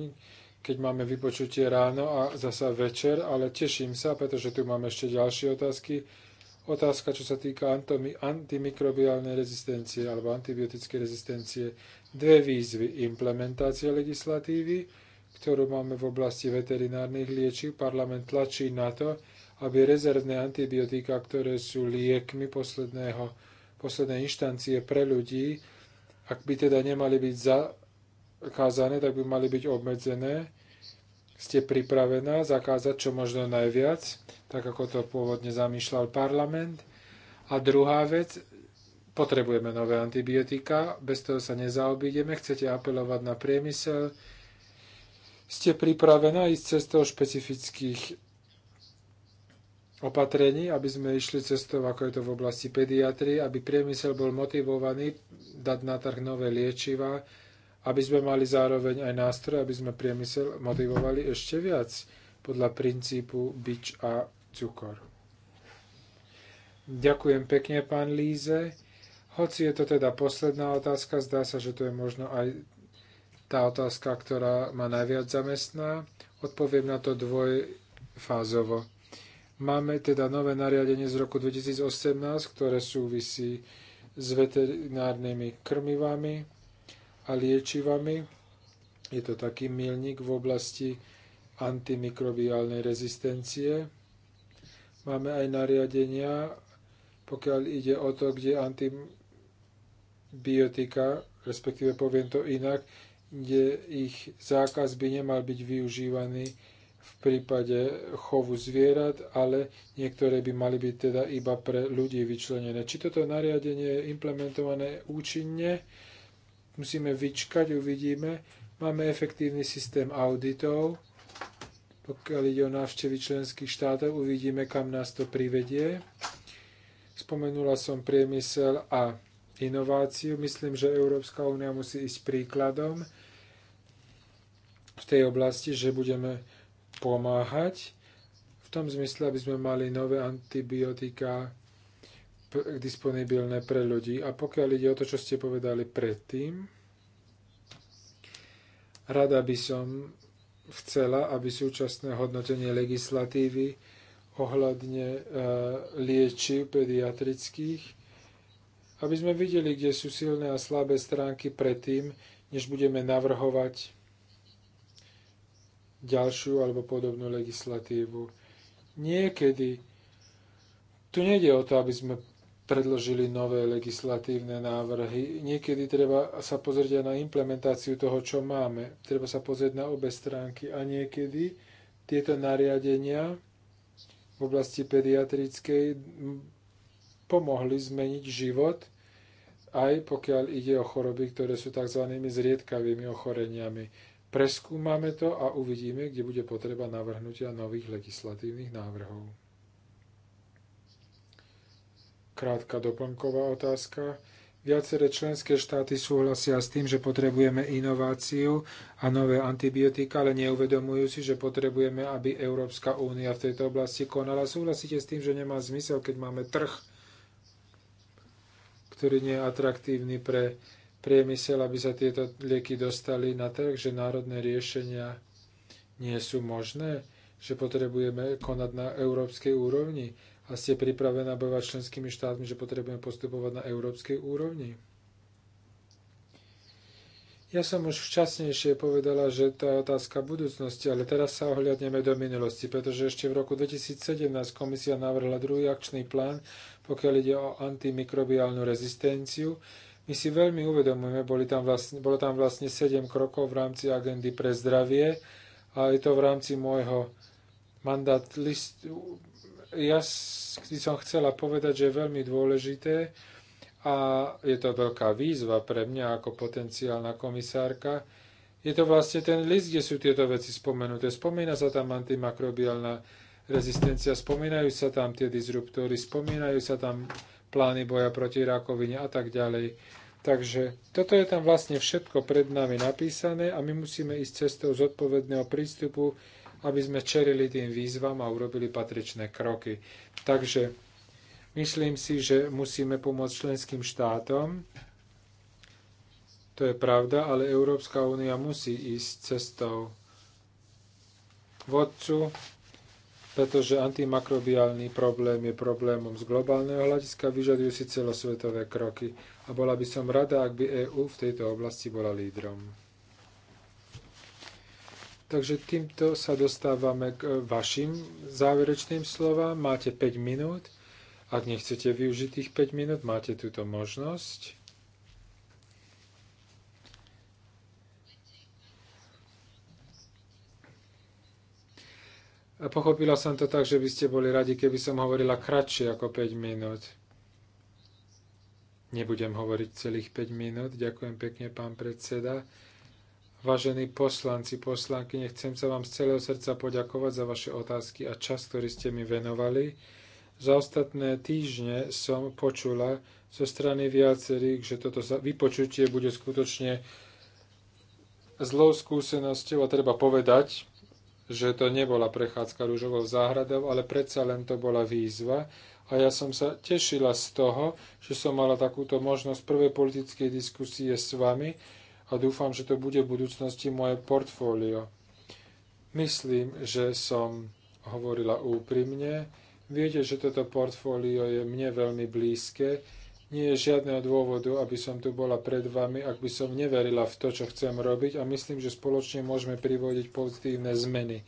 keď máme vypočutie ráno a zasa večer, ale teším sa, pretože tu máme ešte ďalšie otázky. Otázka, čo sa týka antimikrobiálnej rezistencie alebo antibiotickej rezistencie. Dve výzvy. Implementácia legislatívy ktorú máme v oblasti veterinárnych liečiv. Parlament tlačí na to, aby rezervné antibiotika, ktoré sú liekmi poslednej inštancie pre ľudí, ak by teda nemali byť zakázané, tak by mali byť obmedzené. Ste pripravená zakázať čo možno najviac, tak ako to pôvodne zamýšľal parlament. A druhá vec, potrebujeme nové antibiotika, bez toho sa nezaobídeme, chcete apelovať na priemysel, ste pripravená ísť cestou špecifických opatrení, aby sme išli cestou, ako je to v oblasti pediatrie, aby priemysel bol motivovaný dať na trh nové liečiva, aby sme mali zároveň aj nástroj, aby sme priemysel motivovali ešte viac podľa princípu bič a cukor. Ďakujem pekne, pán Líze. Hoci je to teda posledná otázka, zdá sa, že to je možno aj tá otázka, ktorá ma najviac zamestná. Odpoviem na to dvojfázovo. Máme teda nové nariadenie z roku 2018, ktoré súvisí s veterinárnymi krmivami a liečivami. Je to taký milník v oblasti antimikrobiálnej rezistencie. Máme aj nariadenia, pokiaľ ide o to, kde antibiotika, respektíve poviem to inak, kde ich zákaz by nemal byť využívaný v prípade chovu zvierat, ale niektoré by mali byť teda iba pre ľudí vyčlenené. Či toto nariadenie je implementované účinne, musíme vyčkať, uvidíme. Máme efektívny systém auditov, pokiaľ ide o návštevy členských štátov, uvidíme, kam nás to privedie. Spomenula som priemysel a inováciu. Myslím, že Európska únia musí ísť príkladom v tej oblasti, že budeme pomáhať v tom zmysle, aby sme mali nové antibiotika disponibilné pre ľudí. A pokiaľ ide o to, čo ste povedali predtým, rada by som chcela, aby súčasné hodnotenie legislatívy ohľadne lieči liečiv pediatrických, aby sme videli, kde sú silné a slabé stránky predtým, než budeme navrhovať ďalšiu alebo podobnú legislatívu. Niekedy tu nejde o to, aby sme predložili nové legislatívne návrhy. Niekedy treba sa pozrieť aj na implementáciu toho, čo máme. Treba sa pozrieť na obe stránky. A niekedy tieto nariadenia v oblasti pediatrickej pomohli zmeniť život, aj pokiaľ ide o choroby, ktoré sú tzv. zriedkavými ochoreniami. Preskúmame to a uvidíme, kde bude potreba navrhnutia nových legislatívnych návrhov. Krátka doplnková otázka. Viaceré členské štáty súhlasia s tým, že potrebujeme inováciu a nové antibiotika, ale neuvedomujú si, že potrebujeme, aby Európska únia v tejto oblasti konala. Súhlasíte s tým, že nemá zmysel, keď máme trh, ktorý nie je atraktívny pre priemysel, aby sa tieto lieky dostali na trh, že národné riešenia nie sú možné, že potrebujeme konať na európskej úrovni a ste pripravená bojovať členskými štátmi, že potrebujeme postupovať na európskej úrovni? Ja som už včasnejšie povedala, že to je otázka budúcnosti, ale teraz sa ohľadneme do minulosti, pretože ešte v roku 2017 komisia navrhla druhý akčný plán, pokiaľ ide o antimikrobiálnu rezistenciu, my si veľmi uvedomujeme, boli tam vlastne, bolo tam vlastne 7 krokov v rámci agendy pre zdravie a je to v rámci môjho mandát list. Ja som chcela povedať, že je veľmi dôležité a je to veľká výzva pre mňa ako potenciálna komisárka. Je to vlastne ten list, kde sú tieto veci spomenuté. Spomína sa tam antimakrobiálna rezistencia, spomínajú sa tam tie disruptory, spomínajú sa tam plány boja proti rakovine a tak ďalej. Takže toto je tam vlastne všetko pred nami napísané a my musíme ísť cestou zodpovedného prístupu, aby sme čerili tým výzvam a urobili patričné kroky. Takže myslím si, že musíme pomôcť členským štátom. To je pravda, ale Európska únia musí ísť cestou vodcu, pretože antimakrobiálny problém je problémom z globálneho hľadiska, vyžadujú si celosvetové kroky a bola by som rada, ak by EÚ v tejto oblasti bola lídrom. Takže týmto sa dostávame k e, vašim záverečným slovám. Máte 5 minút. Ak nechcete využiť tých 5 minút, máte túto možnosť. Pochopila som to tak, že by ste boli radi, keby som hovorila kratšie ako 5 minút. Nebudem hovoriť celých 5 minút. Ďakujem pekne, pán predseda. Vážení poslanci, poslanky, nechcem sa vám z celého srdca poďakovať za vaše otázky a čas, ktorý ste mi venovali. Za ostatné týždne som počula zo strany viacerých, že toto vypočutie bude skutočne zlou skúsenosťou a treba povedať, že to nebola prechádzka rúžovou záhradou, ale predsa len to bola výzva. A ja som sa tešila z toho, že som mala takúto možnosť prvej politickej diskusie s vami a dúfam, že to bude v budúcnosti moje portfólio. Myslím, že som hovorila úprimne. Viete, že toto portfólio je mne veľmi blízke nie je žiadneho dôvodu, aby som tu bola pred vami, ak by som neverila v to, čo chcem robiť a myslím, že spoločne môžeme privodiť pozitívne zmeny.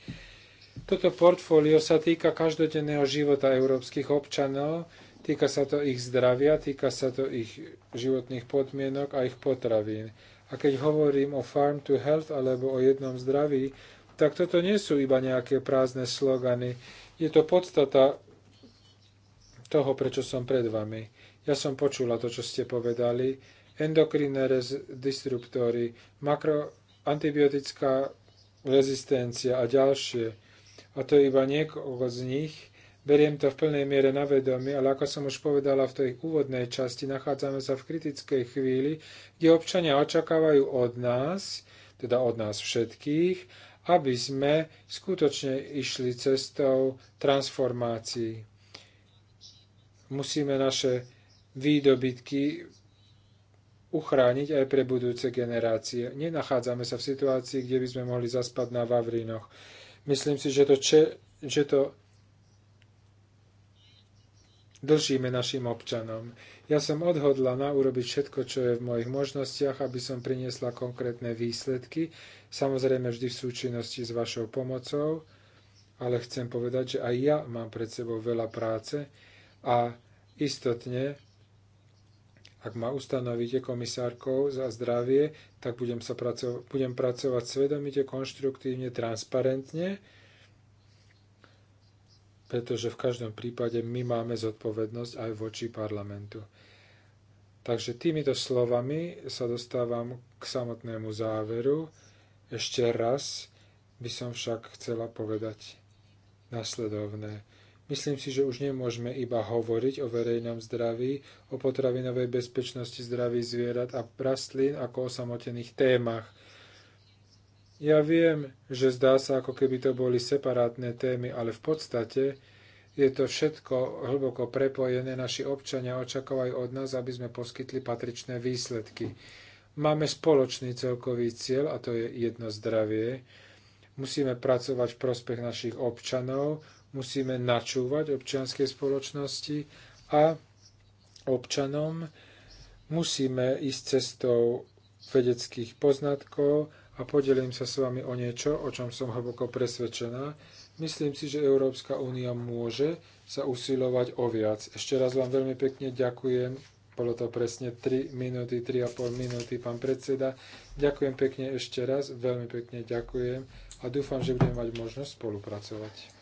Toto portfólio sa týka každodenného života európskych občanov, týka sa to ich zdravia, týka sa to ich životných podmienok a ich potravín. A keď hovorím o Farm to Health alebo o jednom zdraví, tak toto nie sú iba nejaké prázdne slogany. Je to podstata toho, prečo som pred vami. Ja som počula to, čo ste povedali. Endokrinné disruptory, makroantibiotická rezistencia a ďalšie. A to je iba niekoľko z nich. Beriem to v plnej miere na vedomie, ale ako som už povedala v tej úvodnej časti, nachádzame sa v kritickej chvíli, kde občania očakávajú od nás, teda od nás všetkých, aby sme skutočne išli cestou transformácií. Musíme naše výdobytky uchrániť aj pre budúce generácie. Nenachádzame sa v situácii, kde by sme mohli zaspať na Vavrinoch. Myslím si, že to, če, že to dlžíme našim občanom. Ja som odhodlaná urobiť všetko, čo je v mojich možnostiach, aby som priniesla konkrétne výsledky, samozrejme vždy v súčinnosti s vašou pomocou, ale chcem povedať, že aj ja mám pred sebou veľa práce a istotne ak ma ustanovíte komisárkou za zdravie, tak budem, sa praco- budem pracovať svedomite, konštruktívne, transparentne, pretože v každom prípade my máme zodpovednosť aj voči parlamentu. Takže týmito slovami sa dostávam k samotnému záveru. Ešte raz by som však chcela povedať nasledovné. Myslím si, že už nemôžeme iba hovoriť o verejnom zdraví, o potravinovej bezpečnosti zdraví zvierat a rastlín ako o samotených témach. Ja viem, že zdá sa, ako keby to boli separátne témy, ale v podstate je to všetko hlboko prepojené. Naši občania očakávajú od nás, aby sme poskytli patričné výsledky. Máme spoločný celkový cieľ, a to je jedno zdravie. Musíme pracovať v prospech našich občanov, Musíme načúvať občianskej spoločnosti a občanom musíme ísť cestou vedeckých poznatkov a podelím sa s vami o niečo, o čom som hlboko presvedčená. Myslím si, že Európska únia môže sa usilovať o viac. Ešte raz vám veľmi pekne ďakujem. Bolo to presne 3 minúty, 3,5 minúty, pán predseda. Ďakujem pekne ešte raz, veľmi pekne ďakujem a dúfam, že budem mať možnosť spolupracovať.